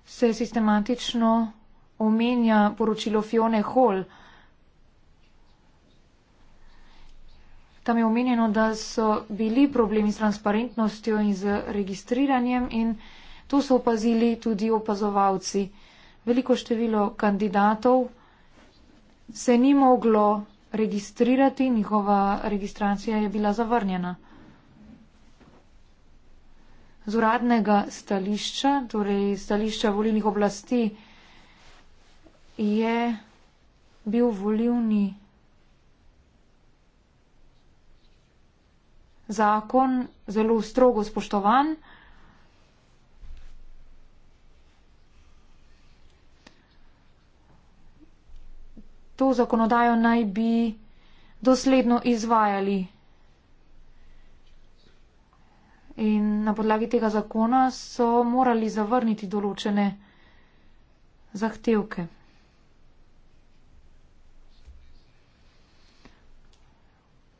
se sistematično omenja poročilo Fione Hall. Tam je omenjeno, da so bili problemi s transparentnostjo in z registriranjem in to so opazili tudi opazovalci. Veliko število kandidatov se ni moglo registrirati, njihova registracija je bila zavrnjena z uradnega stališča, torej stališča volilnih oblasti, je bil volilni zakon zelo strogo spoštovan. To zakonodajo naj bi dosledno izvajali in na podlagi tega zakona so morali zavrniti določene zahtevke.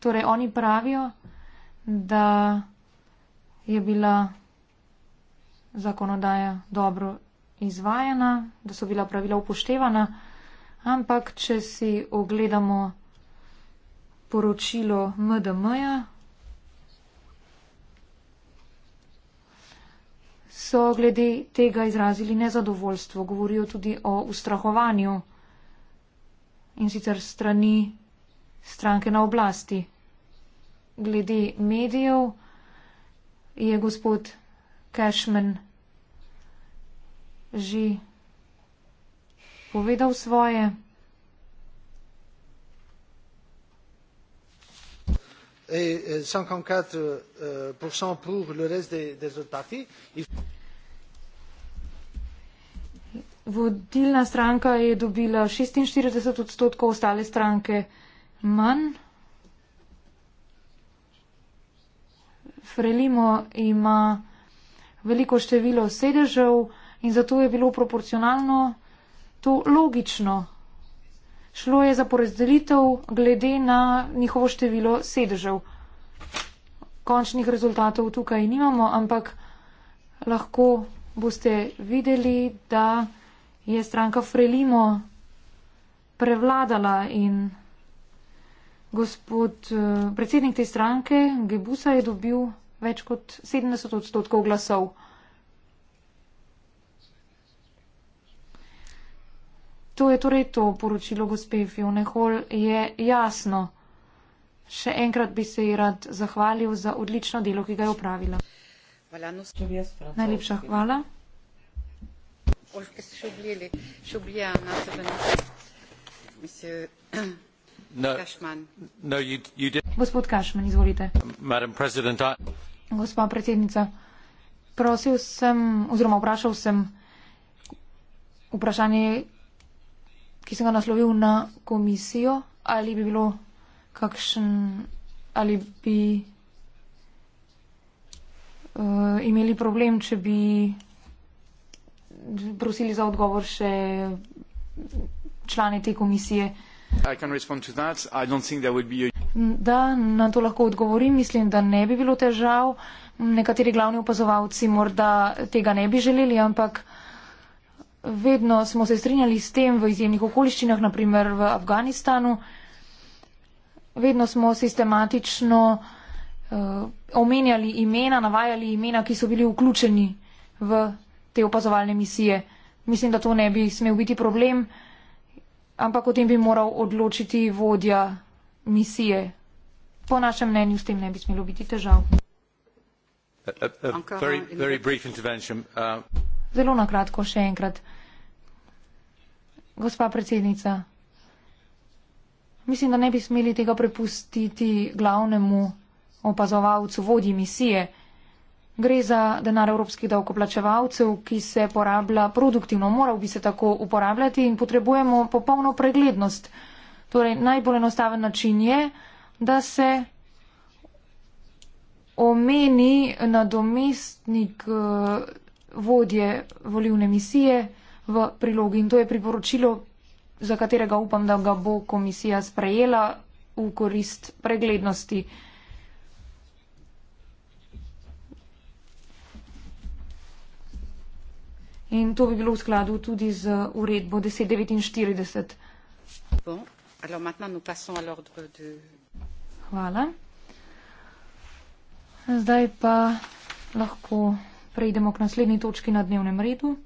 Torej, oni pravijo, da je bila zakonodaja dobro izvajana, da so bila pravila upoštevana, ampak če si ogledamo poročilo MDM-ja, so glede tega izrazili nezadovoljstvo, govorijo tudi o ustrahovanju in sicer strani stranke na oblasti. Glede medijev je gospod Cashman že povedal svoje. et cinquante quatre euh, pour le reste des autres partis. Vodilna stranka je dobila 46 odstotkov, ostale stranke manj. Frelimo ima veliko število sedežev in zato je bilo proporcionalno to logično, Šlo je za porazdelitev glede na njihovo število sedežev. Končnih rezultatov tukaj nimamo, ampak lahko boste videli, da je stranka Frelimo prevladala in gospod eh, predsednik te stranke Gebusa je dobil več kot 70 odstotkov glasov. To je torej to poročilo gospe Fiona Hall, je jasno. Še enkrat bi se ji rad zahvalil za odlično delo, ki ga je opravila. Najlepša hvala. No, no, Gospod Kašman, izvolite. Gospa predsednica, prosil sem, oziroma vprašal sem, vprašanje ki sem ga naslovil na komisijo, ali bi bilo kakšen, ali bi uh, imeli problem, če bi prosili za odgovor še člane te komisije. Da, na to lahko odgovorim. Mislim, da ne bi bilo težav. Nekateri glavni opazovalci morda tega ne bi želeli, ampak uh, vedno smo se strinjali s tem v izjemnih okoliščinah, naprimer v Afganistanu. Vedno smo sistematično uh, omenjali imena, navajali imena, ki so bili vključeni v te opazovalne misije. Mislim, da to ne bi smel biti problem, ampak o tem bi moral odločiti vodja misije. Po našem mnenju s tem ne bi smelo biti težav. A, a, a very, very Zelo na kratko še enkrat. Gospa predsednica, mislim, da ne bi smeli tega prepustiti glavnemu opazovalcu vodji misije. Gre za denar evropskih davkoplačevalcev, ki se porablja produktivno. Moral bi se tako uporabljati in potrebujemo popolno preglednost. Torej, najbolj enostaven način je, da se omeni nadomestnik. Uh, vodje volivne misije v prilogi in to je priporočilo, za katerega upam, da ga bo komisija sprejela v korist preglednosti. In to bi bilo v skladu tudi z uredbo 1049. Hvala. Zdaj pa lahko preidemo k naslednji točki na dnevnem redu.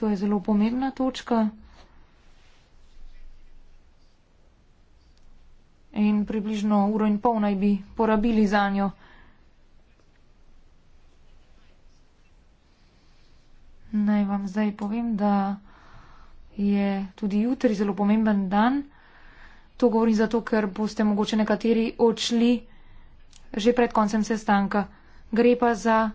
To je zelo pomembna točka. In približno uro in pol naj bi porabili za njo. Naj vam zdaj povem, da je tudi jutri zelo pomemben dan. To govorim zato, ker boste mogoče nekateri odšli že pred koncem sestanka gre pa za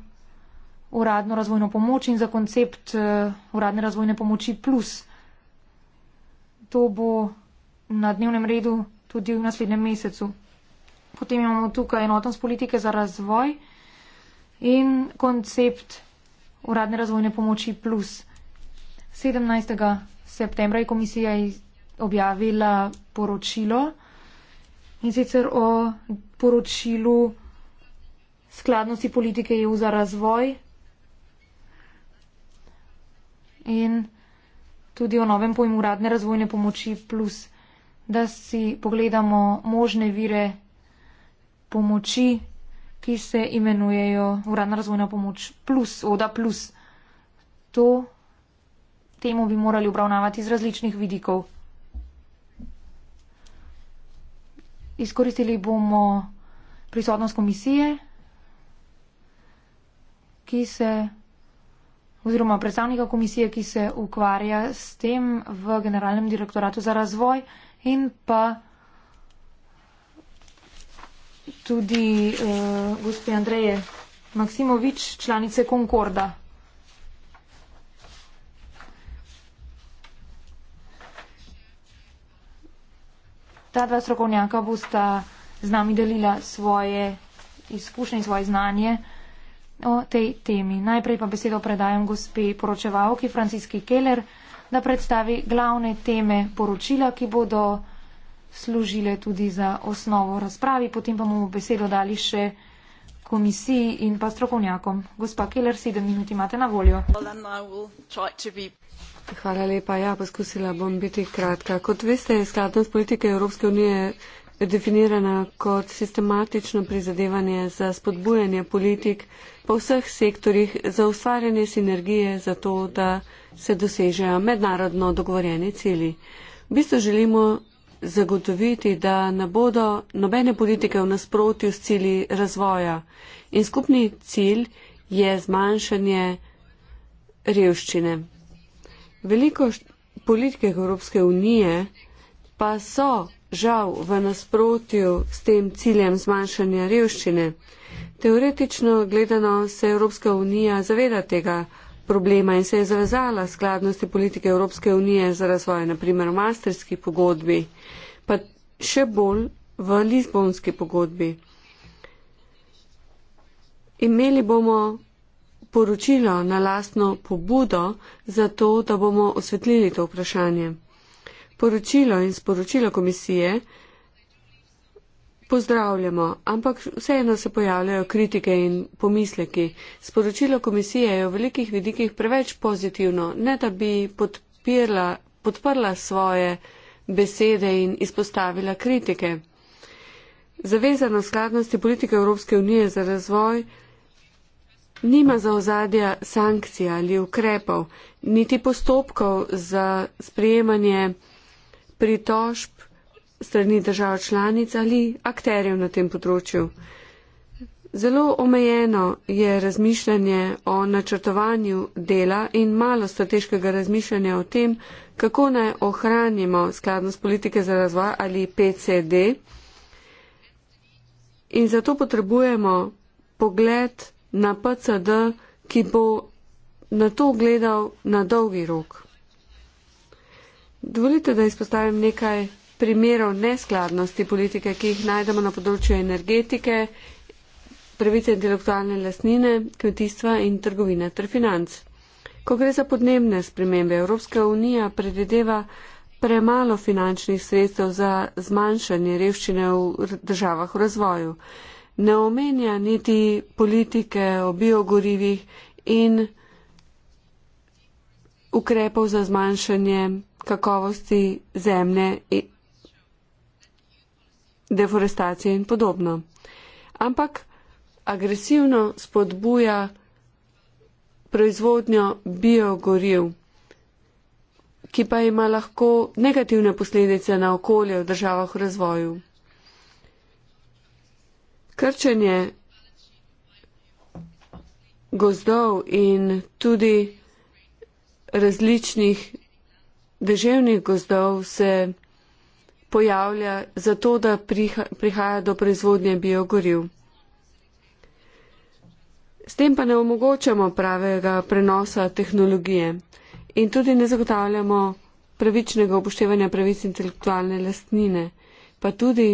uradno razvojno pomoč in za koncept eh, uradne razvojne pomoči plus. To bo na dnevnem redu tudi v naslednjem mesecu. Potem imamo tukaj enotnost politike za razvoj in koncept uradne razvojne pomoči plus. 17. septembra je komisija objavila poročilo in sicer o poročilu skladnosti politike EU za razvoj in tudi o novem pojmu uradne razvojne pomoči plus, da si pogledamo možne vire pomoči, ki se imenujejo uradna razvojna pomoč plus, oda plus. To temu bi morali obravnavati iz različnih vidikov. Izkoristili bomo prisotnost komisije, ki se, oziroma predstavnika komisije, ki se ukvarja s tem v Generalnem direktoratu za razvoj in pa tudi uh, gospe Andreje Maksimovič, članice Concorda. Ta dva strokovnjaka bosta z nami delila svoje izkušnje in svoje znanje o tej temi. Najprej pa besedo predajam gospe poročevalki Franciski Keller, da predstavi glavne teme poročila, ki bodo služile tudi za osnovo razpravi. Potem pa bomo besedo dali še komisiji in pa strokovnjakom. Gospa Keller, sedem minut imate na voljo. Hvala lepa. Ja, poskusila bom biti kratka. Kot veste, skladnost politike Evropske unije definirana kot sistematično prizadevanje za spodbujanje politik po vseh sektorjih za ustvarjanje sinergije za to, da se dosežejo mednarodno dogovorjeni cili. V bistvu želimo zagotoviti, da ne bodo nobene politike v nasprotju s cili razvoja in skupni cilj je zmanjšanje revščine. Veliko politike Evropske unije pa so žal v nasprotju s tem ciljem zmanjšanja revščine. Teoretično gledano se Evropska unija zaveda tega problema in se je zavezala skladnosti politike Evropske unije za razvoj, naprimer v masterski pogodbi, pa še bolj v Lizbonski pogodbi. Imeli bomo poročilo na lastno pobudo za to, da bomo osvetlili to vprašanje poročilo in sporočilo komisije pozdravljamo, ampak vseeno se pojavljajo kritike in pomisleki. Sporočilo komisije je v velikih vidikih preveč pozitivno, ne da bi podpirla, podprla svoje besede in izpostavila kritike. Zavezano skladnosti politike Evropske unije za razvoj nima za ozadja sankcij ali ukrepov, niti postopkov za sprejemanje pritožb strani držav članic ali akterjev na tem področju. Zelo omejeno je razmišljanje o načrtovanju dela in malo strateškega razmišljanja o tem, kako naj ohranimo skladnost politike za razvoj ali PCD. In zato potrebujemo pogled na PCD, ki bo na to gledal na dolgi rok. Dovolite, da izpostavim nekaj primerov neskladnosti politike, ki jih najdemo na področju energetike, pravice intelektualne lasnine, kmetijstva in trgovine ter financ. Ko gre za podnebne spremembe, Evropska unija predvideva premalo finančnih sredstev za zmanjšanje revščine v državah v razvoju. Ne omenja niti politike o biogorivih in ukrepov za zmanjšanje kakovosti zemlje, deforestacije in podobno. Ampak agresivno spodbuja proizvodnjo biogoriv, ki pa ima lahko negativne posledice na okolje v državah v razvoju. Krčenje gozdov in tudi različnih deževnih gozdov se pojavlja zato, da priha, prihaja do proizvodnje biogoriv. S tem pa ne omogočamo pravega prenosa tehnologije in tudi ne zagotavljamo pravičnega upoštevanja pravic intelektualne lastnine, pa tudi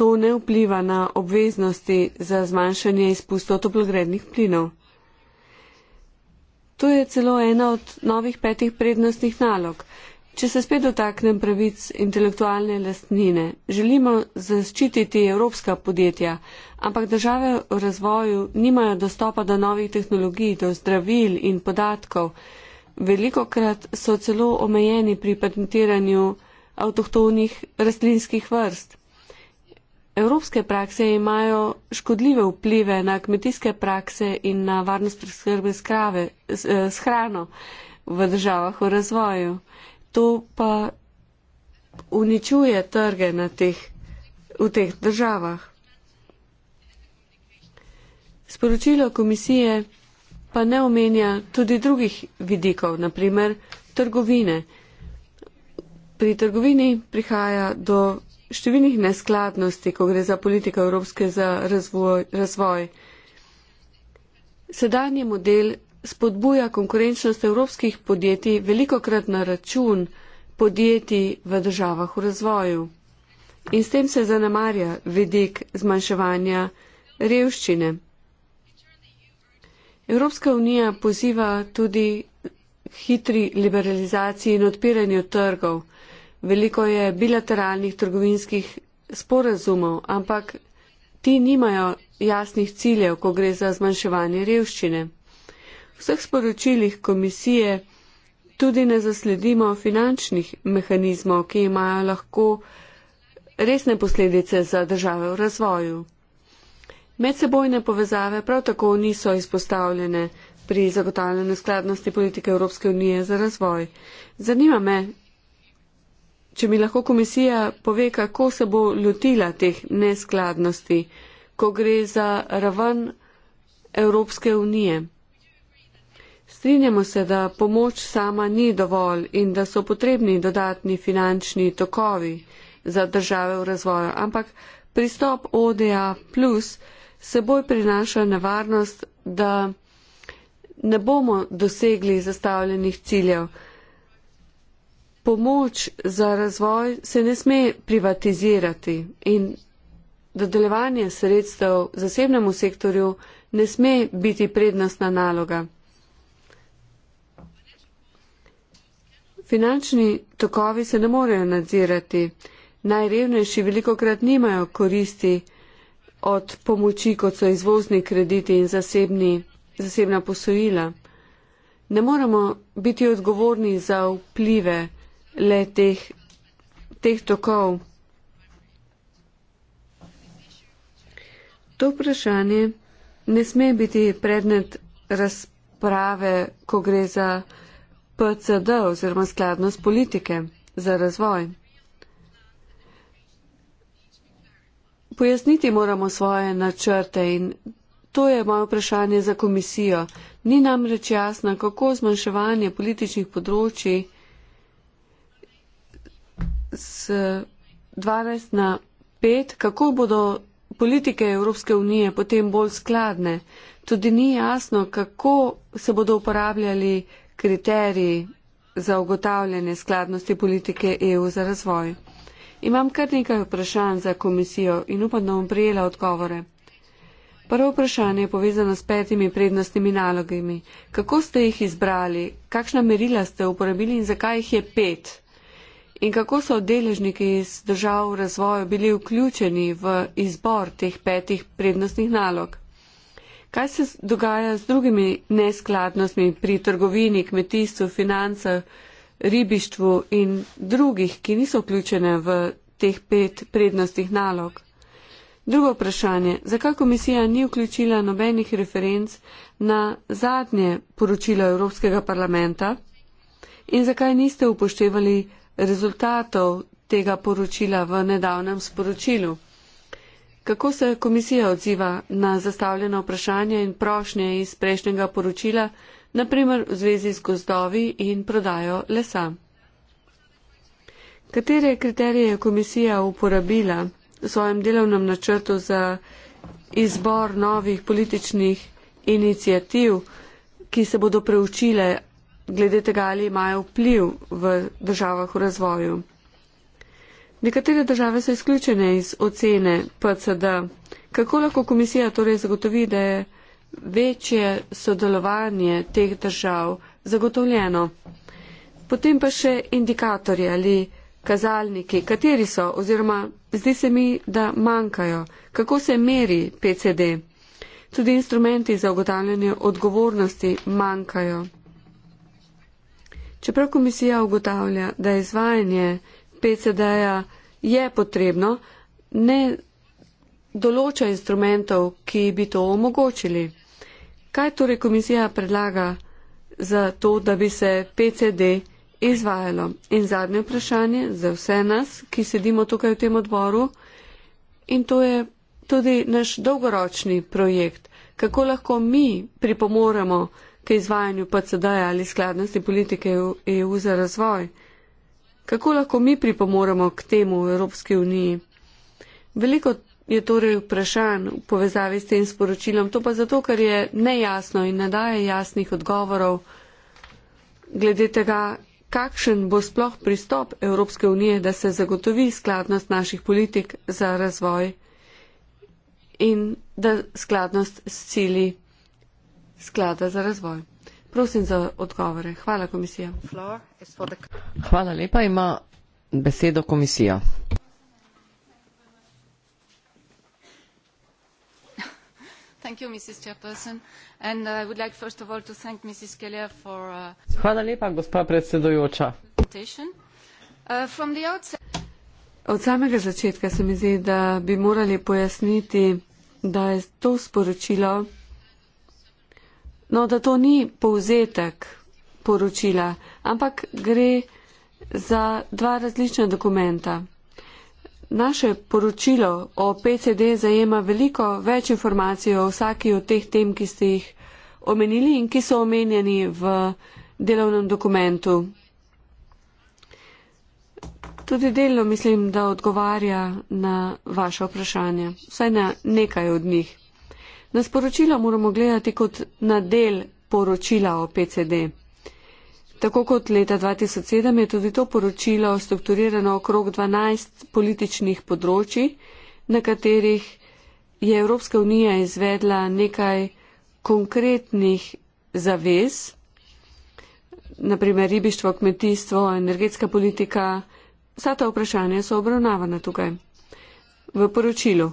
to ne vpliva na obveznosti za zmanjšanje izpustov toplogrednih plinov. To je celo ena od novih petih prednostnih nalog. Če se spet dotaknem pravic intelektualne lastnine, želimo zaščititi evropska podjetja, ampak države v razvoju nimajo dostopa do novih tehnologij, do zdravil in podatkov. Veliko krat so celo omejeni pri patentiranju avtohtonih rastlinskih vrst. Evropske prakse imajo škodljive vplive na kmetijske prakse in na varnost preskrbe s, eh, s hrano v državah v razvoju. To pa uničuje trge teh, v teh državah. Sporočilo komisije pa ne omenja tudi drugih vidikov, naprimer trgovine. Pri trgovini prihaja do številnih neskladnosti, ko gre za politiko Evropske za razvoj. razvoj. Sedanji model spodbuja konkurenčnost evropskih podjetij velikokrat na račun podjetij v državah v razvoju. In s tem se zanemarja vidik zmanjševanja revščine. Evropska unija poziva tudi hitri liberalizaciji in odpiranju trgov veliko je bilateralnih trgovinskih sporazumov, ampak ti nimajo jasnih ciljev, ko gre za zmanjševanje revščine. V vseh sporočilih komisije tudi ne zasledimo finančnih mehanizmov, ki imajo lahko resne posledice za države v razvoju. Medsebojne povezave prav tako niso izpostavljene pri zagotavljanju skladnosti politike Evropske unije za razvoj. Zanima me, Če mi lahko komisija pove, kako se bo lotila teh neskladnosti, ko gre za raven Evropske unije. Strinjamo se, da pomoč sama ni dovolj in da so potrebni dodatni finančni tokovi za države v razvoju, ampak pristop ODA plus seboj prinaša nevarnost, da ne bomo dosegli zastavljenih ciljev pomoč za razvoj se ne sme privatizirati in dodeljevanje sredstev zasebnemu sektorju ne sme biti prednostna naloga. Finančni tokovi se ne morejo nadzirati. Najrevnejši veliko krat nimajo koristi od pomoči, kot so izvozni krediti in zasebni, zasebna posojila. Ne moramo biti odgovorni za vplive, le teh, teh tokov. To vprašanje ne sme biti predmet razprave, ko gre za PCD oziroma skladnost politike za razvoj. Pojasniti moramo svoje načrte in to je moje vprašanje za komisijo. Ni nam reč jasno, kako zmanjševanje političnih področji z 12 na 5, kako bodo politike Evropske unije potem bolj skladne. Tudi ni jasno, kako se bodo uporabljali kriteriji za ugotavljanje skladnosti politike EU za razvoj. Imam kar nekaj vprašanj za komisijo in upam, da bom prijela odgovore. Prvo vprašanje je povezano s petimi prednostnimi nalogami. Kako ste jih izbrali? Kakšna merila ste uporabili in zakaj jih je pet? In kako so deležniki iz držav v razvoju bili vključeni v izbor teh petih prednostnih nalog? Kaj se dogaja z drugimi neskladnostmi pri trgovini, kmetijstvu, financah, ribištvu in drugih, ki niso vključene v teh pet prednostnih nalog? Drugo vprašanje. Zakaj komisija ni vključila nobenih referenc na zadnje poročilo Evropskega parlamenta? In zakaj niste upoštevali rezultatov tega poročila v nedavnem sporočilu. Kako se komisija odziva na zastavljena vprašanja in prošnje iz prejšnjega poročila, naprimer v zvezi z gozdovi in prodajo lesa? Katere kriterije je komisija uporabila v svojem delovnem načrtu za izbor novih političnih inicijativ, ki se bodo preučile glede tega, ali imajo vpliv v državah v razvoju. Nekatere države so izključene iz ocene PCD. Kako lahko komisija torej zagotovi, da je večje sodelovanje teh držav zagotovljeno? Potem pa še indikatorji ali kazalniki, kateri so oziroma zdi se mi, da manjkajo. Kako se meri PCD? Tudi instrumenti za ugotavljanje odgovornosti manjkajo. Čeprav komisija ugotavlja, da izvajanje PCD-ja je potrebno, ne določa instrumentov, ki bi to omogočili. Kaj torej komisija predlaga za to, da bi se PCD izvajalo? In zadnje vprašanje za vse nas, ki sedimo tukaj v tem odboru, in to je tudi naš dolgoročni projekt. Kako lahko mi pripomoremo, k izvajanju PCD-ja ali skladnosti politike EU e za razvoj? Kako lahko mi pripomoremo k temu v Evropski uniji? Veliko je torej vprašanj v povezavi s tem sporočilom, to pa zato, ker je nejasno in ne daje jasnih odgovorov glede tega, kakšen bo sploh pristop Evropske unije, da se zagotovi skladnost naših politik za razvoj in da skladnost s cili sklada za razvoj. Prosim za odgovore. Hvala, komisija. Hvala lepa. Ima besedo komisija. Uh, uh, Hvala lepa, gospa predsedujoča. Uh, Od samega začetka se mi zdi, da bi morali pojasniti, da je to sporočilo No, da to ni povzetek poročila, ampak gre za dva različna dokumenta. Naše poročilo o PCD zajema veliko več informacij o vsaki od teh tem, ki ste jih omenili in ki so omenjeni v delovnem dokumentu. Tudi delno mislim, da odgovarja na vaše vprašanje, vsaj na nekaj od njih. Na sporočila moramo gledati kot na del poročila o PCD. Tako kot leta 2007 je tudi to poročilo strukturirano okrog 12 političnih področji, na katerih je Evropska unija izvedla nekaj konkretnih zavez, naprimer ribištvo, kmetijstvo, energetska politika, vsa ta vprašanja so obravnavana tukaj v poročilu.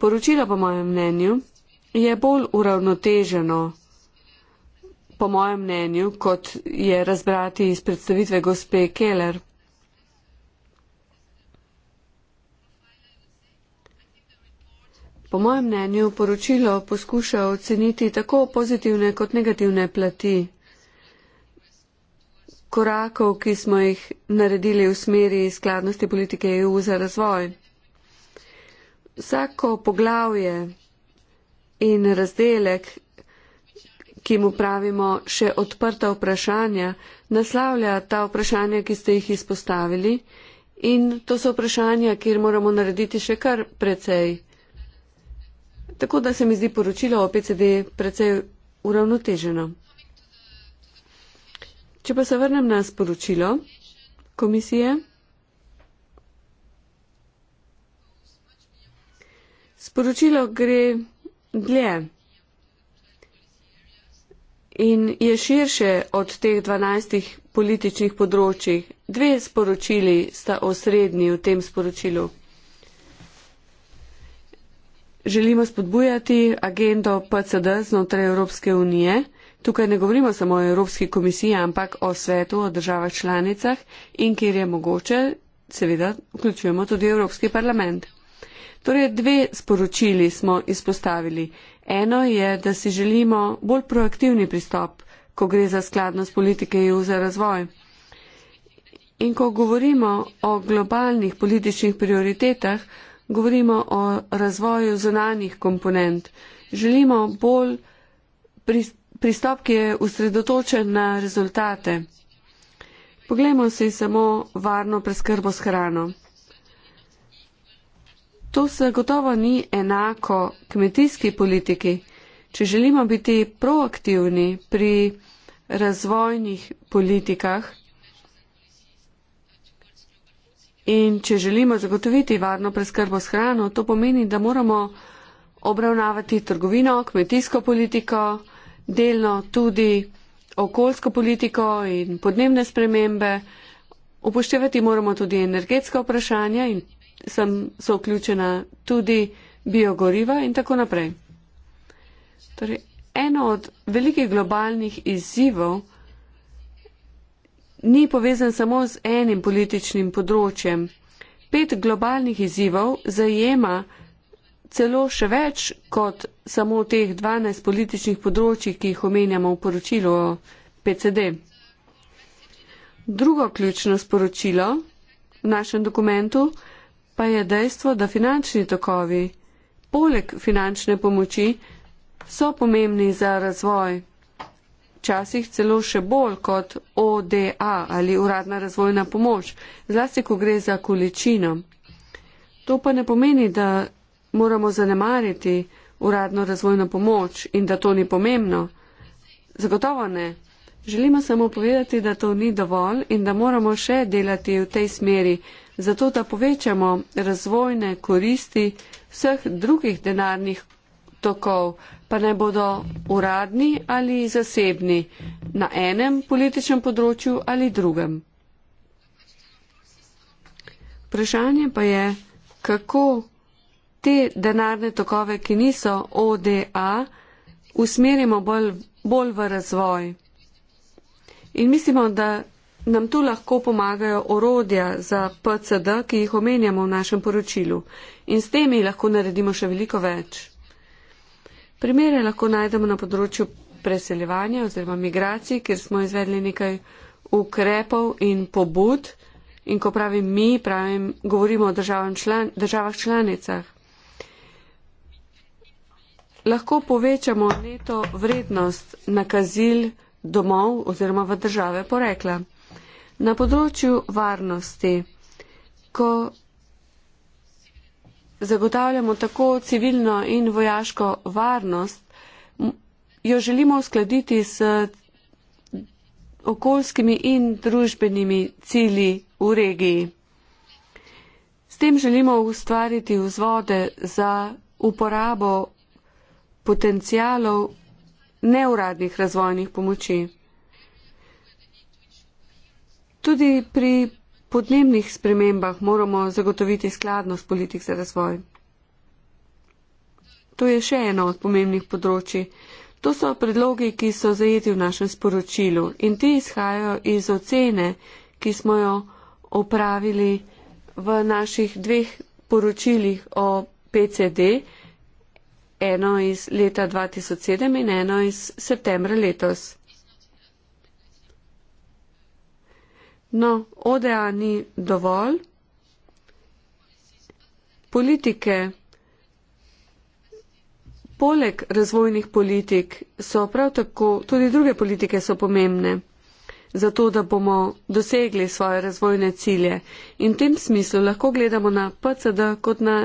Poročila po mojem mnenju je bolj uravnoteženo, po mojem mnenju, kot je razbrati iz predstavitve gospe Keller. Po mojem mnenju poročilo poskuša oceniti tako pozitivne kot negativne plati korakov, ki smo jih naredili v smeri skladnosti politike EU za razvoj. Vsako poglavje in razdelek, ki mu pravimo še odprta vprašanja, naslavlja ta vprašanja, ki ste jih izpostavili. In to so vprašanja, kjer moramo narediti še kar precej. Tako da se mi zdi poročilo o PCD precej uravnoteženo. Če pa se vrnem na sporočilo komisije. Sporočilo gre dlje in je širše od teh dvanajstih političnih področjih. Dve sporočili sta osrednji v tem sporočilu. Želimo spodbujati agendo PCD znotraj Evropske unije. Tukaj ne govorimo samo o Evropski komisiji, ampak o svetu, o državah članicah in kjer je mogoče, seveda, vključujemo tudi Evropski parlament. Torej, dve sporočili smo izpostavili. Eno je, da si želimo bolj proaktivni pristop, ko gre za skladnost politike EU za razvoj. In ko govorimo o globalnih političnih prioritetah, govorimo o razvoju zunanih komponent. Želimo bolj pristop, ki je usredotočen na rezultate. Poglejmo si samo varno preskrbo s hrano. To se gotovo ni enako kmetijski politiki. Če želimo biti proaktivni pri razvojnih politikah in če želimo zagotoviti varno preskrbo s hrano, to pomeni, da moramo obravnavati trgovino, kmetijsko politiko, delno tudi okoljsko politiko in podnebne spremembe. Upoštevati moramo tudi energetska vprašanja in sem, so vključena tudi biogoriva in tako naprej. Torej, eno od velikih globalnih izzivov ni povezan samo z enim političnim področjem. Pet globalnih izzivov zajema celo še več kot samo teh 12 političnih področjih, ki jih omenjamo v poročilu o PCD. Drugo ključno sporočilo v našem dokumentu pa je dejstvo, da finančni tokovi, poleg finančne pomoči, so pomembni za razvoj. Včasih celo še bolj kot ODA ali uradna razvojna pomoč, zlasti ko gre za količino. To pa ne pomeni, da moramo zanemariti uradno razvojno pomoč in da to ni pomembno. Zagotovo ne. Želimo samo povedati, da to ni dovolj in da moramo še delati v tej smeri, zato da povečamo razvojne koristi vseh drugih denarnih tokov, pa ne bodo uradni ali zasebni na enem političnem področju ali drugem. Vprašanje pa je, kako te denarne tokove, ki niso ODA, usmerimo bolj, bolj v razvoj. In mislimo, da Nam tu lahko pomagajo orodja za PCD, ki jih omenjamo v našem poročilu in s temi lahko naredimo še veliko več. Primere lahko najdemo na področju preseljevanja oziroma migracij, kjer smo izvedli nekaj ukrepov in pobud in ko pravim mi, pravim, govorimo o član, državah članicah. Lahko povečamo neto vrednost nakazil domov oziroma v države porekla. Na področju varnosti, ko zagotavljamo tako civilno in vojaško varnost, jo želimo uskladiti s okoljskimi in družbenimi cili v regiji. S tem želimo ustvariti vzvode za uporabo potencijalov neuradnih razvojnih pomoči. Tudi pri podnebnih spremembah moramo zagotoviti skladnost politik za razvoj. To je še eno od pomembnih področji. To so predlogi, ki so zajeti v našem sporočilu in ti izhajajo iz ocene, ki smo jo opravili v naših dveh poročilih o PCD, eno iz leta 2007 in eno iz septembra letos. No, ODA ni dovolj. Politike, poleg razvojnih politik, so prav tako, tudi druge politike so pomembne za to, da bomo dosegli svoje razvojne cilje. In v tem smislu lahko gledamo na PCD kot na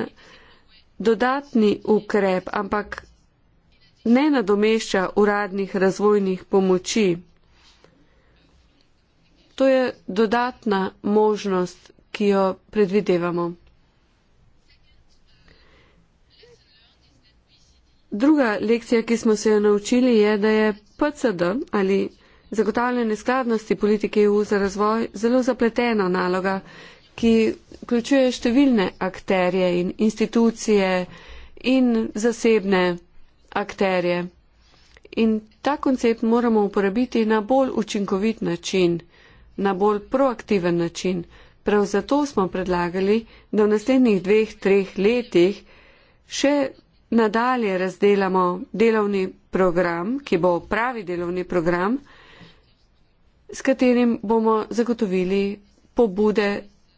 dodatni ukrep, ampak ne nadomešča uradnih razvojnih pomoči. To je dodatna možnost, ki jo predvidevamo. Druga lekcija, ki smo se jo naučili, je, da je PCD ali zagotavljanje skladnosti politike EU za razvoj zelo zapletena naloga, ki vključuje številne akterje in institucije in zasebne akterje. In ta koncept moramo uporabiti na bolj učinkovit način na bolj proaktiven način. Prav zato smo predlagali, da v naslednjih dveh, treh letih še nadalje razdelamo delovni program, ki bo pravi delovni program, s katerim bomo zagotovili pobude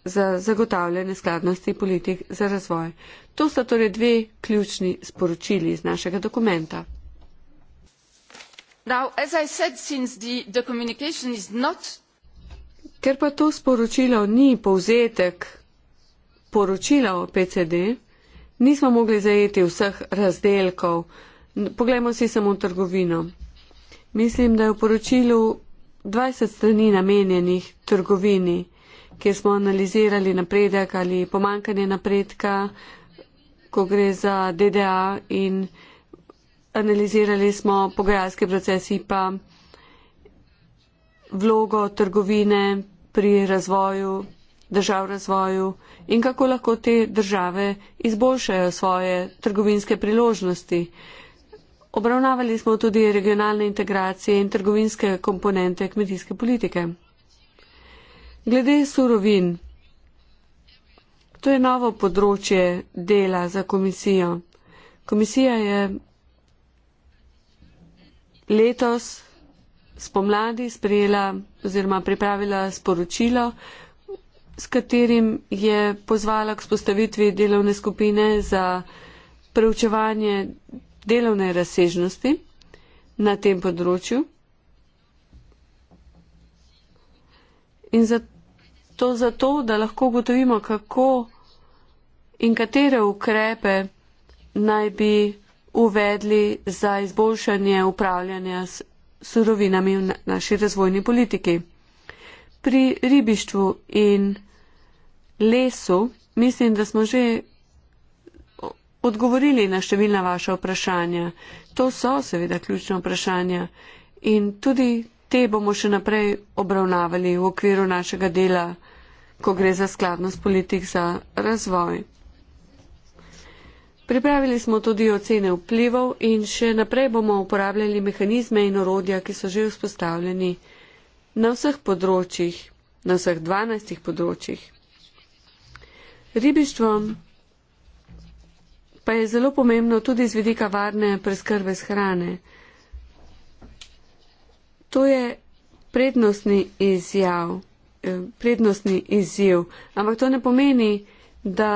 za zagotavljanje skladnosti politik za razvoj. To sta torej dve ključni sporočili iz našega dokumenta. Now, as I said, since the, the communication is not Ker pa to sporočilo ni povzetek poročila o PCD, nismo mogli zajeti vseh razdelkov. Poglejmo si samo trgovino. Mislim, da je v poročilu 20 strani namenjenih trgovini, kjer smo analizirali napredek ali pomankanje napredka, ko gre za DDA in analizirali smo pogajalski proces IPA vlogo trgovine pri razvoju, držav razvoju in kako lahko te države izboljšajo svoje trgovinske priložnosti. Obravnavali smo tudi regionalne integracije in trgovinske komponente kmetijske politike. Glede surovin, to je novo področje dela za komisijo. Komisija je letos spomladi sprejela oziroma pripravila sporočilo, s katerim je pozvala k spostavitvi delovne skupine za preučevanje delovne razsežnosti na tem področju. In zato, zato da lahko gotovimo, kako in katere ukrepe naj bi uvedli za izboljšanje upravljanja surovinami v naši razvojni politiki. Pri ribištvu in lesu mislim, da smo že odgovorili na številna vaša vprašanja. To so seveda ključna vprašanja in tudi te bomo še naprej obravnavali v okviru našega dela, ko gre za skladnost politik za razvoj. Pripravili smo tudi ocene vplivov in še naprej bomo uporabljali mehanizme in orodja, ki so že vzpostavljeni na vseh področjih, na vseh dvanajstih področjih. Ribištvo pa je zelo pomembno tudi z vidika varne preskrbe z hrane. To je prednostni izjav, eh, prednostni izziv, ampak to ne pomeni, da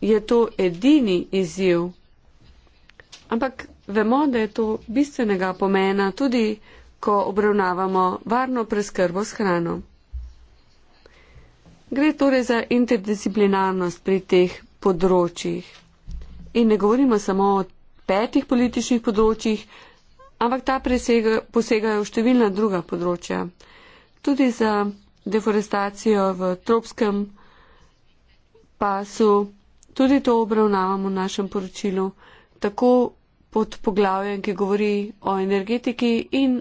je to edini izziv, ampak vemo, da je to bistvenega pomena tudi, ko obravnavamo varno preskrbo s hrano. Gre torej za interdisciplinarnost pri teh področjih. In ne govorimo samo o petih političnih področjih, ampak ta presega, posegajo v številna druga področja. Tudi za deforestacijo v tropskem pasu Tudi to obravnavamo v našem poročilu, tako pod poglavjem, ki govori o energetiki in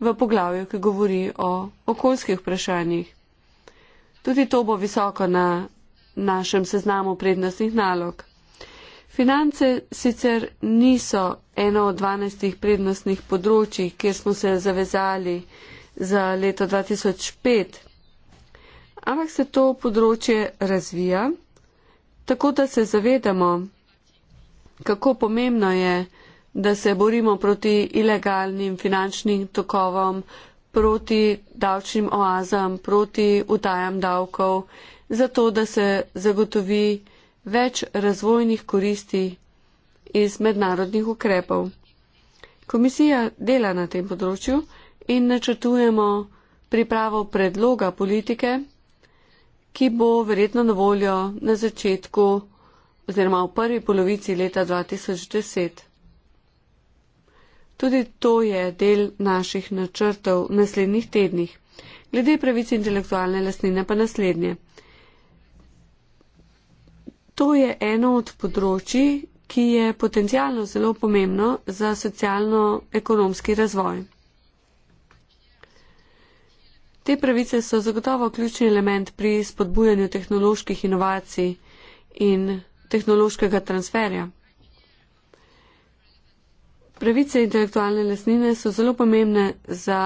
v poglavju, ki govori o okoljskih vprašanjih. Tudi to bo visoko na našem seznamu prednostnih nalog. Finance sicer niso eno od 12 prednostnih področjih, kjer smo se zavezali za leto 2005, ampak se to področje razvija tako da se zavedamo, kako pomembno je, da se borimo proti ilegalnim finančnim tokovom, proti davčnim oazam, proti utajam davkov, zato da se zagotovi več razvojnih koristi iz mednarodnih ukrepov. Komisija dela na tem področju in načrtujemo pripravo predloga politike, ki bo verjetno na voljo na začetku oziroma v prvi polovici leta 2010. Tudi to je del naših načrtov v naslednjih tednih. Glede pravice intelektualne lasnine pa naslednje. To je eno od področji, ki je potencialno zelo pomembno za socialno-ekonomski razvoj. Te pravice so zagotovo ključni element pri spodbujanju tehnoloških inovacij in tehnološkega transferja. Pravice intelektualne lasnine so zelo pomembne za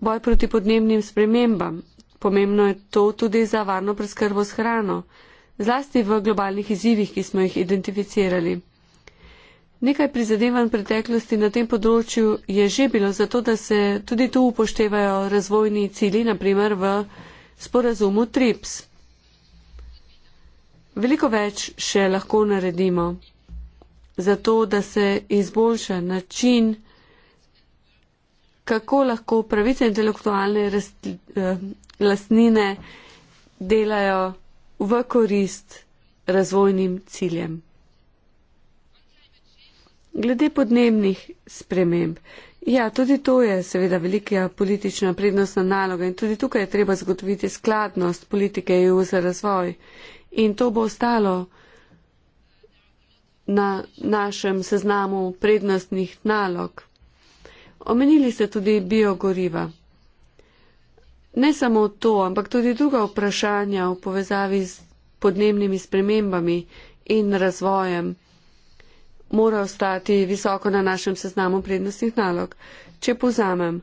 boj proti podnebnim spremembam. Pomembno je to tudi za varno preskrbo s hrano, zlasti v globalnih izzivih, ki smo jih identificirali. Nekaj prizadevanj preteklosti na tem področju je že bilo zato, da se tudi tu upoštevajo razvojni cili, naprimer v sporazumu TRIPS. Veliko več še lahko naredimo za to, da se izboljša način, kako lahko pravice intelektualne eh, lastnine delajo v korist razvojnim ciljem. Glede podnebnih sprememb. Ja, tudi to je seveda velika politična prednostna naloga in tudi tukaj je treba zagotoviti skladnost politike EU za razvoj. In to bo ostalo na našem seznamu prednostnih nalog. Omenili ste tudi biogoriva. Ne samo to, ampak tudi druga vprašanja v povezavi s podnebnimi spremembami in razvojem mora ostati visoko na našem seznamu prednostnih nalog. Če povzamem,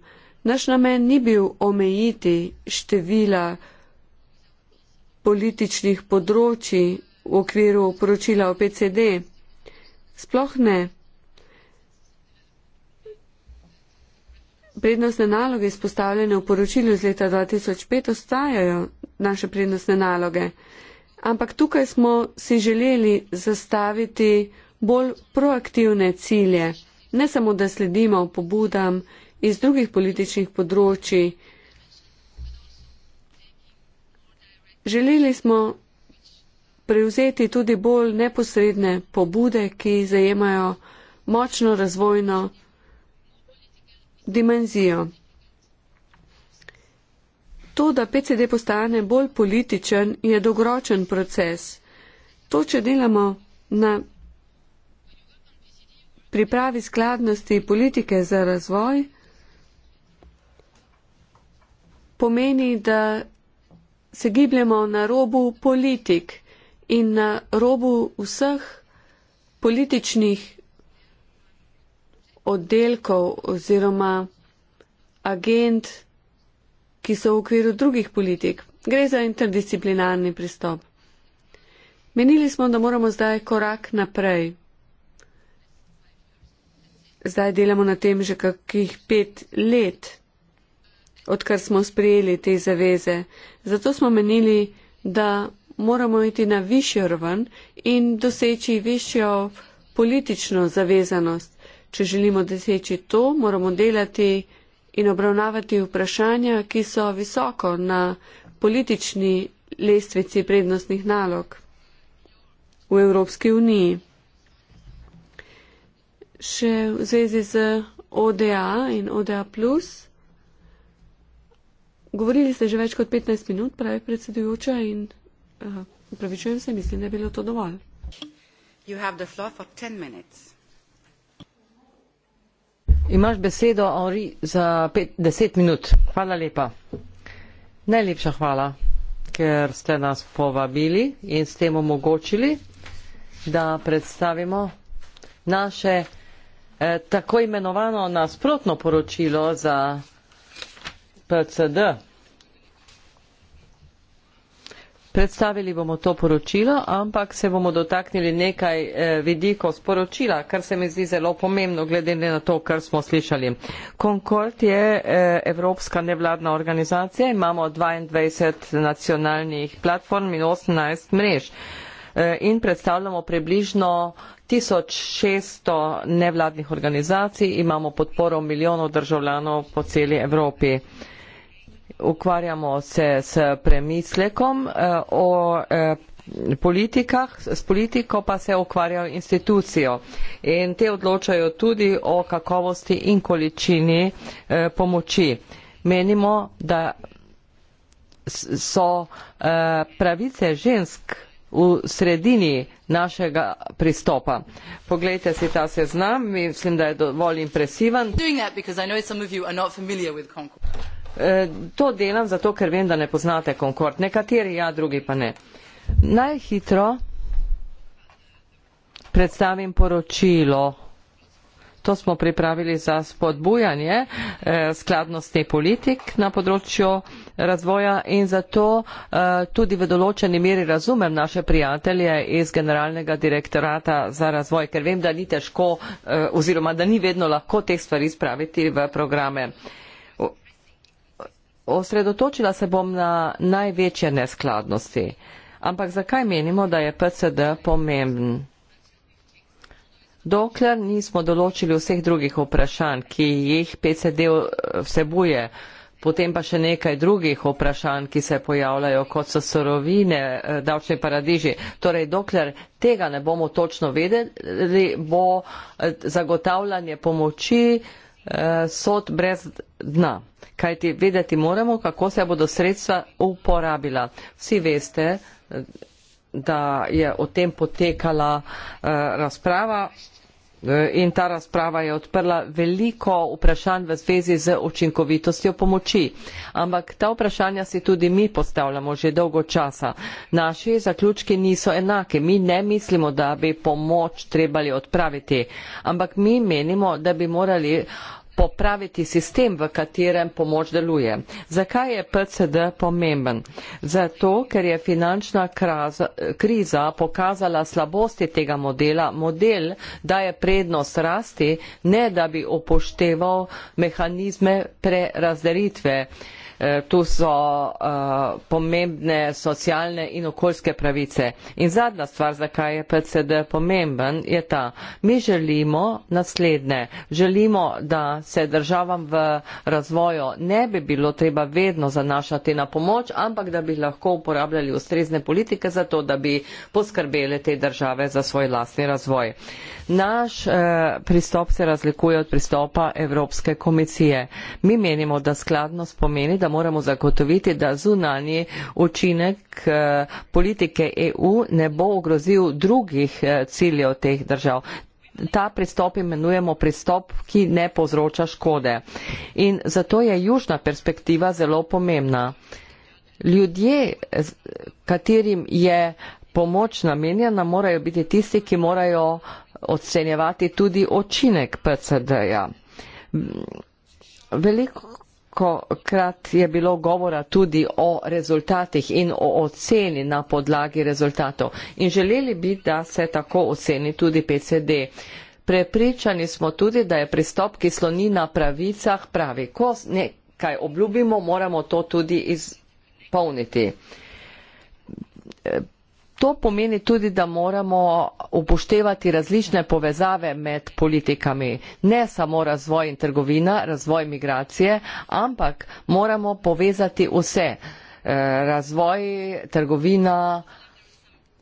naš namen ni bil omejiti števila političnih področji v okviru poročila o PCD. Sploh ne. Prednostne naloge izpostavljene v poročilu iz leta 2005 ostajajo naše prednostne naloge, ampak tukaj smo si želeli zastaviti bolj proaktivne cilje, ne samo da sledimo pobudam iz drugih političnih področji. Želeli smo prevzeti tudi bolj neposredne pobude, ki zajemajo močno razvojno dimenzijo. To, da PCD postane bolj političen, je dolgoročen proces. To, če delamo na pripravi skladnosti politike za razvoj pomeni, da se gibljemo na robu politik in na robu vseh političnih oddelkov oziroma agent, ki so v okviru drugih politik. Gre za interdisciplinarni pristop. Menili smo, da moramo zdaj korak naprej zdaj delamo na tem že kakih pet let, odkar smo sprejeli te zaveze. Zato smo menili, da moramo iti na višjo raven in doseči višjo politično zavezanost. Če želimo doseči to, moramo delati in obravnavati vprašanja, ki so visoko na politični lestvici prednostnih nalog v Evropski uniji še v zvezi z ODA in ODA. Govorili ste že več kot 15 minut, pravi predsedujoča, in upravičujem eh, uh, se, mislim, da je bilo to dovolj. Imaš besedo, Ori, za 10 minut. Hvala lepa. Najlepša hvala, ker ste nas povabili in s tem omogočili, da predstavimo naše Eh, tako imenovano nasprotno poročilo za PCD. Predstavili bomo to poročilo, ampak se bomo dotaknili nekaj eh, vidikov sporočila, kar se mi zdi zelo pomembno, glede na to, kar smo slišali. Concord je eh, evropska nevladna organizacija, imamo 22 nacionalnih platform in 18 mrež in predstavljamo približno 1600 nevladnih organizacij, imamo podporo milijonov državljanov po celi Evropi. Ukvarjamo se s premislekom eh, o eh, politikah, s politiko pa se ukvarjajo institucijo in te odločajo tudi o kakovosti in količini eh, pomoči. Menimo, da so pravice žensk v sredini našega pristopa. Poglejte si ta seznam, mislim, da je dovolj impresivan. E, to delam zato, ker vem, da ne poznate Concord. Nekateri ja, drugi pa ne. Najhitro predstavim poročilo to smo pripravili za spodbujanje eh, skladnosti politik na področju razvoja in zato eh, tudi v določeni meri razumem naše prijatelje iz Generalnega direktorata za razvoj, ker vem, da ni težko eh, oziroma da ni vedno lahko teh stvari spraviti v programe. Osredotočila se bom na največje neskladnosti. Ampak zakaj menimo, da je PCD pomemben? dokler nismo določili vseh drugih vprašanj, ki jih PCD vsebuje, potem pa še nekaj drugih vprašanj, ki se pojavljajo, kot so sorovine, eh, davčni paradiži. Torej, dokler tega ne bomo točno vedeli, bo eh, zagotavljanje pomoči eh, sod brez dna. Kajti vedeti moramo, kako se bodo sredstva uporabila. Vsi veste, da je o tem potekala eh, razprava. Eh, in ta razprava je odprla veliko vprašanj v zvezi z učinkovitostjo pomoči. Ampak ta vprašanja si tudi mi postavljamo že dolgo časa. Naši zaključki niso enake. Mi ne mislimo, da bi pomoč trebali odpraviti. Ampak mi menimo, da bi morali uh, popraviti sistem, v katerem pomoč deluje. Zakaj je PCD pomemben? Zato, ker je finančna kraza, kriza pokazala slabosti tega modela. Model daje prednost rasti, ne da bi upošteval mehanizme prerazdelitve. Uh, Eh, to so eh, pomembne socialne in okoljske pravice. In zadnja stvar, zakaj je PCD pomemben, je ta, mi želimo naslednje, želimo, da se državam v razvoju ne bi bilo treba vedno zanašati na pomoč, ampak da bi lahko uporabljali ustrezne politike za to, da bi poskrbeli te države za svoj lastni razvoj. Naš eh, pristop se razlikuje od pristopa Evropske komisije. Mi menimo, da skladnost pomeni, da seveda moramo zagotoviti, da zunanji učinek eh, politike EU ne bo ogrozil drugih eh, ciljev teh držav. Ta pristop imenujemo pristop, ki ne povzroča škode. In zato je južna perspektiva zelo pomembna. Ljudje, katerim je pomoč namenjena, morajo biti tisti, ki morajo ocenjevati tudi očinek PCD-ja. Veliko velikokrat je bilo govora tudi o rezultatih in o oceni na podlagi rezultatov. In želeli bi, da se tako oceni tudi PCD. Prepričani smo tudi, da je pristop, ki sloni na pravicah, pravi. Ko nekaj obljubimo, moramo to tudi izpolniti. To pomeni tudi, da moramo upoštevati različne povezave med politikami. Ne samo razvoj in trgovina, razvoj migracije, ampak moramo povezati vse. Eh, razvoj, trgovina,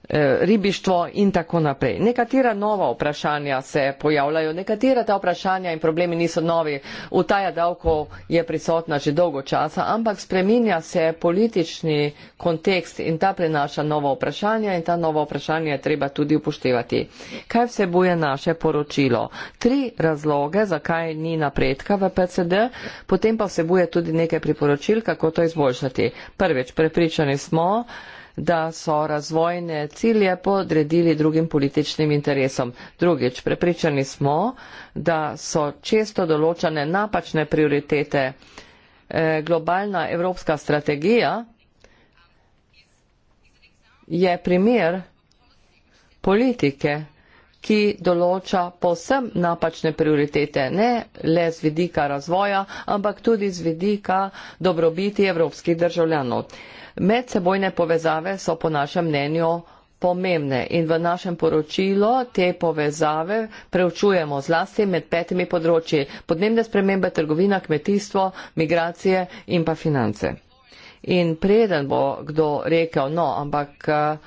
Eh, ribištvo in tako naprej. Nekatera nova vprašanja se pojavljajo, nekatera ta vprašanja in problemi niso novi. Utaja davkov je prisotna že dolgo časa, ampak spreminja se politični kontekst in ta prenaša nova vprašanja in ta nova vprašanja je treba tudi upoštevati. Kaj vsebuje naše poročilo? Tri razloge, zakaj ni napredka v PCD, potem pa vsebuje tudi nekaj priporočil, kako to izboljšati. Prvič, prepričani smo, da so razvojne cilje podredili drugim političnim interesom. Drugič, prepričani smo, da so često določene napačne prioritete. Eh, globalna evropska strategija je primer politike, ki določa posem napačne prioritete, ne le z vidika razvoja, ampak tudi z vidika dobrobiti evropskih državljanov. Medsebojne povezave so po našem mnenju pomembne in v našem poročilu te povezave preučujemo zlasti med petimi področji podnebne spremembe, trgovina, kmetijstvo, migracije in pa finance. In preden bo kdo rekel, no, ampak eh,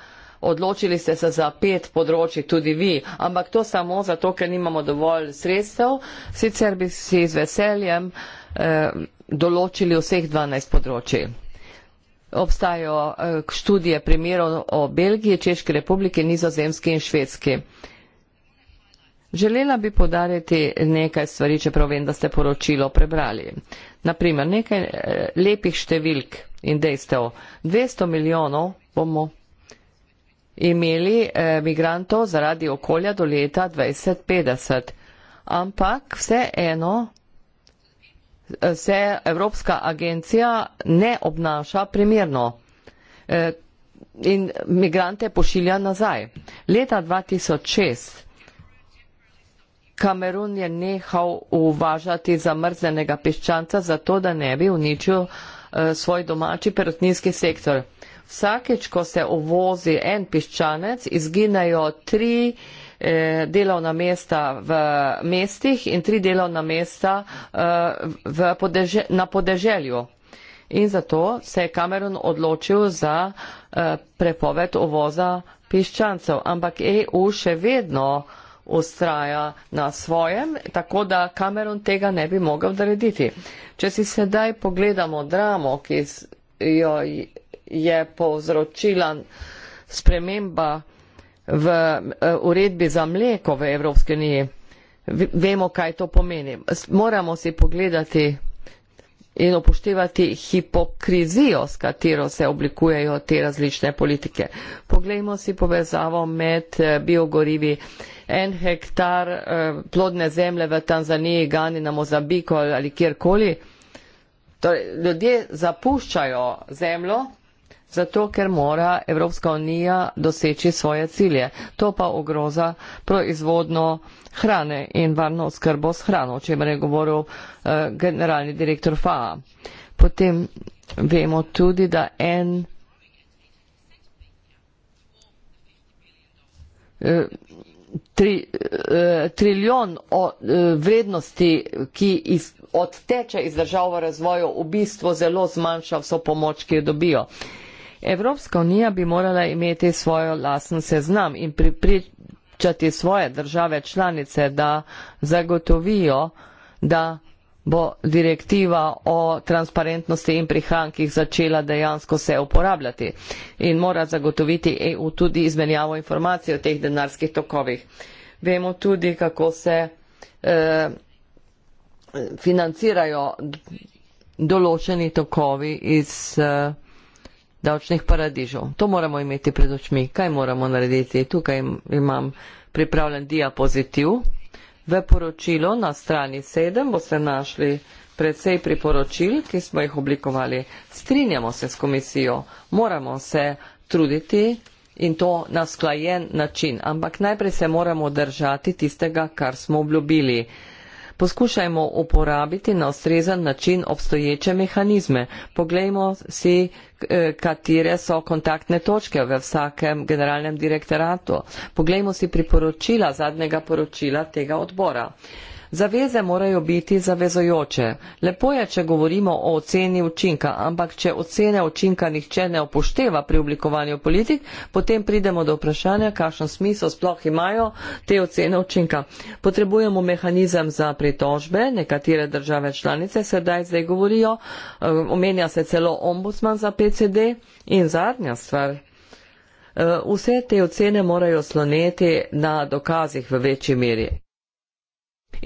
odločili ste se za pet področji, tudi vi, ampak to samo zato, ker nimamo dovolj sredstev, sicer bi si z veseljem eh, določili vseh 12 področji obstajajo eh, študije primerov o Belgiji, Češki republiki, Nizozemski in Švedski. Želela bi podariti nekaj stvari, čeprav vem, da ste poročilo prebrali. Naprimer, nekaj eh, lepih številk in dejstev. 200 milijonov bomo imeli eh, migrantov zaradi okolja do leta 2050. Ampak vseeno se Evropska agencija ne obnaša primerno e, in migrante pošilja nazaj. Leta 2006 Kamerun je nehal uvažati zamrznenega piščanca zato, da ne bi uničil e, svoj domači perutninski sektor. Vsakeč, ko se uvozi en piščanec, izginejo tri Eh, delovna mesta v mestih in tri delovna mesta eh, v podeže, na podeželju. In zato se je Cameron odločil za eh, prepoved uvoza piščancev. Ampak EU še vedno ustraja na svojem, tako da Cameron tega ne bi mogel narediti. Če si sedaj pogledamo dramo, ki jo je povzročila sprememba v eh, uredbi za mleko v Evropski uniji. Vemo, kaj to pomeni. Moramo si pogledati in upoštevati hipokrizijo, s katero se oblikujejo te različne politike. Poglejmo si povezavo med eh, biogorivi. En hektar eh, plodne zemlje v Tanzaniji, Gani na Mozambiku ali kjerkoli. Torej, ljudje zapuščajo zemljo, zato ker mora Evropska unija doseči svoje cilje. To pa ogroza proizvodno hrane in varno oskrbo s hrano, o čemer je govoril uh, generalni direktor FAA. Potem vemo tudi, da en. Eh, tri, eh, triljon o, vrednosti, ki iz, odteče iz držav v razvoju, v bistvu zelo zmanjša vso pomoč, ki jo dobijo. Evropska unija bi morala imeti svoj lasen seznam in pripričati svoje države članice, da zagotovijo, da bo direktiva o transparentnosti in prihrankih začela dejansko se uporabljati in mora zagotoviti EU tudi izmenjavo informacij o teh denarskih tokovih. Vemo tudi, kako se eh, financirajo določeni tokovi iz. Eh, davčnih paradižov. To moramo imeti pred očmi. Kaj moramo narediti? Tukaj imam pripravljen diapozitiv. V poročilu na strani 7 boste našli predvsej priporočil, ki smo jih oblikovali. Strinjamo se s komisijo, moramo se truditi in to na sklajen način, ampak najprej se moramo držati tistega, kar smo obljubili. Poskušajmo uporabiti na ustrezan način obstoječe mehanizme. Poglejmo si, Eh, katere so kontaktne točke v vsakem generalnem direktoratu. Poglejmo si priporočila zadnjega poročila tega odbora. Zaveze morajo biti zavezojoče. Lepo je, če govorimo o oceni učinka, ampak če ocene učinka nihče ne upošteva pri oblikovanju politik, potem pridemo do vprašanja, kakšen smisel sploh imajo te ocene učinka. Potrebujemo mehanizem za pritožbe, nekatere države članice sedaj zdaj govorijo, eh, omenja se celo ombudsman za PCD in zadnja stvar. Eh, vse te ocene morajo sloneti na dokazih v večji meri.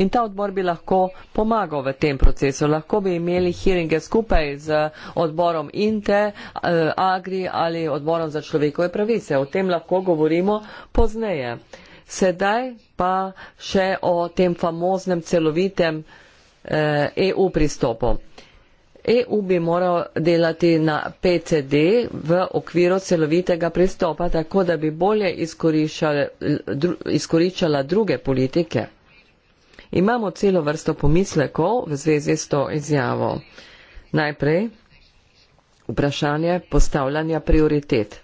In ta odbor bi lahko pomagal v tem procesu. Lahko bi imeli hiringe skupaj z odborom INTE, eh, AGRI ali odborom za človekove pravice. O tem lahko govorimo pozneje. Sedaj pa še o tem famoznem celovitem EU eh, e pristopu. EU bi moral delati na PCD v okviru celovitega pristopa, tako da bi bolje izkoriščala druge politike imamo celo vrsto pomislekov v zvezi s to izjavo. Najprej vprašanje postavljanja prioritet.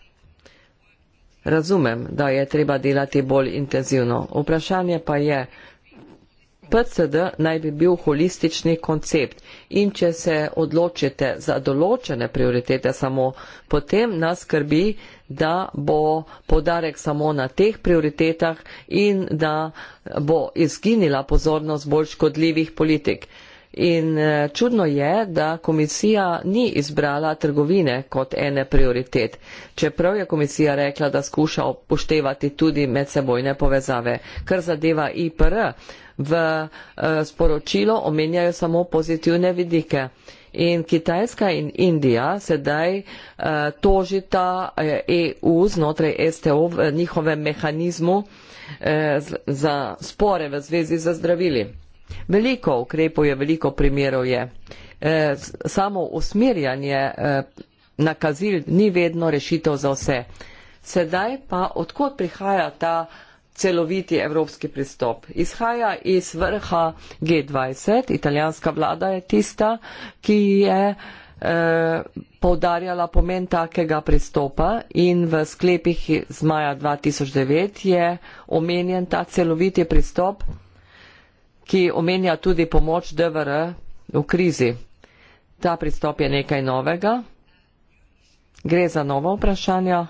Razumem, da je treba delati bolj intenzivno. Vprašanje pa je, PCD naj bi bil holistični koncept in če se odločite za določene prioritete samo, potem nas skrbi, da bo podarek samo na teh prioritetah in da bo izginila pozornost bolj škodljivih politik. In eh, čudno je, da komisija ni izbrala trgovine kot ene prioritet, čeprav je komisija rekla, da skuša upoštevati tudi medsebojne povezave. Kar zadeva IPR, v eh, sporočilo omenjajo samo pozitivne vidike. In Kitajska in Indija sedaj uh, tožita EU eh, e znotraj STO v njihovem mehanizmu uh, za spore v zvezi za zdravili. Veliko ukrepov je, veliko primerov je. Uh, samo usmerjanje uh, nakazil ni vedno rešitev za vse. Sedaj pa odkot prihaja ta uh, celoviti evropski pristop. Izhaja iz vrha G20, italijanska vlada je tista, ki je eh, poudarjala pomen takega pristopa in v sklepih z maja 2009 je omenjen ta celoviti pristop, ki omenja tudi pomoč DVR v krizi. Ta pristop je nekaj novega. Gre za nova vprašanja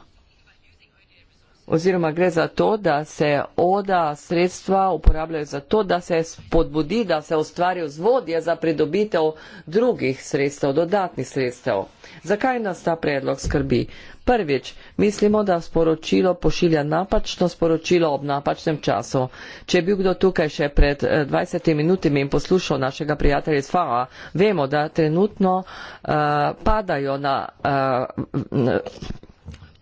oziroma gre za to, da se oda sredstva uporabljajo za to, da se spodbudi, da se ustvarijo vzvodje za pridobitev drugih sredstev, dodatnih sredstev. Zakaj nas ta predlog skrbi? Prvič, mislimo, da sporočilo pošilja napačno sporočilo ob napačnem času. Če je bil kdo tukaj še pred 20 eh, minutami in poslušal našega prijatelja iz FAO, vemo, da trenutno uh, padajo na. Uh,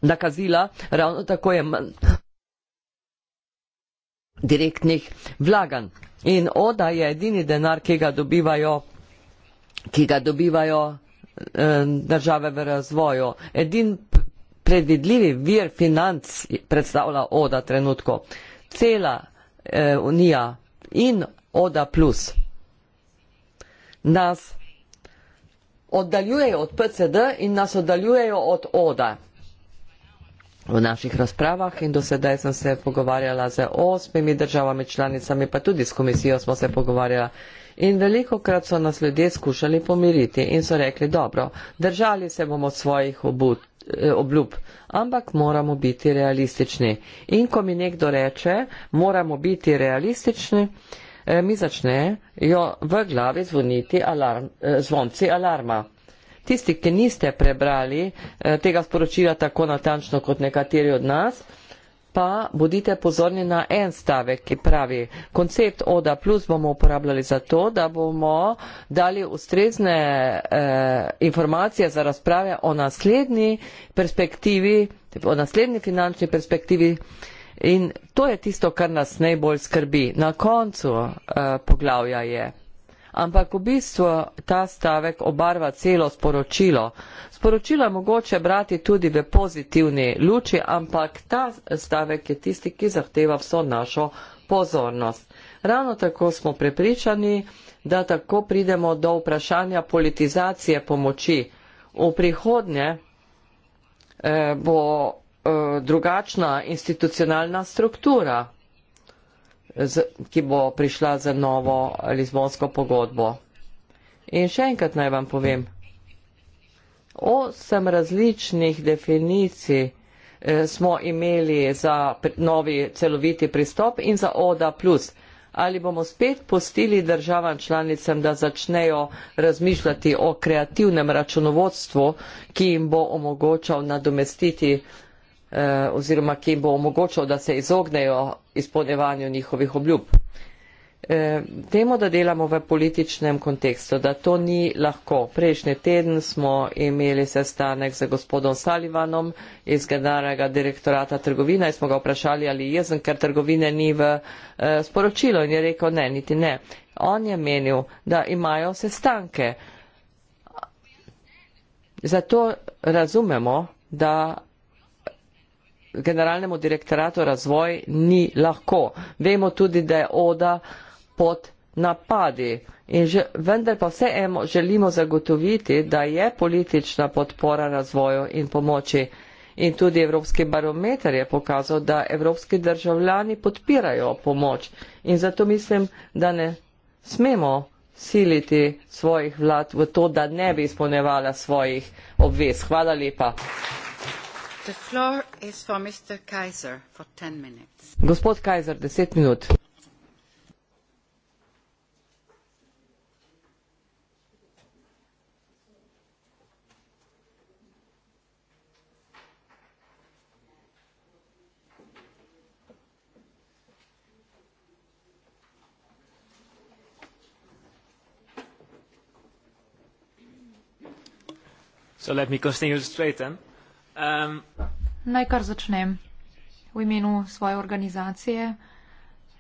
nakazila, ravno tako je manj direktnih vlaganj. In oda je edini denar, ki ga dobivajo, ki ga dobivajo eh, države v razvoju. Edin predvidljivi vir financ predstavlja oda trenutko. Cela eh, unija in oda plus nas oddaljujejo od PCD in nas oddaljujejo od oda v naših razpravah in do sedaj sem se pogovarjala z osmimi državami članicami, pa tudi s komisijo smo se pogovarjala. In veliko krat so nas ljudje skušali pomiriti in so rekli, dobro, držali se bomo svojih obut, eh, obljub, ampak moramo biti realistični. In ko mi nekdo reče, moramo biti realistični, eh, mi začnejo v glavi zvoniti alarm, eh, zvonci alarma tisti, ki niste prebrali eh, tega sporočila tako natančno kot nekateri od nas, pa bodite pozorni na en stavek, ki pravi, koncept ODA plus bomo uporabljali za to, da bomo dali ustrezne eh, informacije za razprave o naslednji perspektivi, o naslednji finančni perspektivi. In to je tisto, kar nas najbolj skrbi. Na koncu eh, poglavja je ampak v bistvu ta stavek obarva celo sporočilo. Sporočilo je mogoče brati tudi v pozitivni luči, ampak ta stavek je tisti, ki zahteva vso našo pozornost. Ravno tako smo prepričani, da tako pridemo do vprašanja politizacije pomoči. V prihodnje eh, bo eh, drugačna institucionalna struktura ki bo prišla za novo Lizbonsko pogodbo. In še enkrat naj vam povem, osem različnih definicij eh, smo imeli za novi celoviti pristop in za ODA. Ali bomo spet pustili državam članicam, da začnejo razmišljati o kreativnem računovodstvu, ki jim bo omogočal nadomestiti Eh, oziroma ki jim bo omogočal, da se izognejo izpolnjevanju njihovih obljub. Temu, eh, da delamo v političnem kontekstu, da to ni lahko. Prejšnji teden smo imeli sestanek z gospodom Salivanom iz generalnega direktorata trgovina in smo ga vprašali, ali je jezen, ker trgovine ni v eh, sporočilo in je rekel ne, niti ne. On je menil, da imajo sestanke. Zato razumemo, da generalnemu direktoratu razvoj ni lahko. Vemo tudi, da je oda pod napadi. In že, vendar pa vse eno želimo zagotoviti, da je politična podpora razvoju in pomoči. In tudi Evropski barometer je pokazal, da evropski državljani podpirajo pomoč. In zato mislim, da ne smemo siliti svojih vlad v to, da ne bi izpolnevala svojih obvez. Hvala lepa. Gospod Kajzer, deset minut. So let me continue straight then. Um, Naj kar začnem. V imenu svoje organizacije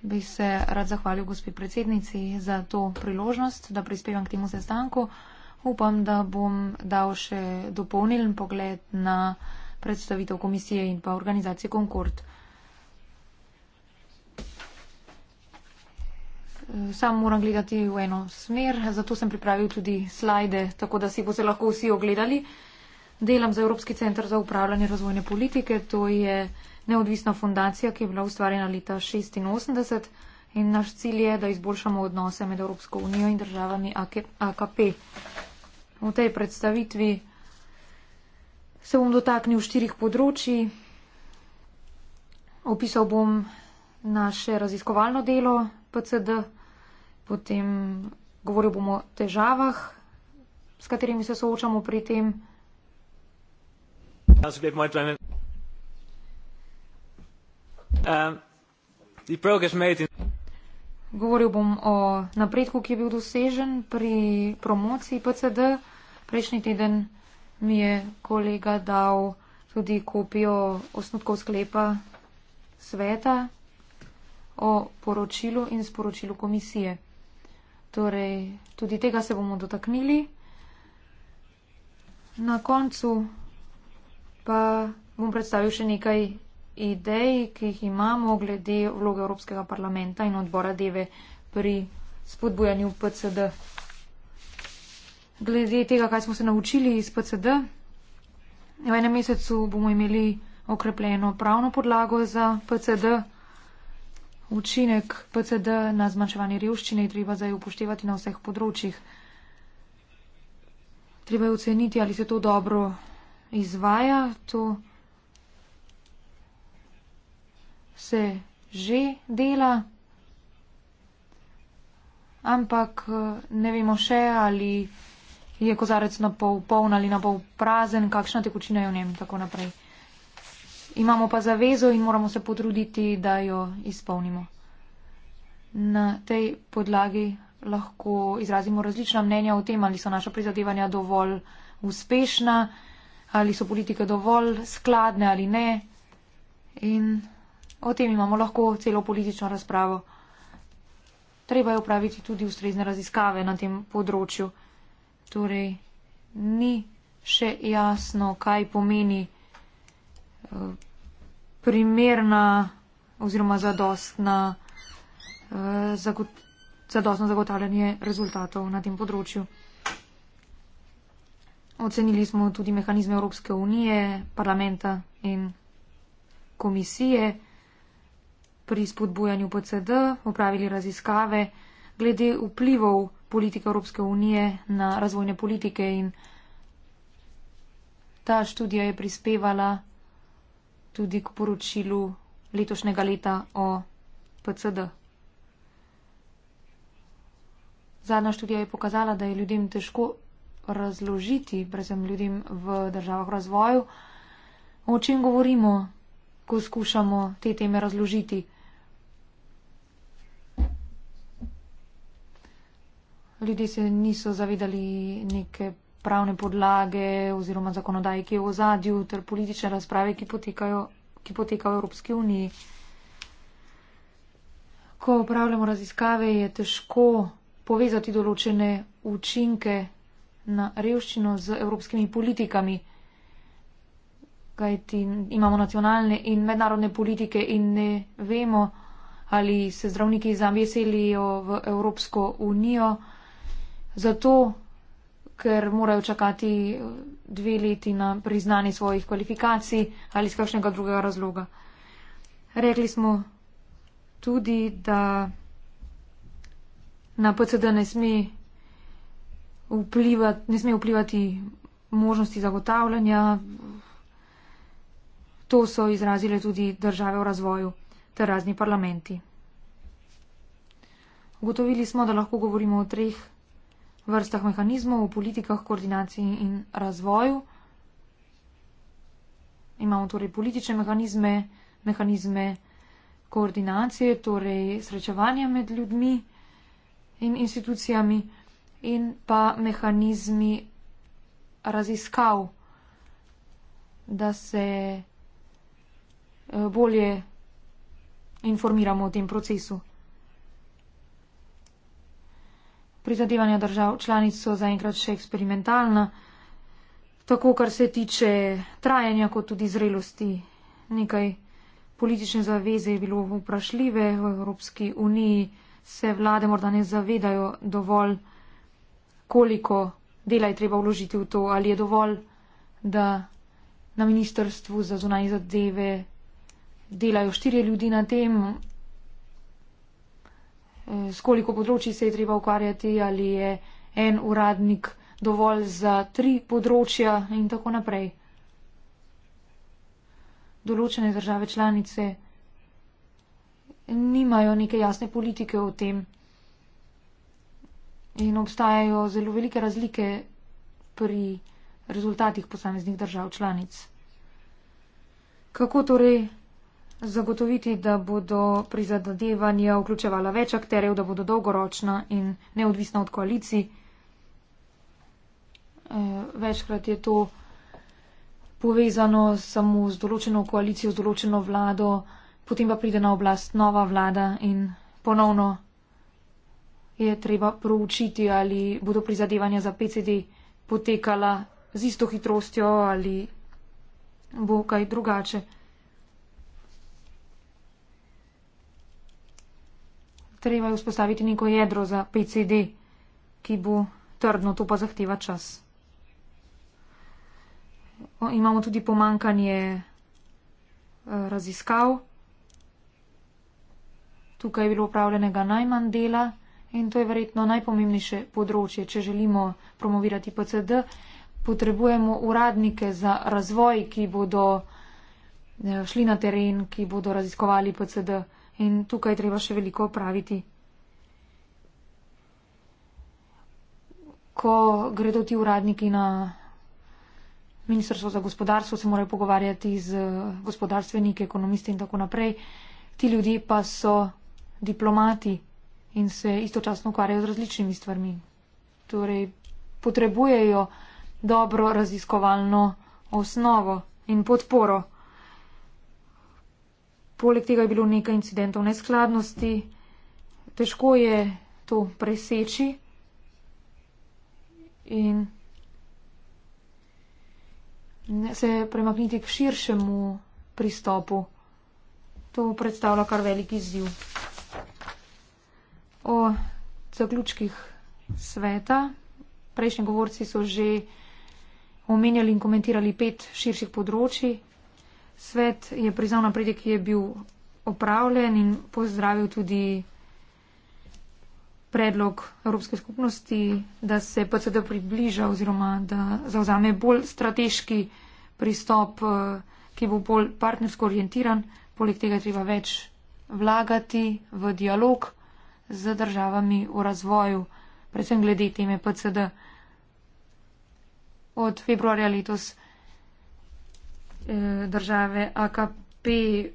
bi se rad zahvalil gospod predsednici za to priložnost, da prispevam k temu sestanku. Upam, da bom dal še dopolniln pogled na predstavitev komisije in pa organizacije Concord. Sam moram gledati v eno smer, zato sem pripravil tudi slajde, tako da si boste lahko vsi ogledali. Uh, delam za Evropski centr za upravljanje razvojne politike. To je neodvisna fundacija, ki je bila ustvarjena leta 1986 in naš cilj je, da izboljšamo odnose med Evropsko unijo in državami AKP. V tej predstavitvi se bom dotaknil štirih področji. Opisal bom naše raziskovalno delo PCD, potem govoril bom o težavah, s katerimi se soočamo pri tem, the progress made in Govoril bom o napredku, ki je bil dosežen pri promociji PCD. Prejšnji teden mi je kolega dal tudi kopijo osnutkov sklepa sveta o poročilu in sporočilu komisije. Torej, tudi tega se bomo dotaknili. Na koncu pa bom predstavil še nekaj idej, ki jih imamo glede vloge Evropskega parlamenta in odbora Deve pri spodbujanju PCD. Glede tega, kaj smo se naučili iz PCD, v enem mesecu bomo imeli okrepljeno pravno podlago za PCD. Učinek PCD na zmanjševanje revščine je treba zdaj upoštevati na vseh področjih. Treba je oceniti, ali se to dobro izvaja, to se že dela, ampak eh, ne vemo še, ali je kozarec na pol poln ali na pol prazen, kakšna tekočina je v njem in tako naprej. Imamo pa zavezo in moramo se potruditi, da jo izpolnimo. Na tej podlagi lahko izrazimo različna mnenja o tem, ali so naša prizadevanja dovolj uspešna ali so politike dovolj skladne ali ne. In o tem imamo lahko celo politično razpravo. Treba je upraviti tudi ustrezne raziskave na tem področju. Torej, ni še jasno, kaj pomeni eh, primerna oziroma zadostna, eh, zagot, zadostno zagotavljanje rezultatov na tem področju. Ocenili smo tudi mehanizme Evropske unije, parlamenta in komisije pri spodbujanju PCD, opravili raziskave glede vplivov politike Evropske unije na razvojne politike in ta študija je prispevala tudi k poročilu letošnjega leta o PCD. Zadnja študija je pokazala, da je ljudem težko razložiti, predvsem ljudem v državah razvoju, o čem govorimo, ko skušamo te teme razložiti. Ljudje se niso zavedali neke pravne podlage oziroma zakonodaje, ki je v ozadju, ter politične razprave, ki potekajo, ki potekajo v Evropski uniji. Ko upravljamo raziskave, je težko povezati določene učinke na revščino z evropskimi politikami, kajti imamo nacionalne in mednarodne politike in ne vemo, ali se zdravniki zaveselijo v Evropsko unijo, zato ker morajo čakati dve leti na priznanje svojih kvalifikacij ali iz kakšnega drugega razloga. Rekli smo tudi, da na PCD ne sme vplivati, ne sme vplivati možnosti zagotavljanja. To so izrazile tudi države v razvoju ter razni parlamenti. Ugotovili smo, da lahko govorimo o treh vrstah mehanizmov v politikah, koordinaciji in razvoju. Imamo torej politične mehanizme, mehanizme koordinacije, torej srečevanja med ljudmi in institucijami in pa mehanizmi raziskav, da se eh, bolje informiramo o tem procesu. Prizadevanja držav članic so zaenkrat še eksperimentalna, tako kar se tiče trajanja, kot tudi zrelosti. Nekaj politične zaveze je bilo vprašljive v Evropski uniji, se vlade morda ne zavedajo dovolj, koliko dela je treba vložiti v to, ali je dovolj, da na ministrstvu za zunanje zadeve delajo štiri ljudi na tem, eh, s koliko področji se je treba ukvarjati, ali je en uradnik dovolj za tri področja in tako naprej. Določene države članice nimajo neke jasne politike o tem in obstajajo zelo velike razlike pri rezultatih posameznih držav članic. Kako torej zagotoviti, da bodo prizadevanja vključevala več akterjev, da bodo dolgoročna in neodvisna od koalicij? Eh, večkrat je to povezano samo z določeno koalicijo, z določeno vlado, potem pa pride na oblast nova vlada in ponovno je treba proučiti, ali bodo prizadevanja za PCD potekala z isto hitrostjo ali bo kaj drugače. Treba je vzpostaviti neko jedro za PCD, ki bo trdno, to pa zahteva čas. Imamo tudi pomankanje eh, raziskav. Tukaj je bilo upravljenega najmanj dela in to je verjetno najpomembnejše področje, če želimo promovirati PCD, potrebujemo uradnike za razvoj, ki bodo eh, šli na teren, ki bodo raziskovali PCD in tukaj treba še veliko opraviti. Ko gredo ti uradniki na Ministrstvo za gospodarstvo, se morajo pogovarjati z eh, gospodarstveniki, ekonomisti in tako naprej. Ti ljudje pa so diplomati in se istočasno ukvarjajo z različnimi stvarmi. Torej, potrebujejo dobro raziskovalno osnovo in podporo. Poleg tega je bilo nekaj incidentov neskladnosti, težko je to preseči in se premakniti k širšemu pristopu. To predstavlja kar veliki izziv o zaključkih sveta. Prejšnji govorci so že omenjali in komentirali pet širših področji. Svet je priznal napredek, ki je bil opravljen in pozdravil tudi predlog Evropske skupnosti, da se PCD približa oziroma da zauzame bolj strateški pristop, eh, ki bo bolj partnersko orientiran. Poleg tega je treba več vlagati v dialog z državami v razvoju, predvsem glede teme PCD. Od februarja letos eh, države AKP eh,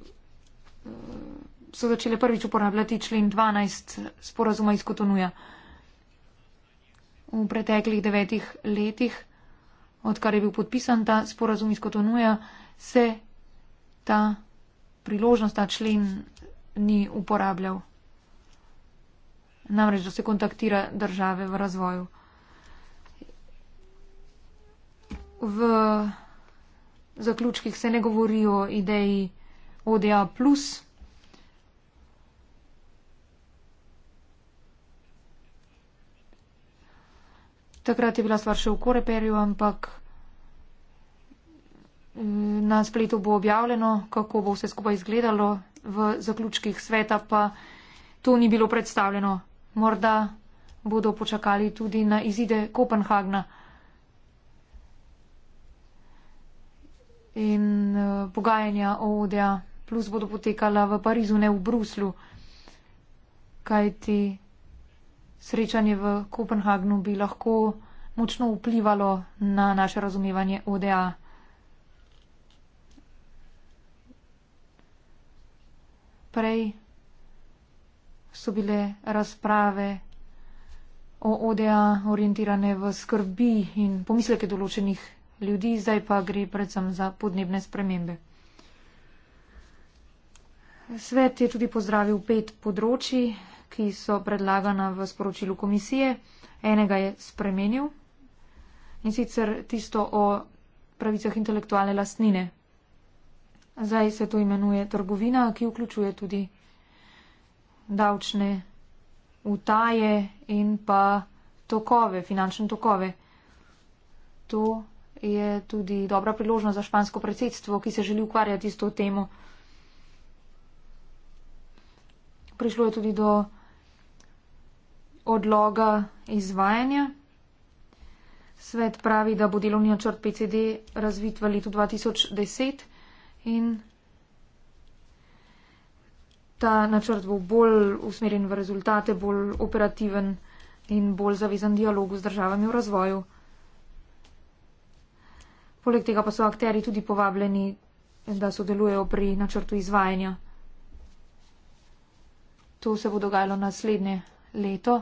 so začele prvič uporabljati člen 12 sporazuma iz Kotonuja. V preteklih devetih letih, odkar je bil podpisan ta sporazum iz Kotonuja, se ta priložnost, ta člen ni uporabljal namreč, da se kontaktira države v razvoju. V zaključkih se ne govori o ideji ODA. Takrat je bila stvar še v Koreperju, ampak eh, na spletu bo objavljeno, kako bo vse skupaj izgledalo, v zaključkih sveta pa to ni bilo predstavljeno. Morda bodo počakali tudi na izide Kopenhagna. In uh, pogajanja o ODA plus bodo potekala v Parizu, ne v Bruslu, kajti srečanje v Kopenhagnu bi lahko močno vplivalo na naše razumevanje ODA. Prej so bile razprave o ODA orientirane v skrbi in pomisleke določenih ljudi, zdaj pa gre predvsem za podnebne spremembe. Svet je tudi pozdravil pet področji, ki so predlagana v sporočilu komisije. Enega je spremenil in sicer tisto o pravicah intelektualne lastnine. Zdaj se to imenuje trgovina, ki vključuje tudi davčne utaje in pa tokove, finančne tokove. To je tudi dobra priložnost za špansko predsedstvo, ki se želi ukvarjati s to temo. Prišlo je tudi do odloga izvajanja. Svet pravi, da bo delovni načrt PCD razvit v letu 2010 in ta načrt bo bolj usmerjen v rezultate, bolj operativen in bolj zavezan dialogu z državami v razvoju. Poleg tega pa so akteri tudi povabljeni, da sodelujejo pri načrtu izvajanja. To se bo dogajalo naslednje leto.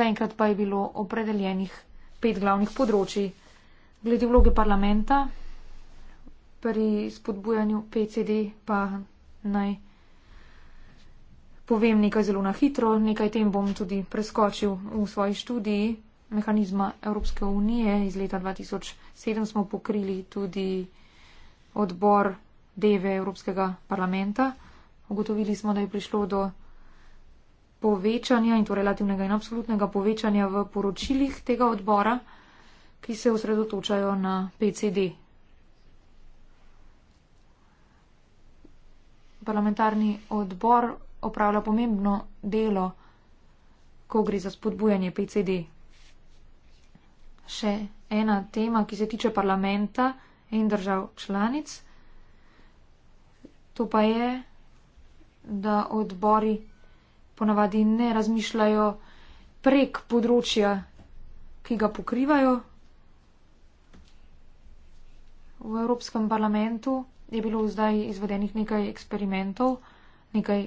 Zaenkrat pa je bilo opredeljenih pet glavnih področji. Glede vloge parlamenta pri spodbujanju PCD pa naj povem nekaj zelo na hitro, nekaj tem bom tudi preskočil v svoji študiji mehanizma Evropske unije. Iz leta 2007 smo pokrili tudi odbor DV Evropskega parlamenta. Ugotovili smo, da je prišlo do povečanja in to relativnega in absolutnega povečanja v poročilih tega odbora, ki se osredotočajo na PCD. Parlamentarni odbor opravlja pomembno delo, ko gre za spodbujanje PCD. Še ena tema, ki se tiče parlamenta in držav članic, to pa je, da odbori ponavadi ne razmišljajo prek področja, ki ga pokrivajo. V Evropskem parlamentu je bilo zdaj izvedenih nekaj eksperimentov, nekaj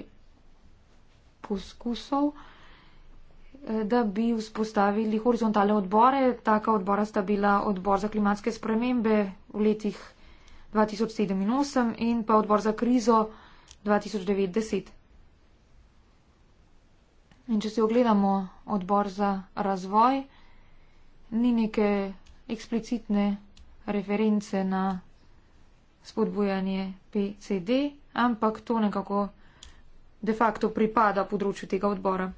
poskusov, eh, da bi vzpostavili horizontalne odbore. Taka odbora sta bila odbor za klimatske spremembe v letih 2007 in 2008 in pa odbor za krizo 2090. In če si ogledamo odbor za razvoj, ni neke eksplicitne reference na spodbujanje PCD, ampak to nekako de facto pripada področju tega odbora.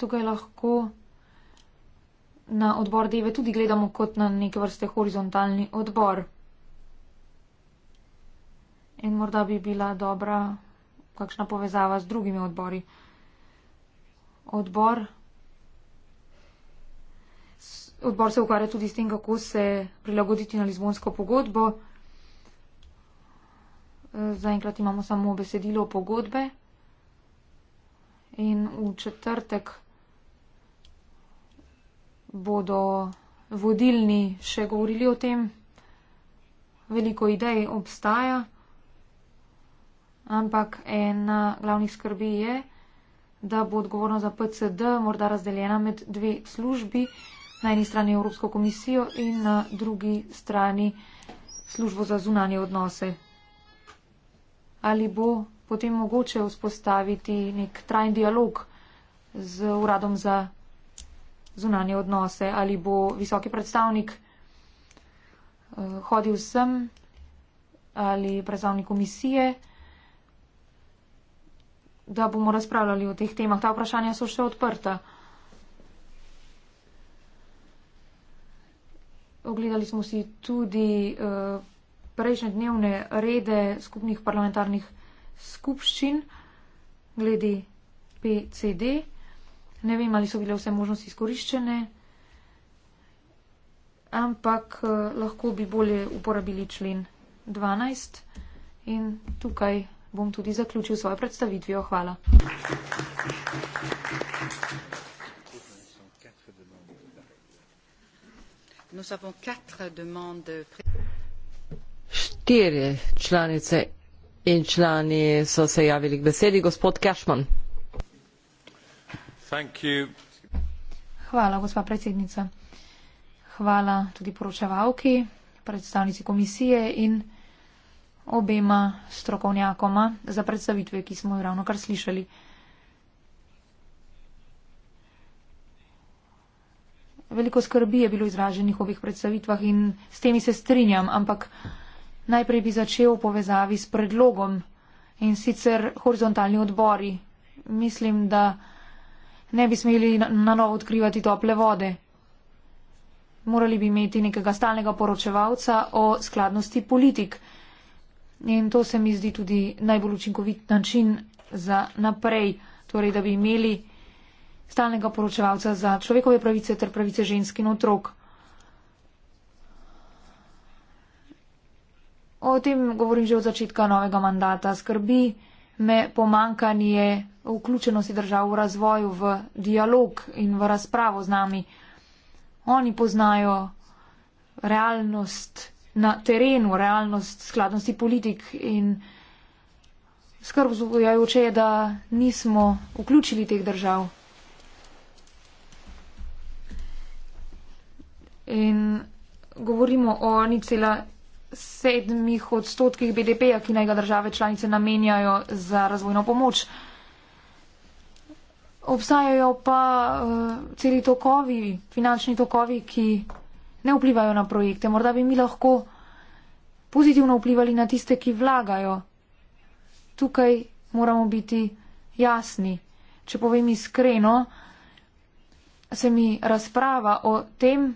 Tukaj lahko na odbor Deve tudi gledamo kot na neke vrste horizontalni odbor. In morda bi bila dobra kakšna povezava z drugimi odbori. Odbor, odbor se ukvarja tudi s tem, kako se prilagoditi na Lizbonsko pogodbo. Zaenkrat imamo samo besedilo pogodbe in v četrtek bodo vodilni še govorili o tem. Veliko idej obstaja, ampak ena glavnih skrbi je, da bo odgovornost za PCD morda razdeljena med dve službi, na eni strani Evropsko komisijo in na drugi strani službo za zunanje odnose ali bo potem mogoče vzpostaviti nek trajen dialog z uradom za zunanje odnose, ali bo visoki predstavnik eh, hodil sem ali predstavnik komisije, da bomo razpravljali o teh temah. Ta vprašanja so še odprta. Ogledali smo si tudi uh, prejšnje dnevne rede skupnih parlamentarnih skupščin glede PCD. Ne vem, ali so bile vse možnosti izkoriščene, ampak eh, lahko bi bolje uporabili člen 12 in tukaj bom tudi zaključil svojo predstavitvijo. Hvala. Nous avons quatre demandes štiri članice in člani so se javili k besedi gospod Cashman. Hvala, gospa predsednica. Hvala tudi poročevalki, predstavnici komisije in obema strokovnjakoma za predstavitve, ki smo jo ravno kar slišali. Veliko skrbi je bilo izraženih v obeh predstavitvah in s temi se strinjam, ampak. Najprej bi začel v povezavi s predlogom in sicer horizontalni odbori. Mislim, da ne bi smeli na novo odkrivati tople vode. Morali bi imeti nekega stalnega poročevalca o skladnosti politik. In to se mi zdi tudi najbolj učinkovit način za naprej. Torej, da bi imeli stalnega poročevalca za človekove pravice ter pravice žensk in otrok. o tem govorim že od začetka novega mandata. Skrbi me pomankanje vključenosti držav v razvoju, v dialog in v razpravo z nami. Oni poznajo realnost na terenu, realnost skladnosti politik in skrb zvojajoče je, da nismo vključili teh držav. In govorimo o ni cela sedmih odstotkih BDP-ja, ki naj ga države članice namenjajo za razvojno pomoč. Obstajajo pa uh, celi tokovi, finančni tokovi, ki ne vplivajo na projekte. Morda bi mi lahko pozitivno vplivali na tiste, ki vlagajo. Tukaj moramo biti jasni. Če povem iskreno, se mi razprava o tem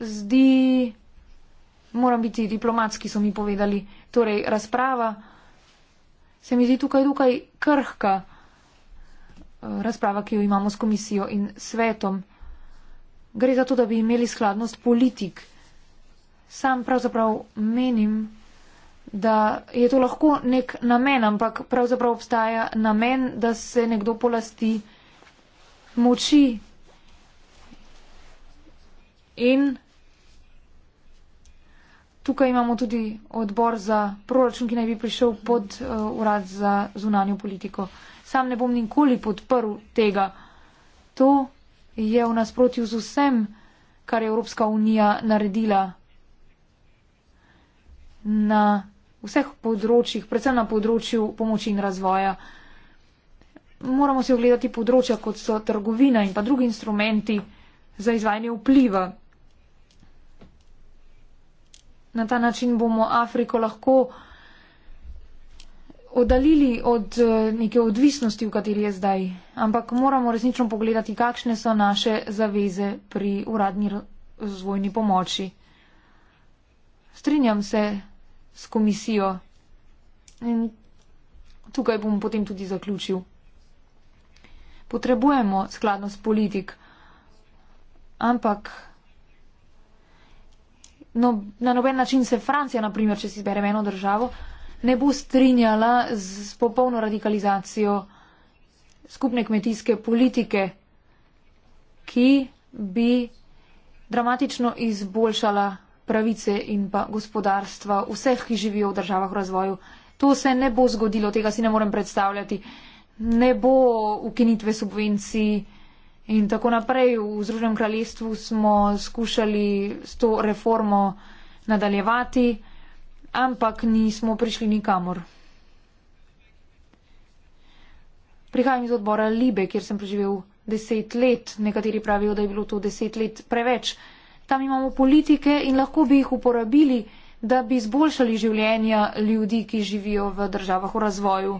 zdi moram biti diplomatski, so mi povedali. Torej, razprava se mi zdi tukaj tukaj krhka. Eh, razprava, ki jo imamo s komisijo in svetom. Gre za to, da bi imeli skladnost politik. Sam pravzaprav menim, da je to lahko nek namen, ampak pravzaprav obstaja namen, da se nekdo polasti moči in Tukaj imamo tudi odbor za proračun, ki naj bi prišel pod uh, urad za zunanjo politiko. Sam ne bom nikoli podprl tega. To je v nasprotju z vsem, kar je Evropska unija naredila na vseh področjih, predvsem na področju pomoči in razvoja. Moramo si ogledati področja, kot so trgovina in pa drugi instrumenti za izvajanje vpliva. Na ta način bomo Afriko lahko oddaljili od eh, neke odvisnosti, v kateri je zdaj. Ampak moramo resnično pogledati, kakšne so naše zaveze pri uradni razvojni pomoči. Strinjam se s komisijo in tukaj bom potem tudi zaključil. Potrebujemo skladnost politik, ampak no, na noben način se Francija, naprimer, če si izbere eno državo, ne bo strinjala z popolno radikalizacijo skupne kmetijske politike, ki bi dramatično izboljšala pravice in pa gospodarstva vseh, ki živijo v državah v razvoju. To se ne bo zgodilo, tega si ne morem predstavljati. Ne bo ukinitve subvencij in tako naprej. V Združenem kraljestvu smo skušali s to reformo nadaljevati, ampak nismo prišli nikamor. Prihajam iz odbora Libe, kjer sem preživel deset let. Nekateri pravijo, da je bilo to deset let preveč. Tam imamo politike in lahko bi jih uporabili, da bi izboljšali življenja ljudi, ki živijo v državah v razvoju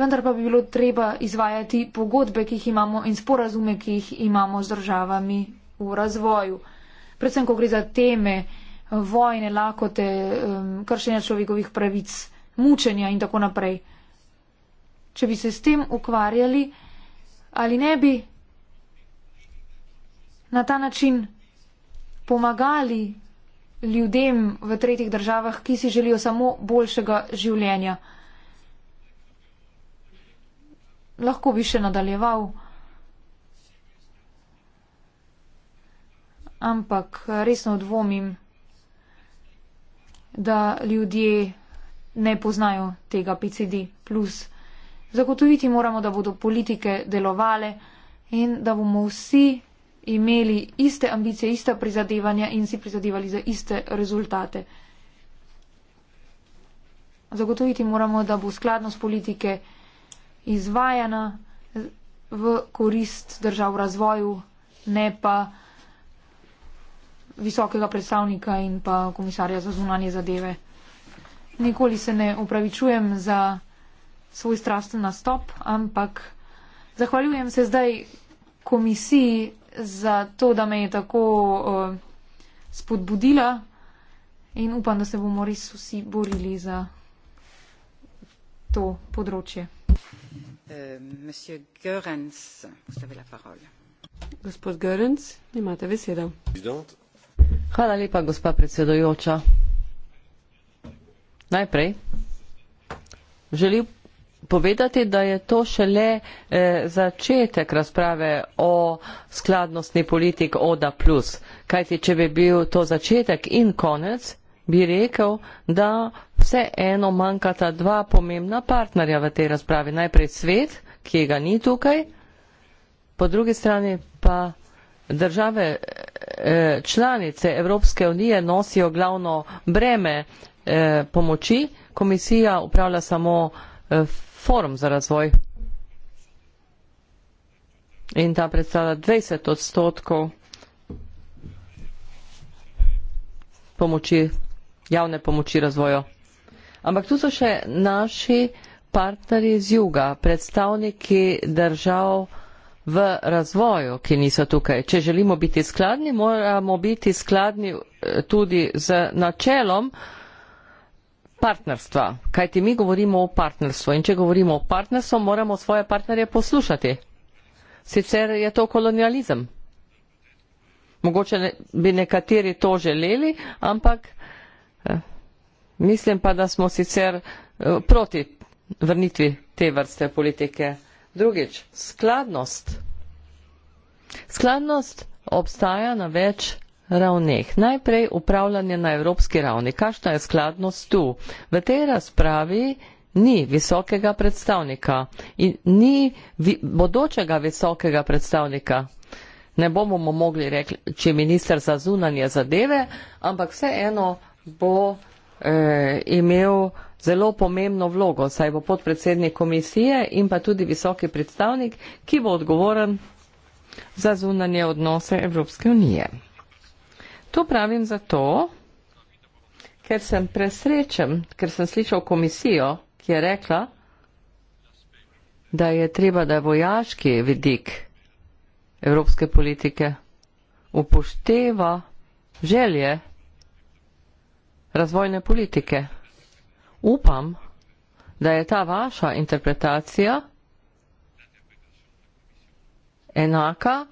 vendar pa bi bilo treba izvajati pogodbe, ki jih imamo in sporazume, ki jih imamo z državami v razvoju. Predvsem, ko gre za teme vojne, lakote, kršenja človekovih pravic, mučenja in tako naprej. Če bi se s tem ukvarjali ali ne bi na ta način pomagali ljudem v tretjih državah, ki si želijo samo boljšega življenja lahko bi še nadaljeval. Ampak resno dvomim, da ljudje ne poznajo tega PCD. Zagotoviti moramo, da bodo politike delovale in da bomo vsi imeli iste ambicije, iste prizadevanja in si prizadevali za iste rezultate. Zagotoviti moramo, da bo skladnost politike izvajana v korist držav v razvoju, ne pa visokega predstavnika in pa komisarja za zunanje zadeve. Nikoli se ne upravičujem za svoj strasten nastop, ampak zahvaljujem se zdaj komisiji za to, da me je tako uh, spodbudila in upam, da se bomo res vsi borili za to področje. Euh, hvala lepa gospa predsedujoča v najbolj pomembnem delu poročila je treba najprej želim povedati da je to šele eh, začetek razprave o skladnostni politik oda plus kajti če bi bil to začetek in konec bi rekel da vse eno manjkata dva pomembna partnerja v tej razpravi. Najprej svet, ki ga ni tukaj, po drugi strani pa države eh, članice Evropske unije nosijo glavno breme eh, pomoči, komisija upravlja samo eh, forum za razvoj. In ta predstavlja 20 odstotkov pomoči, javne pomoči razvoju. Ampak tu so še naši partnerji z juga, predstavniki držav v razvoju, ki niso tukaj. Če želimo biti skladni, moramo biti skladni eh, tudi z načelom partnerstva. Kaj ti mi govorimo o partnerstvu in če govorimo o partnerstvu, moramo svoje partnerje poslušati. Sicer je to kolonializem. Mogoče ne, bi nekateri to želeli, ampak. Eh. Mislim pa, da smo sicer eh, proti vrnitvi te vrste politike. Drugič, skladnost. Skladnost obstaja na več ravneh. Najprej upravljanje na evropski ravni. Kakšna je skladnost tu? V tej razpravi ni visokega predstavnika in ni vi bodočega visokega predstavnika. Ne bomo mu mogli reči, če je minister za zunanje zadeve, ampak vseeno bo eh, imel zelo pomembno vlogo, saj bo podpredsednik komisije in pa tudi visoki predstavnik, ki bo odgovoren za zunanje odnose Evropske unije. To pravim zato, ker sem presrečen, ker sem slišal komisijo, ki je rekla, da je treba, da je vojaški vidik evropske politike upošteva želje razvojne politike. Upam, da je ta vaša interpretacija enaka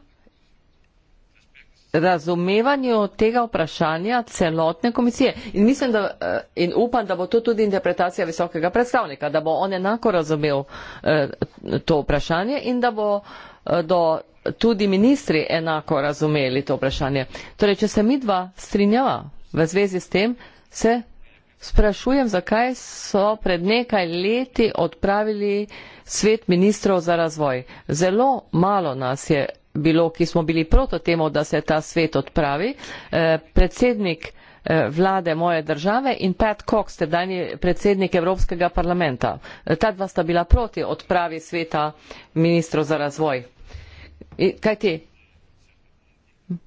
razumevanju tega vprašanja celotne komisije. In mislim, da eh, in upam, da bo to tudi interpretacija visokega predstavnika, da bo on enako razumel eh, to vprašanje in da bo eh, do tudi ministri enako razumeli to vprašanje. Torej, če se mi dva strinjava v zvezi s tem, se sprašujem, zakaj so pred nekaj leti odpravili svet ministrov za razvoj. Zelo malo nas je bilo, ki smo bili proti temu, da se ta svet odpravi. Eh, predsednik eh, vlade moje države in Pat Cox, tedajni predsednik Evropskega parlamenta. Eh, ta dva sta bila proti odpravi sveta ministrov za razvoj. Kaj ti?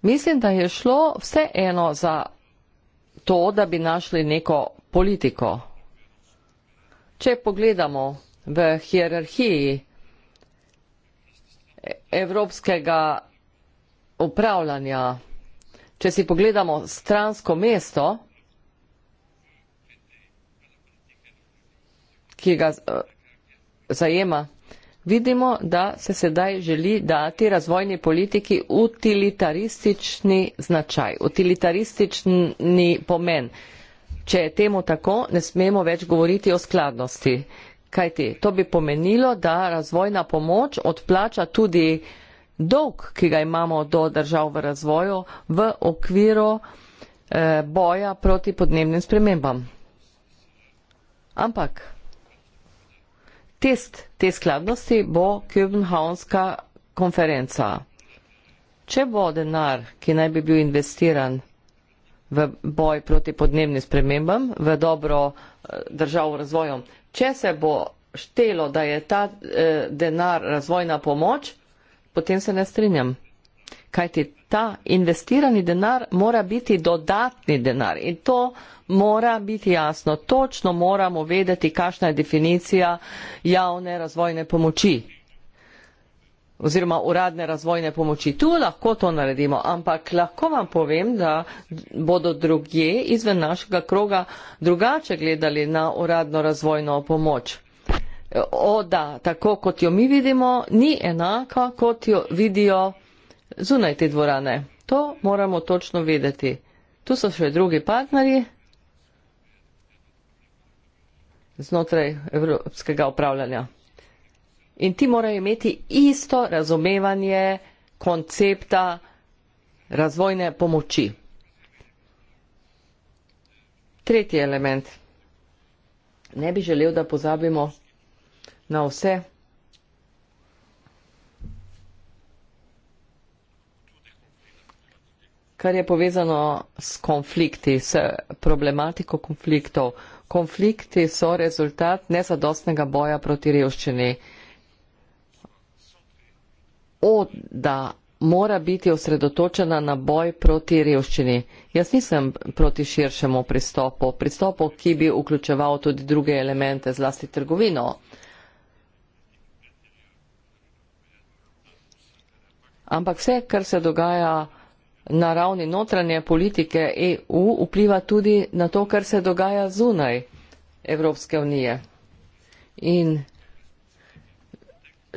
Mislim, da je šlo vseeno za to, da bi našli neko politiko. Če pogledamo v hierarhiji evropskega upravljanja, če si pogledamo stransko mesto, ki ga eh, zajema vidimo, da se sedaj želi dati razvojni politiki utilitaristični značaj, utilitaristični pomen. Če je temu tako, ne smemo več govoriti o skladnosti. Kajti, to bi pomenilo, da razvojna pomoč odplača tudi dolg, ki ga imamo do držav v razvoju, v okviru eh, boja proti podnebnim spremembam. Ampak test te skladnosti bo Kübenhavnska konferenca. Če bo denar, ki naj bi bil investiran v boj proti podnebnim spremembam, v dobro eh, držav razvojom, če se bo štelo, da je ta eh, denar razvojna pomoč, potem se ne strinjam kajti ta investirani denar mora biti dodatni denar in to mora biti jasno. Točno moramo vedeti, kakšna je definicija javne razvojne pomoči oziroma uradne razvojne pomoči. Tu lahko to naredimo, ampak lahko vam povem, da bodo druge izven našega kroga drugače gledali na uradno razvojno pomoč. Oda, tako kot jo mi vidimo, ni enaka, kot jo vidijo zunaj te dvorane. To moramo točno vedeti. Tu so še drugi partnerji znotraj evropskega upravljanja. In ti morajo imeti isto razumevanje koncepta razvojne pomoči. Tretji element. Ne bi želel, da pozabimo na vse kar je povezano s konflikti, s problematiko konfliktov. Konflikti so rezultat nezadostnega boja proti revščini. Oda mora biti osredotočena na boj proti revščini. Jaz nisem proti širšemu pristopu, pristopu, ki bi vključeval tudi druge elemente, zlasti trgovino. Ampak vse, kar se dogaja na ravni notranje politike EU vpliva tudi na to, kar se dogaja zunaj Evropske unije. In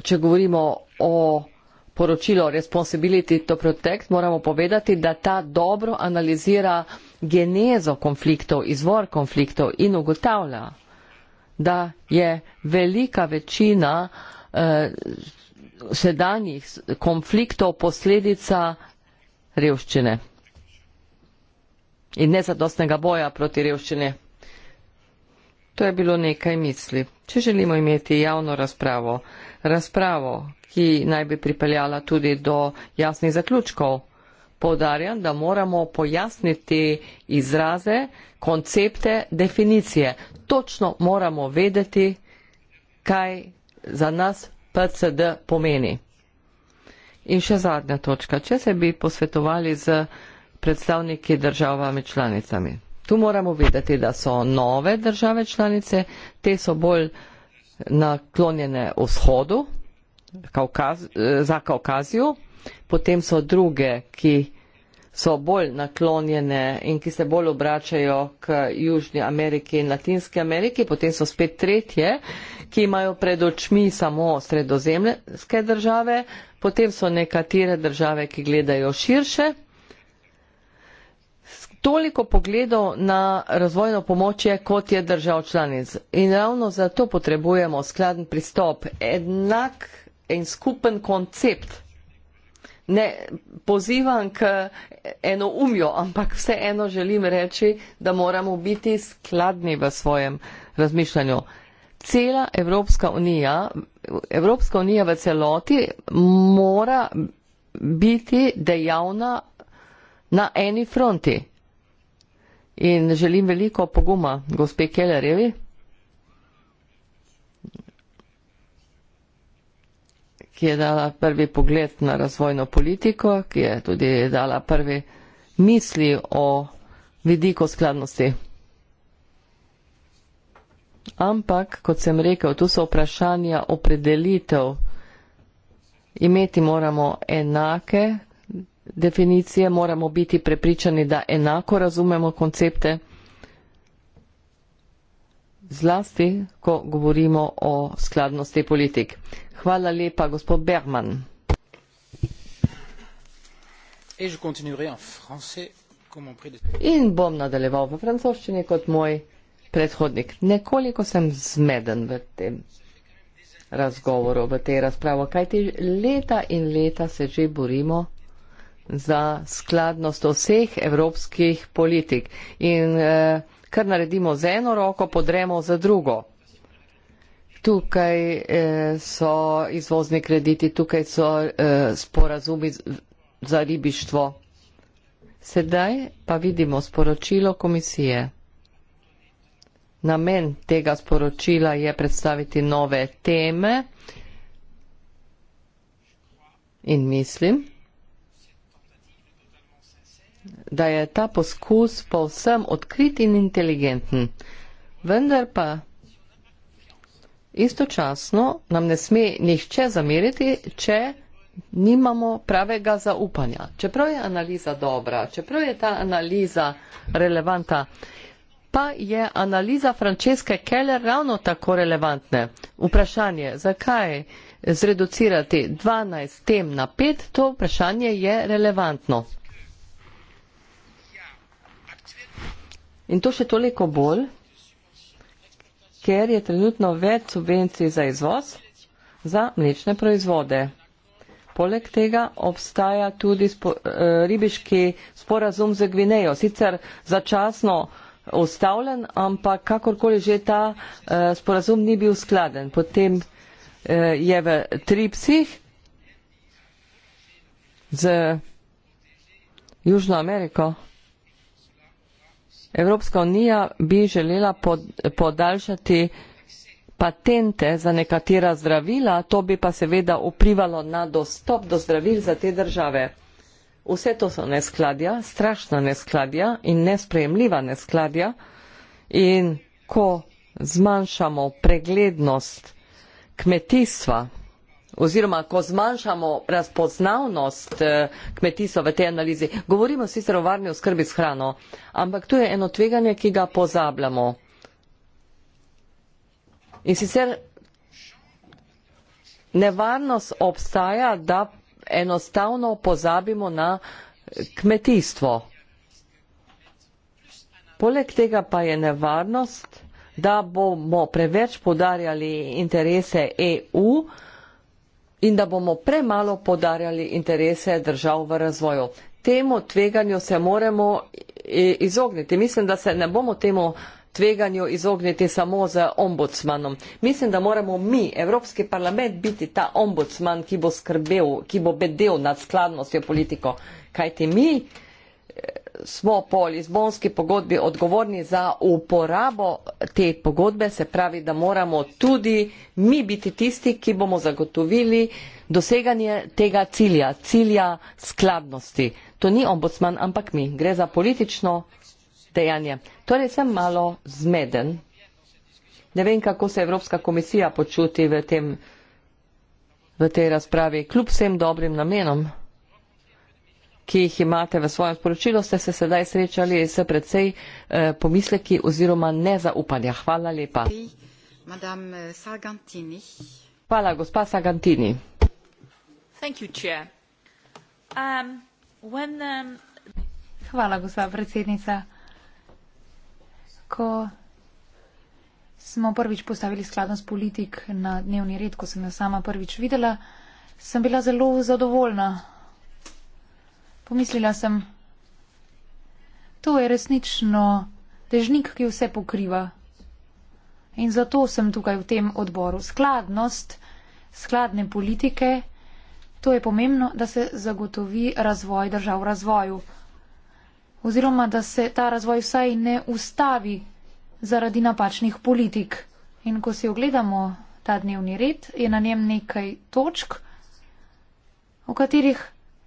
če govorimo o poročilu Responsibility to Protect, moramo povedati, da ta dobro analizira genezo konfliktov, izvor konfliktov in ugotavlja, da je velika večina eh, sedanjih konfliktov posledica revščine in nezadostnega boja proti revščini. To je bilo nekaj misli. Če želimo imeti javno razpravo, razpravo, ki naj bi pripeljala tudi do jasnih zaključkov, podarjam, da moramo pojasniti izraze, koncepte, definicije. Točno moramo vedeti, kaj za nas PCD pomeni. In še zadnja točka. Če se bi posvetovali z predstavniki državami članicami. Tu moramo vedeti, da so nove države članice, te so bolj naklonjene vzhodu, Kaukaz, eh, za Kaukazijo, potem so druge, ki so bolj naklonjene in ki se bolj obračajo k Južni Ameriki in Latinski Ameriki, potem so spet tretje, ki imajo pred očmi samo sredozemljske države, potem so nekatere države, ki gledajo širše. Toliko pogledov na razvojno pomoč je, kot je držav članic. In ravno zato potrebujemo skladen pristop, enak in skupen koncept. Ne pozivam k eno umjo, ampak vseeno želim reči, da moramo biti skladni v svojem razmišljanju cela Evropska unija, Evropska unija v celoti mora biti dejavna na eni fronti. In želim veliko poguma gospe Kellerjevi, ki je dala prvi pogled na razvojno politiko, ki je tudi dala prvi misli o vidiku skladnosti. Ampak, kot sem rekel, tu so vprašanja opredelitev. Imeti moramo enake definicije, moramo biti prepričani, da enako razumemo koncepte. Zlasti, ko govorimo o skladnosti politik. Hvala lepa, gospod Bergman. In bom nadaljeval v francoščini kot moj predhodnik. Nekoliko sem zmeden v tem razgovoru, v tej razpravi, kajti leta in leta se že borimo za skladnost vseh evropskih politik in eh, kar naredimo z eno roko, podremo za drugo. Tukaj eh, so izvozni krediti, tukaj so eh, sporazumi za ribištvo. Sedaj pa vidimo sporočilo komisije. Namen tega sporočila je predstaviti nove teme in mislim, da je ta poskus povsem odkrit in inteligenten. Vendar pa istočasno nam ne sme nihče zameriti, če nimamo pravega zaupanja. Čeprav je analiza dobra, čeprav je ta analiza relevanta pa je analiza Franceske Keller ravno tako relevantna. Vprašanje, zakaj zreducirati 12 tem na 5, to vprašanje je relevantno. In to še toliko bolj, ker je trenutno več subvencij za izvoz za mlečne proizvode. Poleg tega obstaja tudi spo, eh, ribiški sporazum z Gvinejo, sicer začasno uh, ustavljen, ampak kakorkoli že ta eh, sporazum ni bil skladen. Potem eh, je v tripsih z Južno Ameriko. Evropska unija bi želela pod, podaljšati patente za nekatera zdravila, to bi pa seveda vplivalo na dostop do zdravil za te države. Vse to so neskladja, strašna neskladja in nesprejemljiva neskladja. In ko zmanjšamo preglednost kmetijstva oziroma ko zmanjšamo razpoznavnost eh, kmetijstva v tej analizi, govorimo sicer o varni oskrbi s hrano, ampak to je eno tveganje, ki ga pozabljamo. In sicer nevarnost obstaja, da enostavno pozabimo na kmetijstvo. Poleg tega pa je nevarnost, da bomo preveč podarjali interese EU in da bomo premalo podarjali interese držav v razvoju. Temu tveganju se moramo izogniti. Mislim, da se ne bomo temu uh, tveganju izogniti samo z ombudsmanom. Mislim, da moramo mi, Evropski parlament, biti ta ombudsman, ki bo skrbel, ki bo bedel nad skladnostjo politiko. Kajti mi eh, smo po Lizbonski pogodbi odgovorni za uporabo te pogodbe, se pravi, da moramo tudi mi biti tisti, ki bomo zagotovili doseganje tega cilja, cilja skladnosti. To ni ombudsman, ampak mi. Gre za politično dejanje. Torej sem malo zmeden. Ne vem, kako se Evropska komisija počuti v, tem, v tej razpravi. Kljub vsem dobrim namenom, ki jih imate v svojem sporočilu, ste se sedaj srečali s predvsej eh, pomisleki oziroma nezaupanja. Hvala lepa. Hvala, gospa Sagantini. Um, um, Hvala, gospa predsednica ko smo prvič postavili skladen s politik na dnevni red, ko sem jo sama prvič videla, sem bila zelo zadovoljna. Pomislila sem, to je resnično težnik, ki vse pokriva. In zato sem tukaj v tem odboru. Skladnost, skladne politike, to je pomembno, da se zagotovi razvoj držav v razvoju oziroma da se ta razvoj vsaj ne ustavi zaradi napačnih politik. In ko si ogledamo ta dnevni red, je na njem nekaj točk, o katerih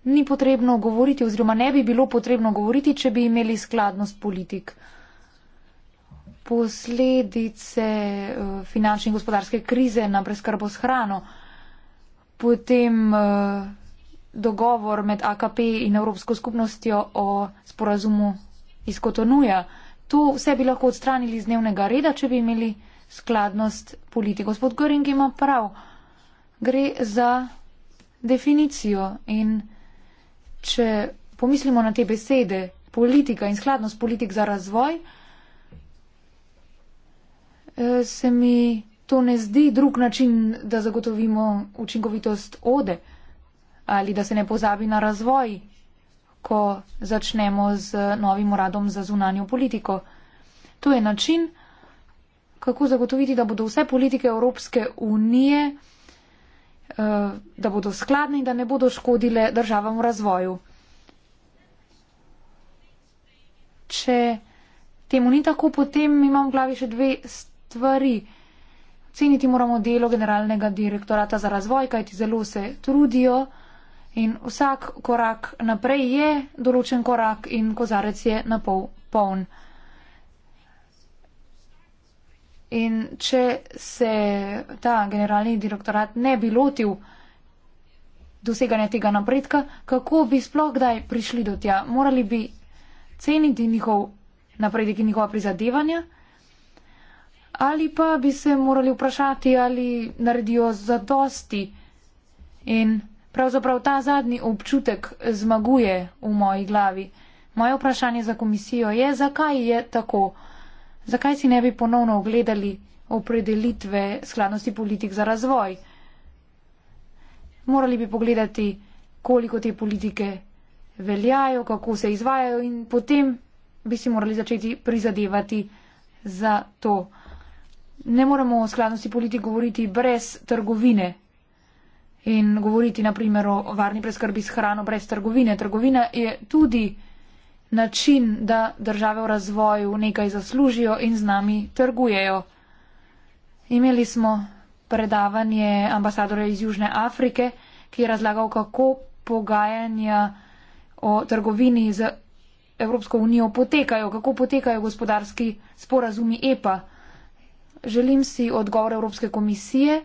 ni potrebno govoriti oziroma ne bi bilo potrebno govoriti, če bi imeli skladnost politik. Posledice eh, finančne in gospodarske krize na preskrbo s hrano, potem eh, dogovor med AKP in Evropsko skupnostjo o sporazumu iz Kotonuja. To vse bi lahko odstranili iz dnevnega reda, če bi imeli skladnost politiko. Gospod Göring ima prav. Gre za definicijo in če pomislimo na te besede politika in skladnost politik za razvoj, eh, se mi to ne zdi drug način, da zagotovimo učinkovitost ode ali da se ne pozabi na razvoj, ko začnemo z novim uradom za zunanjo politiko. To je način, kako zagotoviti, da bodo vse politike Evropske unije, eh, da bodo skladne in da ne bodo škodile državam v razvoju. Če temu ni tako, potem imam v glavi še dve stvari. Ceniti moramo delo generalnega direktorata za razvoj, kajti zelo se trudijo. In vsak korak naprej je določen korak in kozarec je na pol poln. In če se ta generalni direktorat ne bi lotil doseganja tega napredka, kako bi sploh kdaj prišli do tja? Morali bi ceniti njihov napredek in njihova prizadevanja ali pa bi se morali vprašati, ali naredijo zadosti in. Pravzaprav ta zadnji občutek zmaguje v moji glavi. Moje vprašanje za komisijo je, zakaj je tako? Zakaj si ne bi ponovno ogledali opredelitve skladnosti politik za razvoj? Morali bi pogledati, koliko te politike veljajo, kako se izvajajo in potem bi si morali začeti prizadevati za to. Ne moremo o skladnosti politik govoriti brez trgovine in govoriti na primer o varni preskrbi s hrano brez trgovine. Trgovina je tudi način, da države v razvoju nekaj zaslužijo in z nami trgujejo. Imeli smo predavanje ambasadora iz Južne Afrike, ki je razlagal, kako pogajanja o trgovini z Evropsko unijo potekajo, kako potekajo gospodarski sporazumi EPA. Želim si odgovor Evropske komisije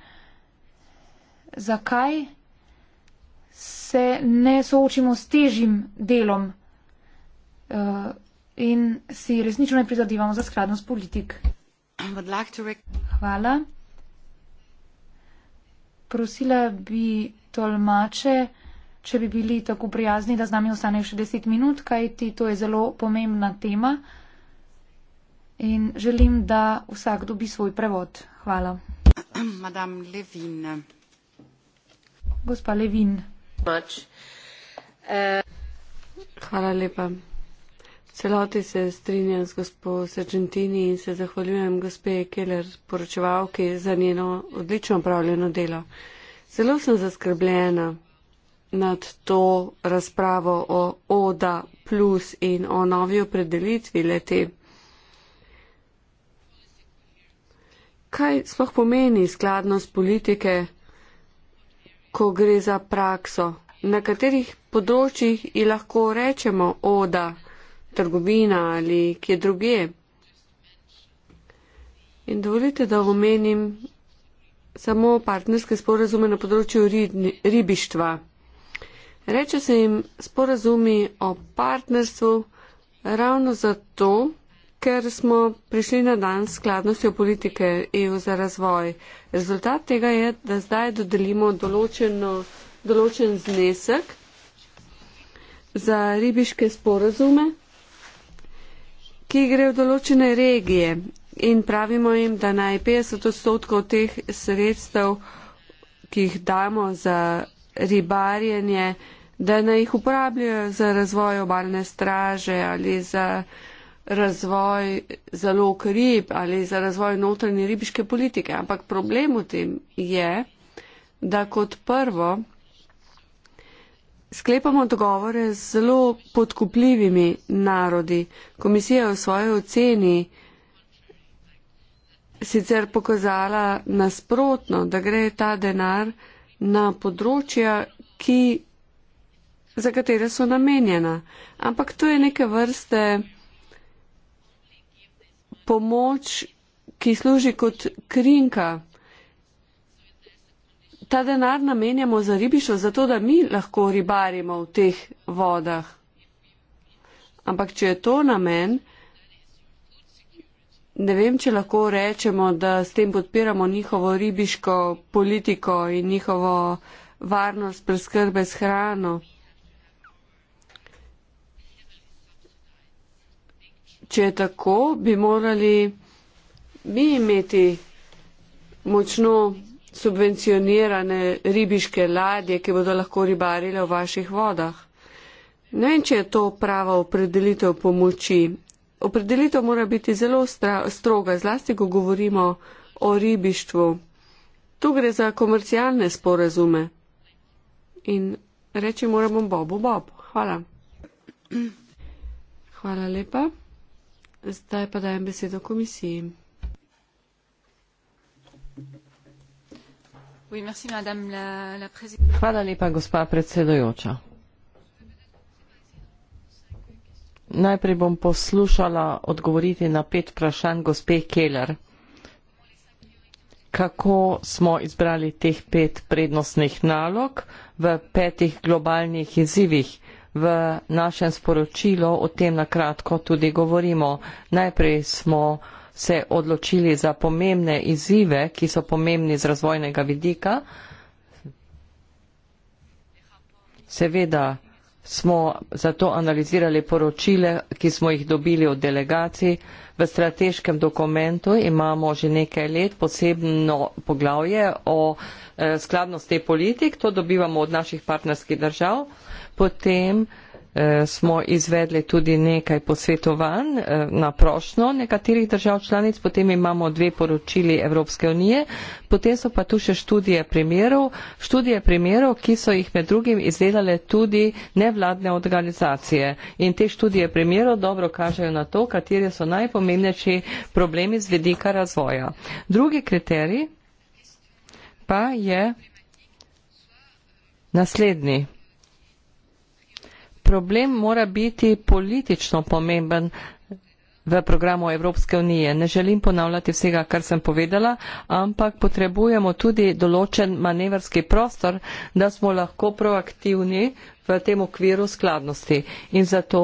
zakaj se ne soočimo s težjim delom uh, in si resnično ne prizadevamo za skladnost politik. Like Hvala. Prosila bi tolmače, če bi bili tako prijazni, da z nami ostane še deset minut, kajti to je zelo pomembna tema in želim, da vsak dobi svoj prevod. Hvala. Madame Levine. Gospa Levin. Eh. Hvala lepa. V celoti se strinjam z gospo Sargentini in se zahvaljujem gospe Keller, poročevalki, za njeno odlično upravljeno delo. Zelo sem zaskrbljena nad to razpravo o ODA plus in o novi opredelitvi leti. Kaj sploh pomeni skladnost politike? ko gre za prakso, na katerih področjih ji lahko rečemo oda, trgovina ali kje druge. In dovolite, da omenim samo partnerske sporazume na področju ribištva. Reče se jim sporazumi o partnerstvu ravno zato, ker smo prišli na dan skladnosti v politike EU za razvoj. Rezultat tega je, da zdaj dodelimo določeno, določen znesek za ribiške sporazume, ki gre v določene regije in pravimo jim, da naj 50 odstotkov teh sredstev, ki jih damo za ribarjenje, da naj jih uporabljajo za razvoj obalne straže ali za razvoj zalog rib ali za razvoj notranje ribiške politike. Ampak problem v tem je, da kot prvo sklepamo dogovore z zelo podkupljivimi narodi. Komisija je v svoji oceni sicer pokazala nasprotno, da gre ta denar na področja, ki, za katere so namenjena. Ampak to je neke vrste pomoč, ki služi kot krinka. Ta denar namenjamo za ribištvo, zato da mi lahko ribarimo v teh vodah. Ampak če je to namen, ne vem, če lahko rečemo, da s tem podpiramo njihovo ribiško politiko in njihovo varnost preskrbe s hrano. Če je tako, bi morali mi imeti močno subvencionirane ribiške ladje, ki bodo lahko ribarile v vaših vodah. Ne vem, če je to prava opredelitev pomoči. Opredelitev mora biti zelo stroga, zlasti, ko govorimo o ribištvu. Tu gre za komercialne sporazume. In reči moramo Bobu Bob. Hvala. Hvala lepa. Zdaj pa dajem besedo komisiji. Hvala lepa, gospa predsedojoča. Najprej bom poslušala odgovoriti na pet vprašanj gospe Keller. Kako smo izbrali teh pet prednostnih nalog v petih globalnih izzivih? v našem sporočilu o tem nakratko tudi govorimo. Najprej smo se odločili za pomembne izzive, ki so pomembni z razvojnega vidika. Seveda smo zato analizirali poročile, ki smo jih dobili od delegacij. V strateškem dokumentu imamo že nekaj let posebno poglavje o eh, skladnosti politik, to dobivamo od naših partnerskih držav potem eh, smo izvedli tudi nekaj posvetovanj eh, na prošno nekaterih držav članic, potem imamo dve poročili Evropske unije, potem so pa tu še študije primerov, študije primerov, ki so jih med drugim izdelale tudi nevladne organizacije. In te študije primerov dobro kažejo na to, kateri so najpomembnejši problemi z vedika razvoja. Drugi kriterij pa je. Naslednji problem mora biti politično pomemben v programu Evropske unije. Ne želim ponavljati vsega, kar sem povedala, ampak potrebujemo tudi določen manevrski prostor, da smo lahko proaktivni v tem okviru skladnosti. In zato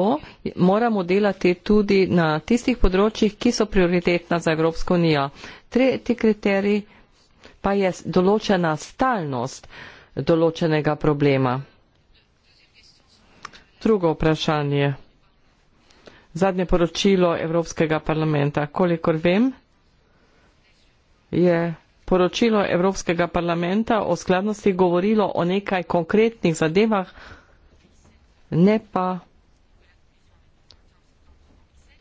moramo delati tudi na tistih področjih, ki so prioritetna za Evropsko unijo. Tretji kriterij pa je določena stalnost določenega problema. Drugo vprašanje. Zadnje poročilo Evropskega parlamenta. Kolikor vem, je poročilo Evropskega parlamenta o skladnosti govorilo o nekaj konkretnih zadevah, ne pa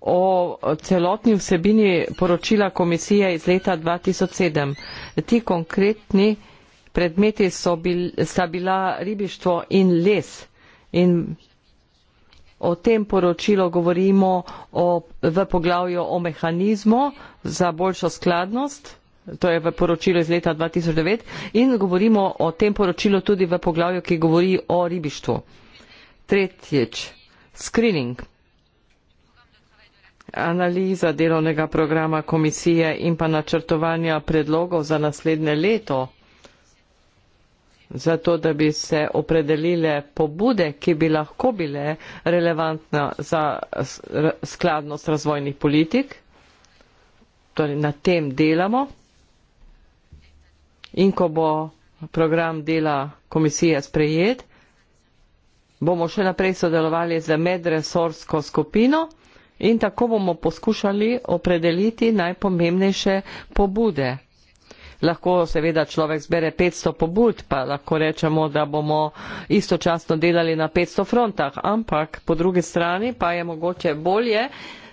o celotni vsebini poročila komisije iz leta 2007. Ti konkretni predmeti so bil, bila ribištvo in les. In o tem poročilu govorimo o, v poglavju o mehanizmu za boljšo skladnost, to je v poročilu iz leta 2009, in govorimo o tem poročilu tudi v poglavju, ki govori o ribištvu. Tretjič, screening. Analiza delovnega programa komisije in pa načrtovanja predlogov za naslednje leto zato da bi se opredelile pobude, ki bi lahko bile relevantne za skladnost razvojnih politik. Torej, na tem delamo. In ko bo program dela komisije sprejet, bomo še naprej sodelovali z medresorsko skupino in tako bomo poskušali opredeliti najpomembnejše pobude lahko seveda človek zbere 500 pobud, pa lahko rečemo, da bomo istočasno delali na 500 frontah, ampak po drugi strani pa je mogoče bolje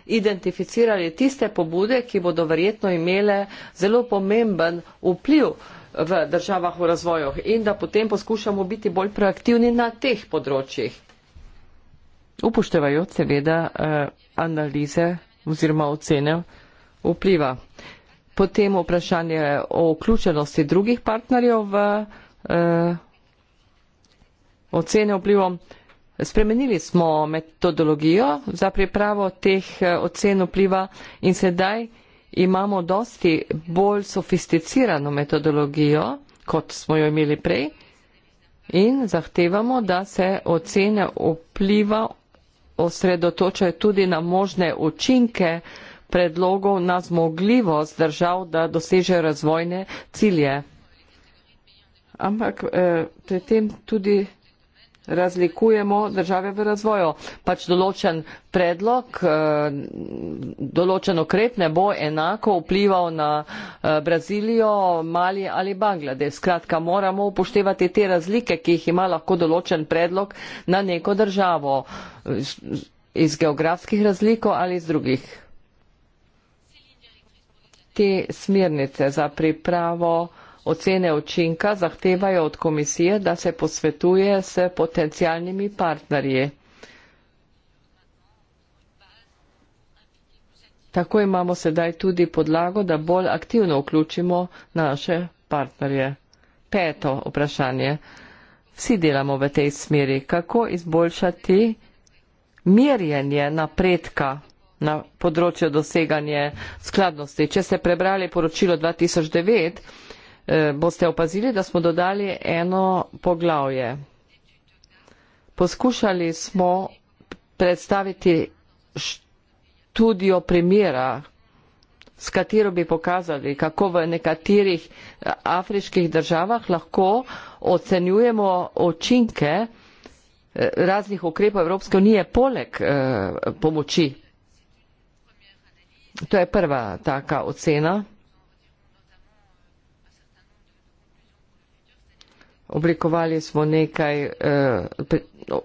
identificirali tiste pobude, ki bodo verjetno imele zelo pomemben vpliv v državah v razvoju in da potem poskušamo biti bolj proaktivni na teh področjih. Upoštevajo seveda eh, analize oziroma ocene vpliva. Potem vprašanje o vključenosti drugih partnerjev v eh, ocene vplivom. Spremenili smo metodologijo za pripravo teh eh, ocen vpliva in sedaj imamo dosti bolj sofisticirano metodologijo, kot smo jo imeli prej in zahtevamo, da se ocene vpliva osredotočajo tudi na možne učinke eh, predlogov na zmogljivost držav, da dosežejo razvojne cilje. Ampak eh, pri eh, tem tudi razlikujemo države v razvoju. Pač določen predlog, eh, določen okrep ne bo enako vplival na eh, Brazilijo, Mali ali Banglade. Skratka, moramo upoštevati te razlike, ki jih ima lahko določen predlog na neko državo iz geografskih razlikov ali iz drugih te smernice za pripravo ocene učinka zahtevajo od komisije, da se posvetuje s potencijalnimi partnerji. Tako imamo sedaj tudi podlago, da bolj aktivno vključimo naše partnerje. Peto vprašanje. Vsi delamo v tej smeri. Kako izboljšati merjenje napredka na področju doseganja skladnosti. Če ste prebrali poročilo 2009, eh, boste opazili, da smo dodali eno poglavje. Poskušali smo predstaviti študijo primera, s katero bi pokazali, kako v nekaterih afriških državah lahko ocenjujemo učinke eh, raznih ukrepov Evropske unije poleg eh, pomoči To je prva taka ocena. Oblikovali smo nekaj eh, pri, no,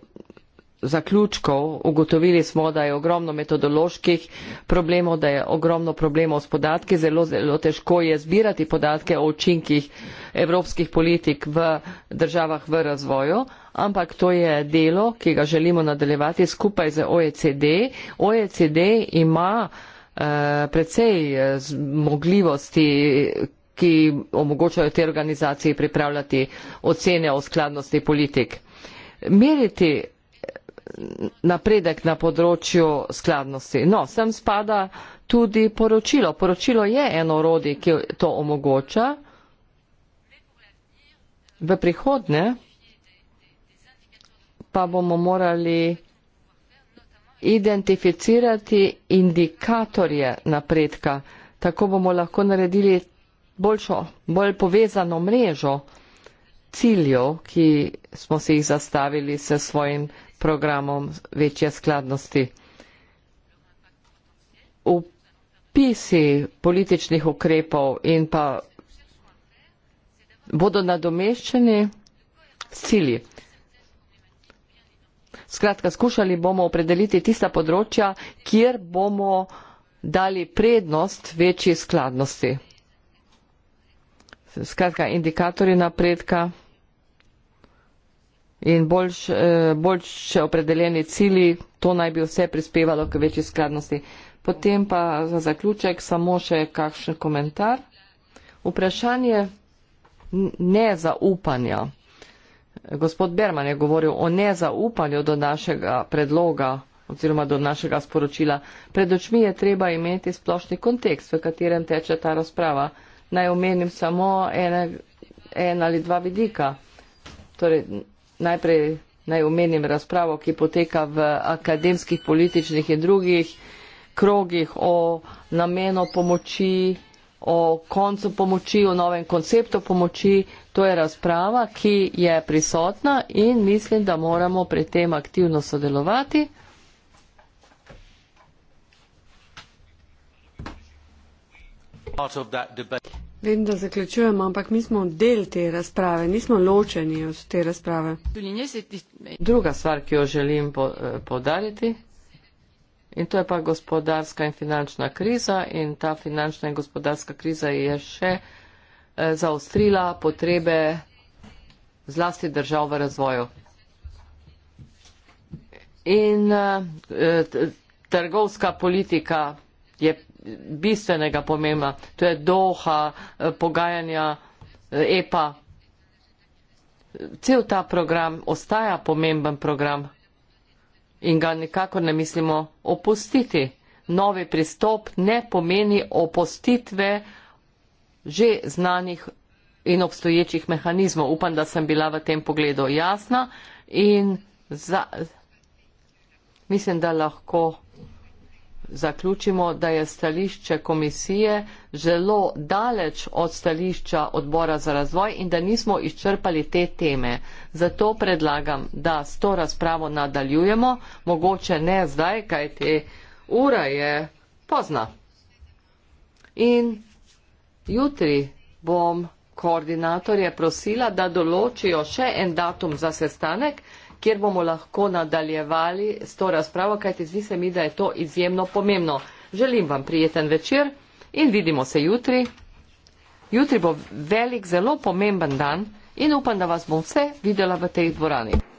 zaključkov, ugotovili smo, da je ogromno metodoloških problemov, da je ogromno problemov s podatki, zelo, zelo težko je zbirati podatke o učinkih evropskih politik v državah v razvoju, ampak to je delo, ki ga želimo nadaljevati skupaj z OECD. OECD ima eh, Eh, precej eh, zmogljivosti, ki omogočajo te organizacije pripravljati ocene o skladnosti politik. Meriti napredek na področju skladnosti. No, sem spada tudi poročilo. Poročilo je eno orodje, ki to omogoča. V prihodne pa bomo morali identificirati indikatorje napredka, tako bomo lahko naredili boljšo, bolj povezano mrežo ciljev, ki smo si jih zastavili s svojim programom večje skladnosti. Upisi političnih ukrepov in pa bodo nadomeščeni s cilji. Skratka, skušali bomo opredeliti tista področja, kjer bomo dali prednost večji skladnosti. Skratka, indikatori napredka in bolj eh, še opredeljeni cili, to naj bi vse prispevalo k večji skladnosti. Potem pa za zaključek samo še kakšen komentar. Vprašanje ne zaupanja. Gospod Berman je govoril o nezaupanju do našega predloga oziroma do našega sporočila. Pred očmi je treba imeti splošni kontekst, v katerem teče ta razprava. Naj omenim samo ene, en ali dva vidika. Torej, najprej naj omenim razpravo, ki poteka v akademskih, političnih in drugih krogih o namenu pomoči o koncu pomoči, o novem konceptu pomoči. To je razprava, ki je prisotna in mislim, da moramo pri tem aktivno sodelovati. Vem, da zaključujemo, ampak mi smo del te razprave, nismo ločeni od te razprave. Druga stvar, ki jo želim eh, podariti, In to je pa gospodarska in finančna kriza in ta finančna in gospodarska kriza je še eh, zaostrila potrebe zlasti držav v razvoju. In eh, trgovska politika je bistvenega pomembna. To je doha, eh, pogajanja, EPA. E Cel ta program ostaja pomemben program in ga nikakor ne mislimo opustiti. Novi pristop ne pomeni opustitve že znanih in obstoječih mehanizmov. Upam, da sem bila v tem pogledu jasna in za, mislim, da lahko zaključimo, da je stališče komisije zelo daleč od stališča odbora za razvoj in da nismo izčrpali te teme. Zato predlagam, da s to razpravo nadaljujemo, mogoče ne zdaj, kaj te ura je pozna. In jutri bom koordinatorje prosila, da določijo še en datum za sestanek kjer bomo lahko nadaljevali s to razpravo, kajti zdi se mi, da je to izjemno pomembno. Želim vam prijeten večer in vidimo se jutri. Jutri bo velik, zelo pomemben dan in upam, da vas bom vse videla v tej dvorani.